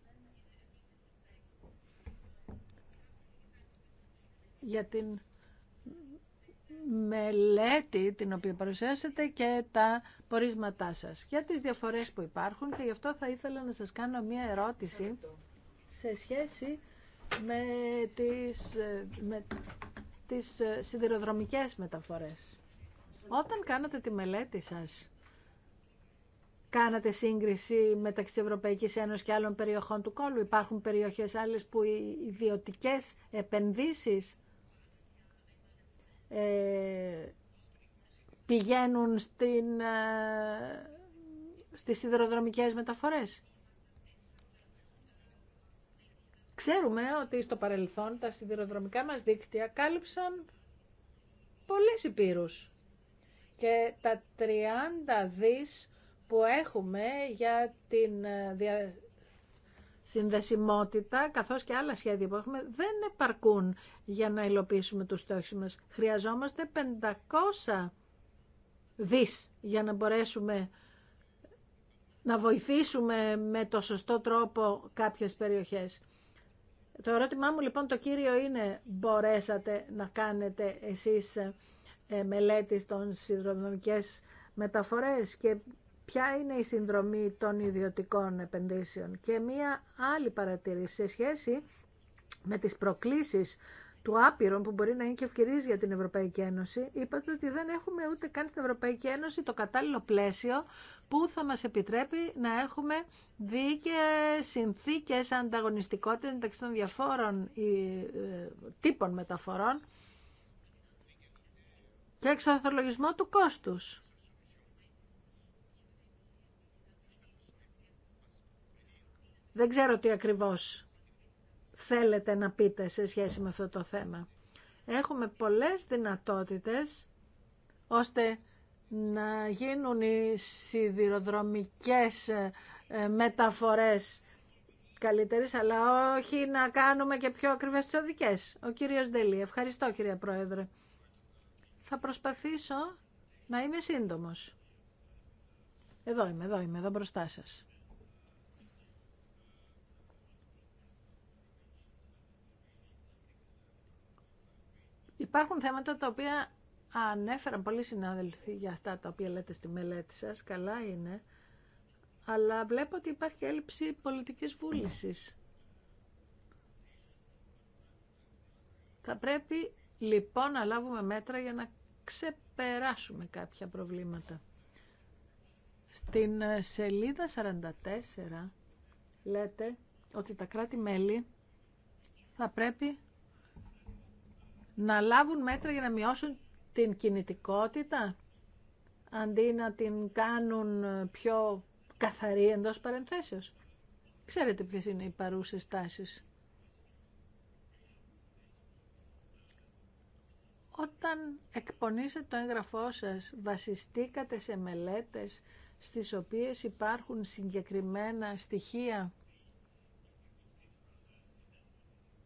για την μελέτη την οποία παρουσιάσατε και τα πορίσματά σας. Για τις διαφορές που υπάρχουν και γι' αυτό θα ήθελα να σας κάνω μία ερώτηση σε σχέση με τις, ε, με τις ε, σιδηροδρομικές μεταφορές. Όταν κάνατε τη μελέτη σας, κάνατε σύγκριση μεταξύ Ευρωπαϊκής Ένωσης και άλλων περιοχών του κόλου. Υπάρχουν περιοχές άλλες που οι ιδιωτικές επενδύσεις ε, πηγαίνουν στην, στις σιδηροδρομικές μεταφορές. Ξέρουμε ότι στο παρελθόν τα σιδηροδρομικά μας δίκτυα κάλυψαν πολλές υπήρους και τα 30 δις που έχουμε για την ε, συνδεσιμότητα καθώς και άλλα σχέδια που έχουμε δεν επαρκούν για να υλοποιήσουμε τους στόχους μας. Χρειαζόμαστε 500 δις για να μπορέσουμε να βοηθήσουμε με το σωστό τρόπο κάποιες περιοχές. Το ερώτημά μου λοιπόν το κύριο είναι μπορέσατε να κάνετε εσείς ε, μελέτη των συνδρομικές μεταφορές και ποια είναι η συνδρομή των ιδιωτικών επενδύσεων. Και μία άλλη παρατήρηση σε σχέση με τις προκλήσεις του άπειρων που μπορεί να είναι και ευκαιρίε για την Ευρωπαϊκή Ένωση, είπατε ότι δεν έχουμε ούτε καν στην Ευρωπαϊκή Ένωση το κατάλληλο πλαίσιο που θα μας επιτρέπει να έχουμε δίκαιες συνθήκες ανταγωνιστικότητας μεταξύ των διαφόρων ε, τύπων μεταφορών και εξαθρολογισμό του κόστους. Δεν ξέρω τι ακριβώς θέλετε να πείτε σε σχέση με αυτό το θέμα. Έχουμε πολλές δυνατότητες ώστε να γίνουν οι σιδηροδρομικές ε, μεταφορές καλύτερες, αλλά όχι να κάνουμε και πιο ακριβές τις οδικές. Ο κύριος Ντελή. Ευχαριστώ κύριε Πρόεδρε. Θα προσπαθήσω να είμαι σύντομος. Εδώ είμαι, εδώ είμαι, εδώ μπροστά σας. Υπάρχουν θέματα τα οποία ανέφεραν πολλοί συνάδελφοι για αυτά τα οποία λέτε στη μελέτη σας, καλά είναι, αλλά βλέπω ότι υπάρχει έλλειψη πολιτικής βούλησης. Θα πρέπει λοιπόν να λάβουμε μέτρα για να ξεπεράσουμε κάποια προβλήματα. Στην ε, σελίδα 44 λέτε ότι τα κράτη-μέλη θα πρέπει να λάβουν μέτρα για να μειώσουν την κινητικότητα αντί να την κάνουν πιο καθαρή εντός παρενθέσεως. Ξέρετε ποιες είναι οι παρούσες τάσεις. Όταν εκπονήσετε το έγγραφό σας, βασιστήκατε σε μελέτες στις οποίες υπάρχουν συγκεκριμένα στοιχεία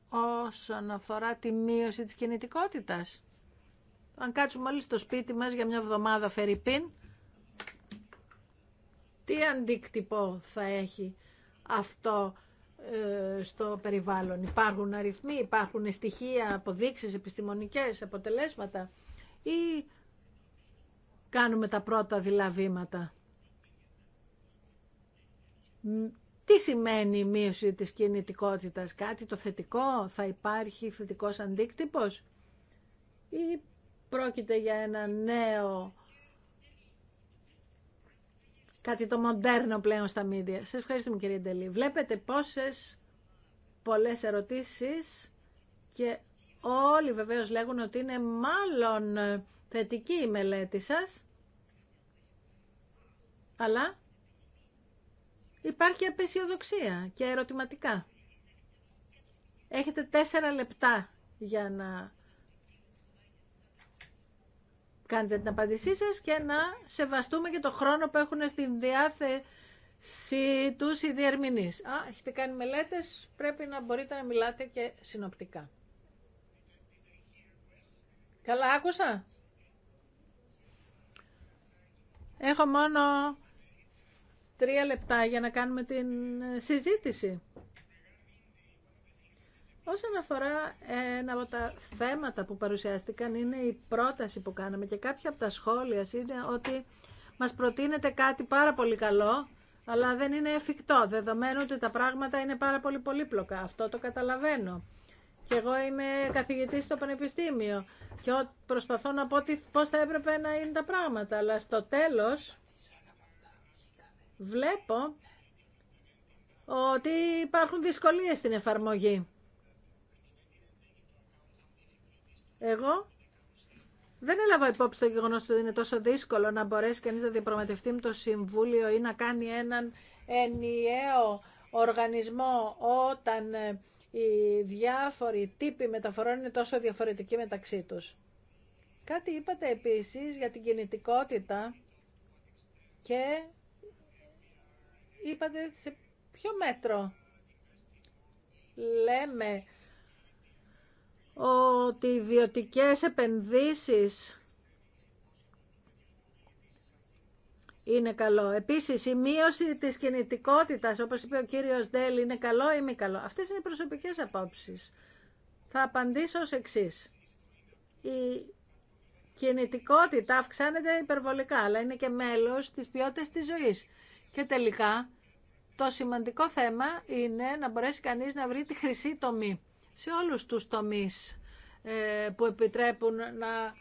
όσον αφορά τη μείωση της κινητικότητας. Αν κάτσουμε όλοι στο σπίτι μας για μια εβδομάδα φερρυπίν, τι αντίκτυπο θα έχει αυτό ε, στο περιβάλλον. Υπάρχουν αριθμοί, υπάρχουν στοιχεία, αποδείξεις, επιστημονικές αποτελέσματα ή κάνουμε τα πρώτα δειλά τι σημαίνει η μείωση της κινητικότητας, κάτι το θετικό, θα υπάρχει θετικός αντίκτυπος ή πρόκειται για ένα νέο, κάτι το μοντέρνο πλέον στα μίδια. Σας ευχαριστούμε κύριε Ντελή. Βλέπετε πόσες πολλές ερωτήσεις και όλοι βεβαίως λέγουν ότι είναι μάλλον θετική η μελέτη σας, αλλά υπάρχει απεσιοδοξία και ερωτηματικά. Έχετε τέσσερα λεπτά για να κάνετε την απάντησή σας και να σεβαστούμε και το χρόνο που έχουν στην διάθεση τους οι διερμηνείς. Α, έχετε κάνει μελέτες, πρέπει να μπορείτε να μιλάτε και συνοπτικά. Καλά άκουσα. Έχω μόνο τρία λεπτά για να κάνουμε την ε, συζήτηση. Όσον αφορά ένα από τα θέματα που παρουσιάστηκαν είναι η πρόταση που κάναμε και κάποια από τα σχόλια είναι ότι μας προτείνεται κάτι πάρα πολύ καλό αλλά δεν είναι εφικτό, δεδομένου ότι τα πράγματα είναι πάρα πολύ πολύπλοκα. Αυτό το καταλαβαίνω. Και εγώ είμαι καθηγητής στο Πανεπιστήμιο και προσπαθώ να πω πώς θα έπρεπε να είναι τα πράγματα. Αλλά στο τέλος βλέπω ότι υπάρχουν δυσκολίες στην εφαρμογή. Εγώ δεν έλαβα υπόψη το γεγονός ότι είναι τόσο δύσκολο να μπορέσει κανείς να διαπραγματευτεί με το Συμβούλιο ή να κάνει έναν ενιαίο οργανισμό όταν ε, οι διάφοροι τύποι μεταφορών είναι τόσο διαφορετικοί μεταξύ τους. Κάτι είπατε επίσης για την κινητικότητα και είπατε σε ποιο μέτρο λέμε ότι οι ιδιωτικές επενδύσεις είναι καλό. Επίσης, η μείωση της κινητικότητας, όπως είπε ο κύριος Ντέλη, είναι καλό ή μη καλό. Αυτές είναι οι προσωπικές απόψεις. Θα απαντήσω ως εξής. Η κινητικότητα αυξάνεται υπερβολικά, αλλά είναι και μέλος της ποιότητας της ζωής. Και τελικά το σημαντικό θέμα είναι να μπορέσει κανείς να βρει τη χρυσή τομή σε όλους τους τομείς ε, που επιτρέπουν να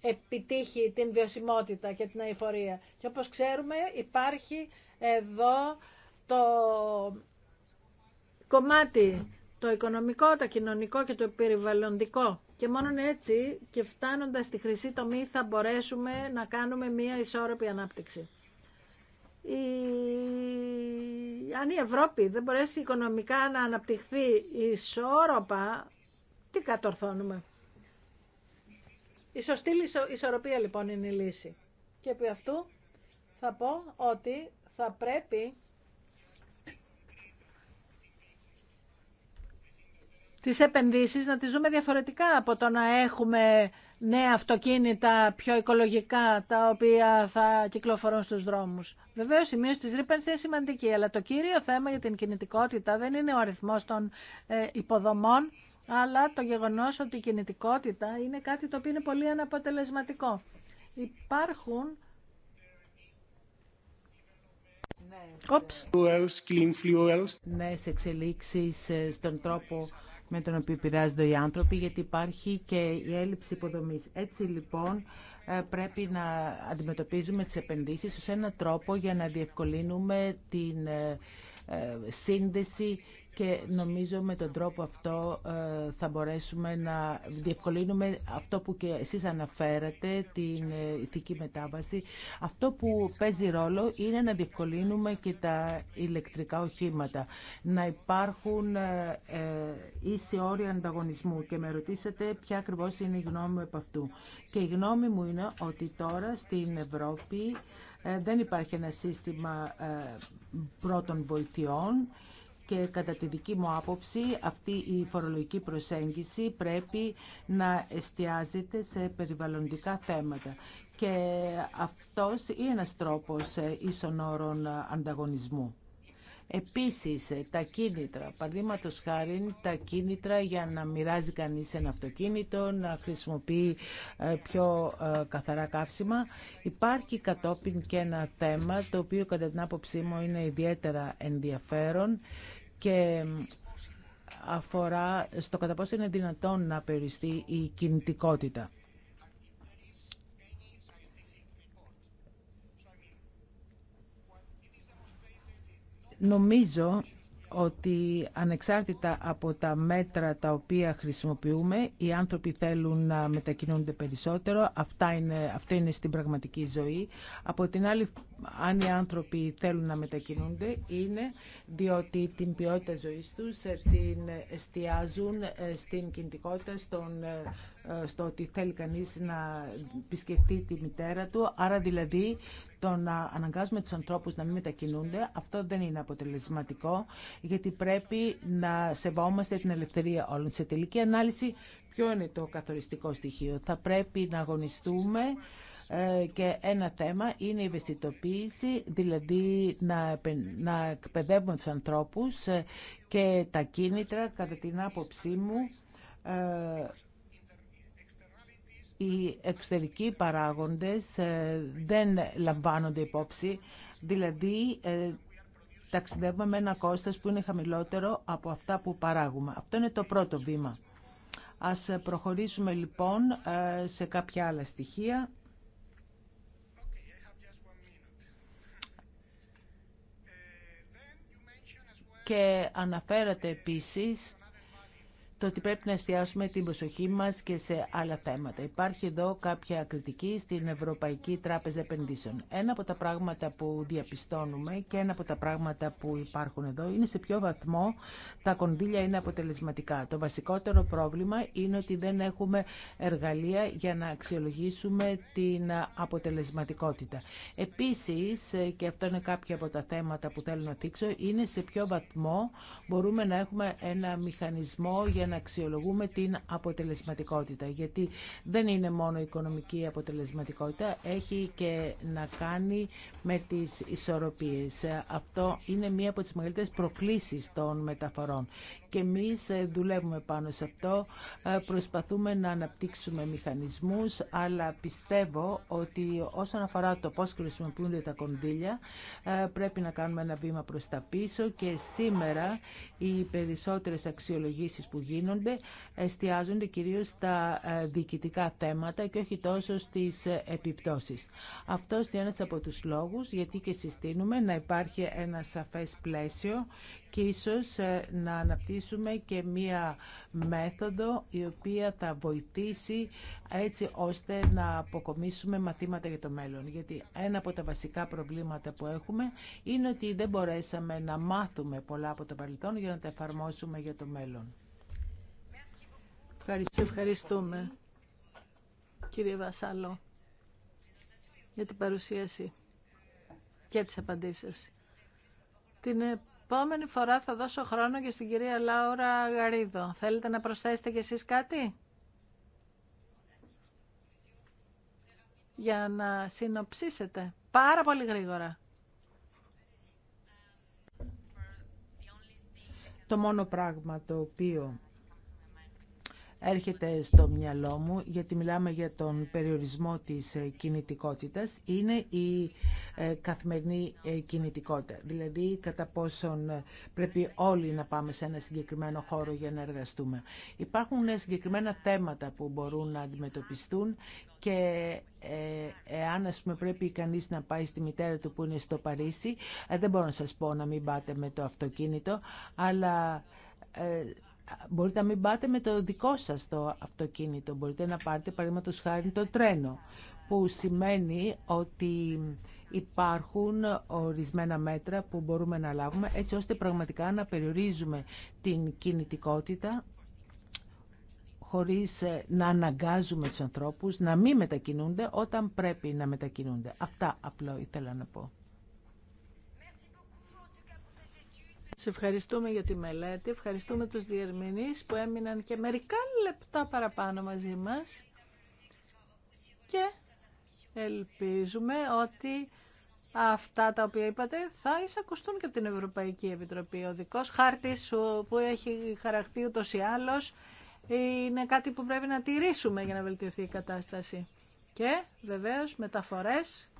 επιτύχει την βιωσιμότητα και την αηφορία. Και όπως ξέρουμε υπάρχει εδώ το κομμάτι το οικονομικό, το κοινωνικό και το περιβαλλοντικό. Και μόνο έτσι και φτάνοντας στη χρυσή τομή θα μπορέσουμε να κάνουμε μία ισόρροπη ανάπτυξη η... αν η Ευρώπη δεν μπορέσει οικονομικά να αναπτυχθεί ισόρροπα, τι κατορθώνουμε. Η σωστή ισορροπία λοιπόν είναι η λύση. Και από αυτού θα πω ότι θα πρέπει τις επενδύσεις να τις δούμε διαφορετικά από το να έχουμε νέα αυτοκίνητα πιο οικολογικά τα οποία θα κυκλοφορούν στους δρόμους. Βεβαίω η μείωση τη ρήπανση είναι σημαντική, αλλά το κύριο θέμα για την κινητικότητα δεν είναι ο αριθμό των ε, υποδομών, αλλά το γεγονός ότι η κινητικότητα είναι κάτι το οποίο είναι πολύ αναποτελεσματικό. Υπάρχουν νέες εξελίξει ε, στον τρόπο με τον οποίο επηρεάζονται οι άνθρωποι, γιατί υπάρχει και η έλλειψη υποδομής. Έτσι λοιπόν ε, πρέπει να αντιμετωπίζουμε τις επενδύσεις ως έναν τρόπο για να διευκολύνουμε την ε, ε, σύνδεση και νομίζω με τον τρόπο αυτό ε, θα μπορέσουμε να διευκολύνουμε αυτό που και εσείς αναφέρατε, την ε, ηθική μετάβαση. Αυτό που παίζει ρόλο είναι να διευκολύνουμε και τα ηλεκτρικά οχήματα, να υπάρχουν ίση όρια ανταγωνισμού και με ρωτήσατε ποια ακριβώς είναι η γνώμη μου από αυτού. Και η γνώμη μου είναι ότι τώρα στην Ευρώπη ε, δεν υπάρχει ένα σύστημα ε, πρώτων βοηθειών και κατά τη δική μου άποψη αυτή η φορολογική προσέγγιση πρέπει να εστιάζεται σε περιβαλλοντικά θέματα. Και αυτός είναι ένας τρόπος ε, ίσων όρων ανταγωνισμού. Επίσης, τα κίνητρα, παραδείγματος χάρη, τα κίνητρα για να μοιράζει κανείς ένα αυτοκίνητο, να χρησιμοποιεί ε, πιο ε, καθαρά καύσιμα. Υπάρχει κατόπιν και ένα θέμα, το οποίο κατά την άποψή μου είναι ιδιαίτερα ενδιαφέρον και αφορά στο κατά πόσο είναι δυνατόν να περιοριστεί η κινητικότητα. Νομίζω ότι ανεξάρτητα από τα μέτρα τα οποία χρησιμοποιούμε, οι άνθρωποι θέλουν να μετακινούνται περισσότερο. Αυτά είναι, αυτό είναι στην πραγματική ζωή. Από την άλλη, αν οι άνθρωποι θέλουν να μετακινούνται, είναι διότι την ποιότητα ζωής τους ε, την εστιάζουν ε, στην κινητικότητα, στον ε, στο ότι θέλει κανείς να επισκεφτεί τη μητέρα του, άρα δηλαδή το να αναγκάζουμε τους ανθρώπους να μην μετακινούνται, αυτό δεν είναι αποτελεσματικό, γιατί πρέπει να σεβόμαστε την ελευθερία όλων. Σε τελική ανάλυση, ποιο είναι το καθοριστικό στοιχείο. Θα πρέπει να αγωνιστούμε ε, και ένα θέμα είναι η ευαισθητοποίηση, δηλαδή να, να εκπαιδεύουμε τους ανθρώπους ε, και τα κίνητρα, κατά την άποψή μου, ε, οι εξωτερικοί παράγοντες ε, δεν λαμβάνονται υπόψη, δηλαδή ε, ταξιδεύουμε με ένα κόστος που είναι χαμηλότερο από αυτά που παράγουμε. Αυτό είναι το πρώτο βήμα. Ας προχωρήσουμε λοιπόν ε, σε κάποια άλλα στοιχεία. Και αναφέρατε επίσης το ότι πρέπει να εστιάσουμε την προσοχή μας και σε άλλα θέματα. Υπάρχει εδώ κάποια κριτική στην Ευρωπαϊκή Τράπεζα Επενδύσεων. Ένα από τα πράγματα που διαπιστώνουμε και ένα από τα πράγματα που υπάρχουν εδώ είναι σε ποιο βαθμό τα κονδύλια είναι αποτελεσματικά. Το βασικότερο πρόβλημα είναι ότι δεν έχουμε εργαλεία για να αξιολογήσουμε την αποτελεσματικότητα. Επίσης, και αυτό είναι κάποια από τα θέματα που θέλω να δείξω, είναι σε ποιο βαθμό μπορούμε να έχουμε ένα μηχανισμό για να αξιολογούμε την αποτελεσματικότητα. Γιατί δεν είναι μόνο η οικονομική αποτελεσματικότητα, έχει και να κάνει με τις ισορροπίες. Αυτό είναι μία από τις μεγαλύτερες προκλήσεις των μεταφορών. Και εμείς ε, δουλεύουμε πάνω σε αυτό, ε, προσπαθούμε να αναπτύξουμε μηχανισμούς, αλλά πιστεύω ότι όσον αφορά το πώς χρησιμοποιούνται τα κονδύλια, ε, πρέπει να κάνουμε ένα βήμα προς τα πίσω και σήμερα οι περισσότερες αξιολογήσεις που γίνονται γίνονται εστιάζονται κυρίως στα ε, διοικητικά θέματα και όχι τόσο στις ε, επιπτώσεις. Αυτό είναι ένας από τους λόγους γιατί και συστήνουμε να υπάρχει ένα σαφές πλαίσιο και ίσως ε, να αναπτύσσουμε και μία μέθοδο η οποία θα βοηθήσει έτσι ώστε να αποκομίσουμε μαθήματα για το μέλλον. Γιατί ένα από τα βασικά προβλήματα που έχουμε είναι ότι δεν μπορέσαμε να μάθουμε πολλά από το παρελθόν για να τα εφαρμόσουμε για το μέλλον ευχαριστούμε. ευχαριστούμε, κύριε Βασάλο, για την παρουσίαση και τις απαντήσεις. Την επόμενη φορά θα δώσω χρόνο και στην κυρία Λάουρα Γαρίδο. Θέλετε να προσθέσετε κι εσείς κάτι? Για να συνοψίσετε πάρα πολύ γρήγορα. Το μόνο πράγμα το οποίο έρχεται στο μυαλό μου, γιατί μιλάμε για τον περιορισμό της ε, κινητικότητας, είναι η ε, καθημερινή ε, κινητικότητα. Δηλαδή, κατά πόσον πρέπει όλοι να πάμε σε ένα συγκεκριμένο χώρο για να εργαστούμε. Υπάρχουν συγκεκριμένα θέματα που μπορούν να αντιμετωπιστούν και εάν ας πούμε πρέπει κανείς να πάει στη μητέρα του που είναι στο Παρίσι, δεν μπορώ να σας πω να μην πάτε με το αυτοκίνητο, αλλά Μπορείτε να μην πάτε με το δικό σας το αυτοκίνητο. Μπορείτε να πάρετε παραδείγματο χάρη το τρένο που σημαίνει ότι υπάρχουν ορισμένα μέτρα που μπορούμε να λάβουμε έτσι ώστε πραγματικά να περιορίζουμε την κινητικότητα χωρίς ε, να αναγκάζουμε τους ανθρώπους να μην μετακινούνται όταν πρέπει να μετακινούνται. Αυτά απλό ήθελα να πω. Σε ευχαριστούμε για τη μελέτη, ευχαριστούμε τους διερμηνείς που έμειναν και μερικά λεπτά παραπάνω μαζί μας και ελπίζουμε ότι αυτά τα οποία είπατε θα εισακουστούν και από την Ευρωπαϊκή Επιτροπή. Ο δικός χάρτης που έχει χαραχθεί ούτως ή άλλως είναι κάτι που πρέπει να τηρήσουμε για να βελτιωθεί η κατάσταση. Και βεβαίως μεταφορές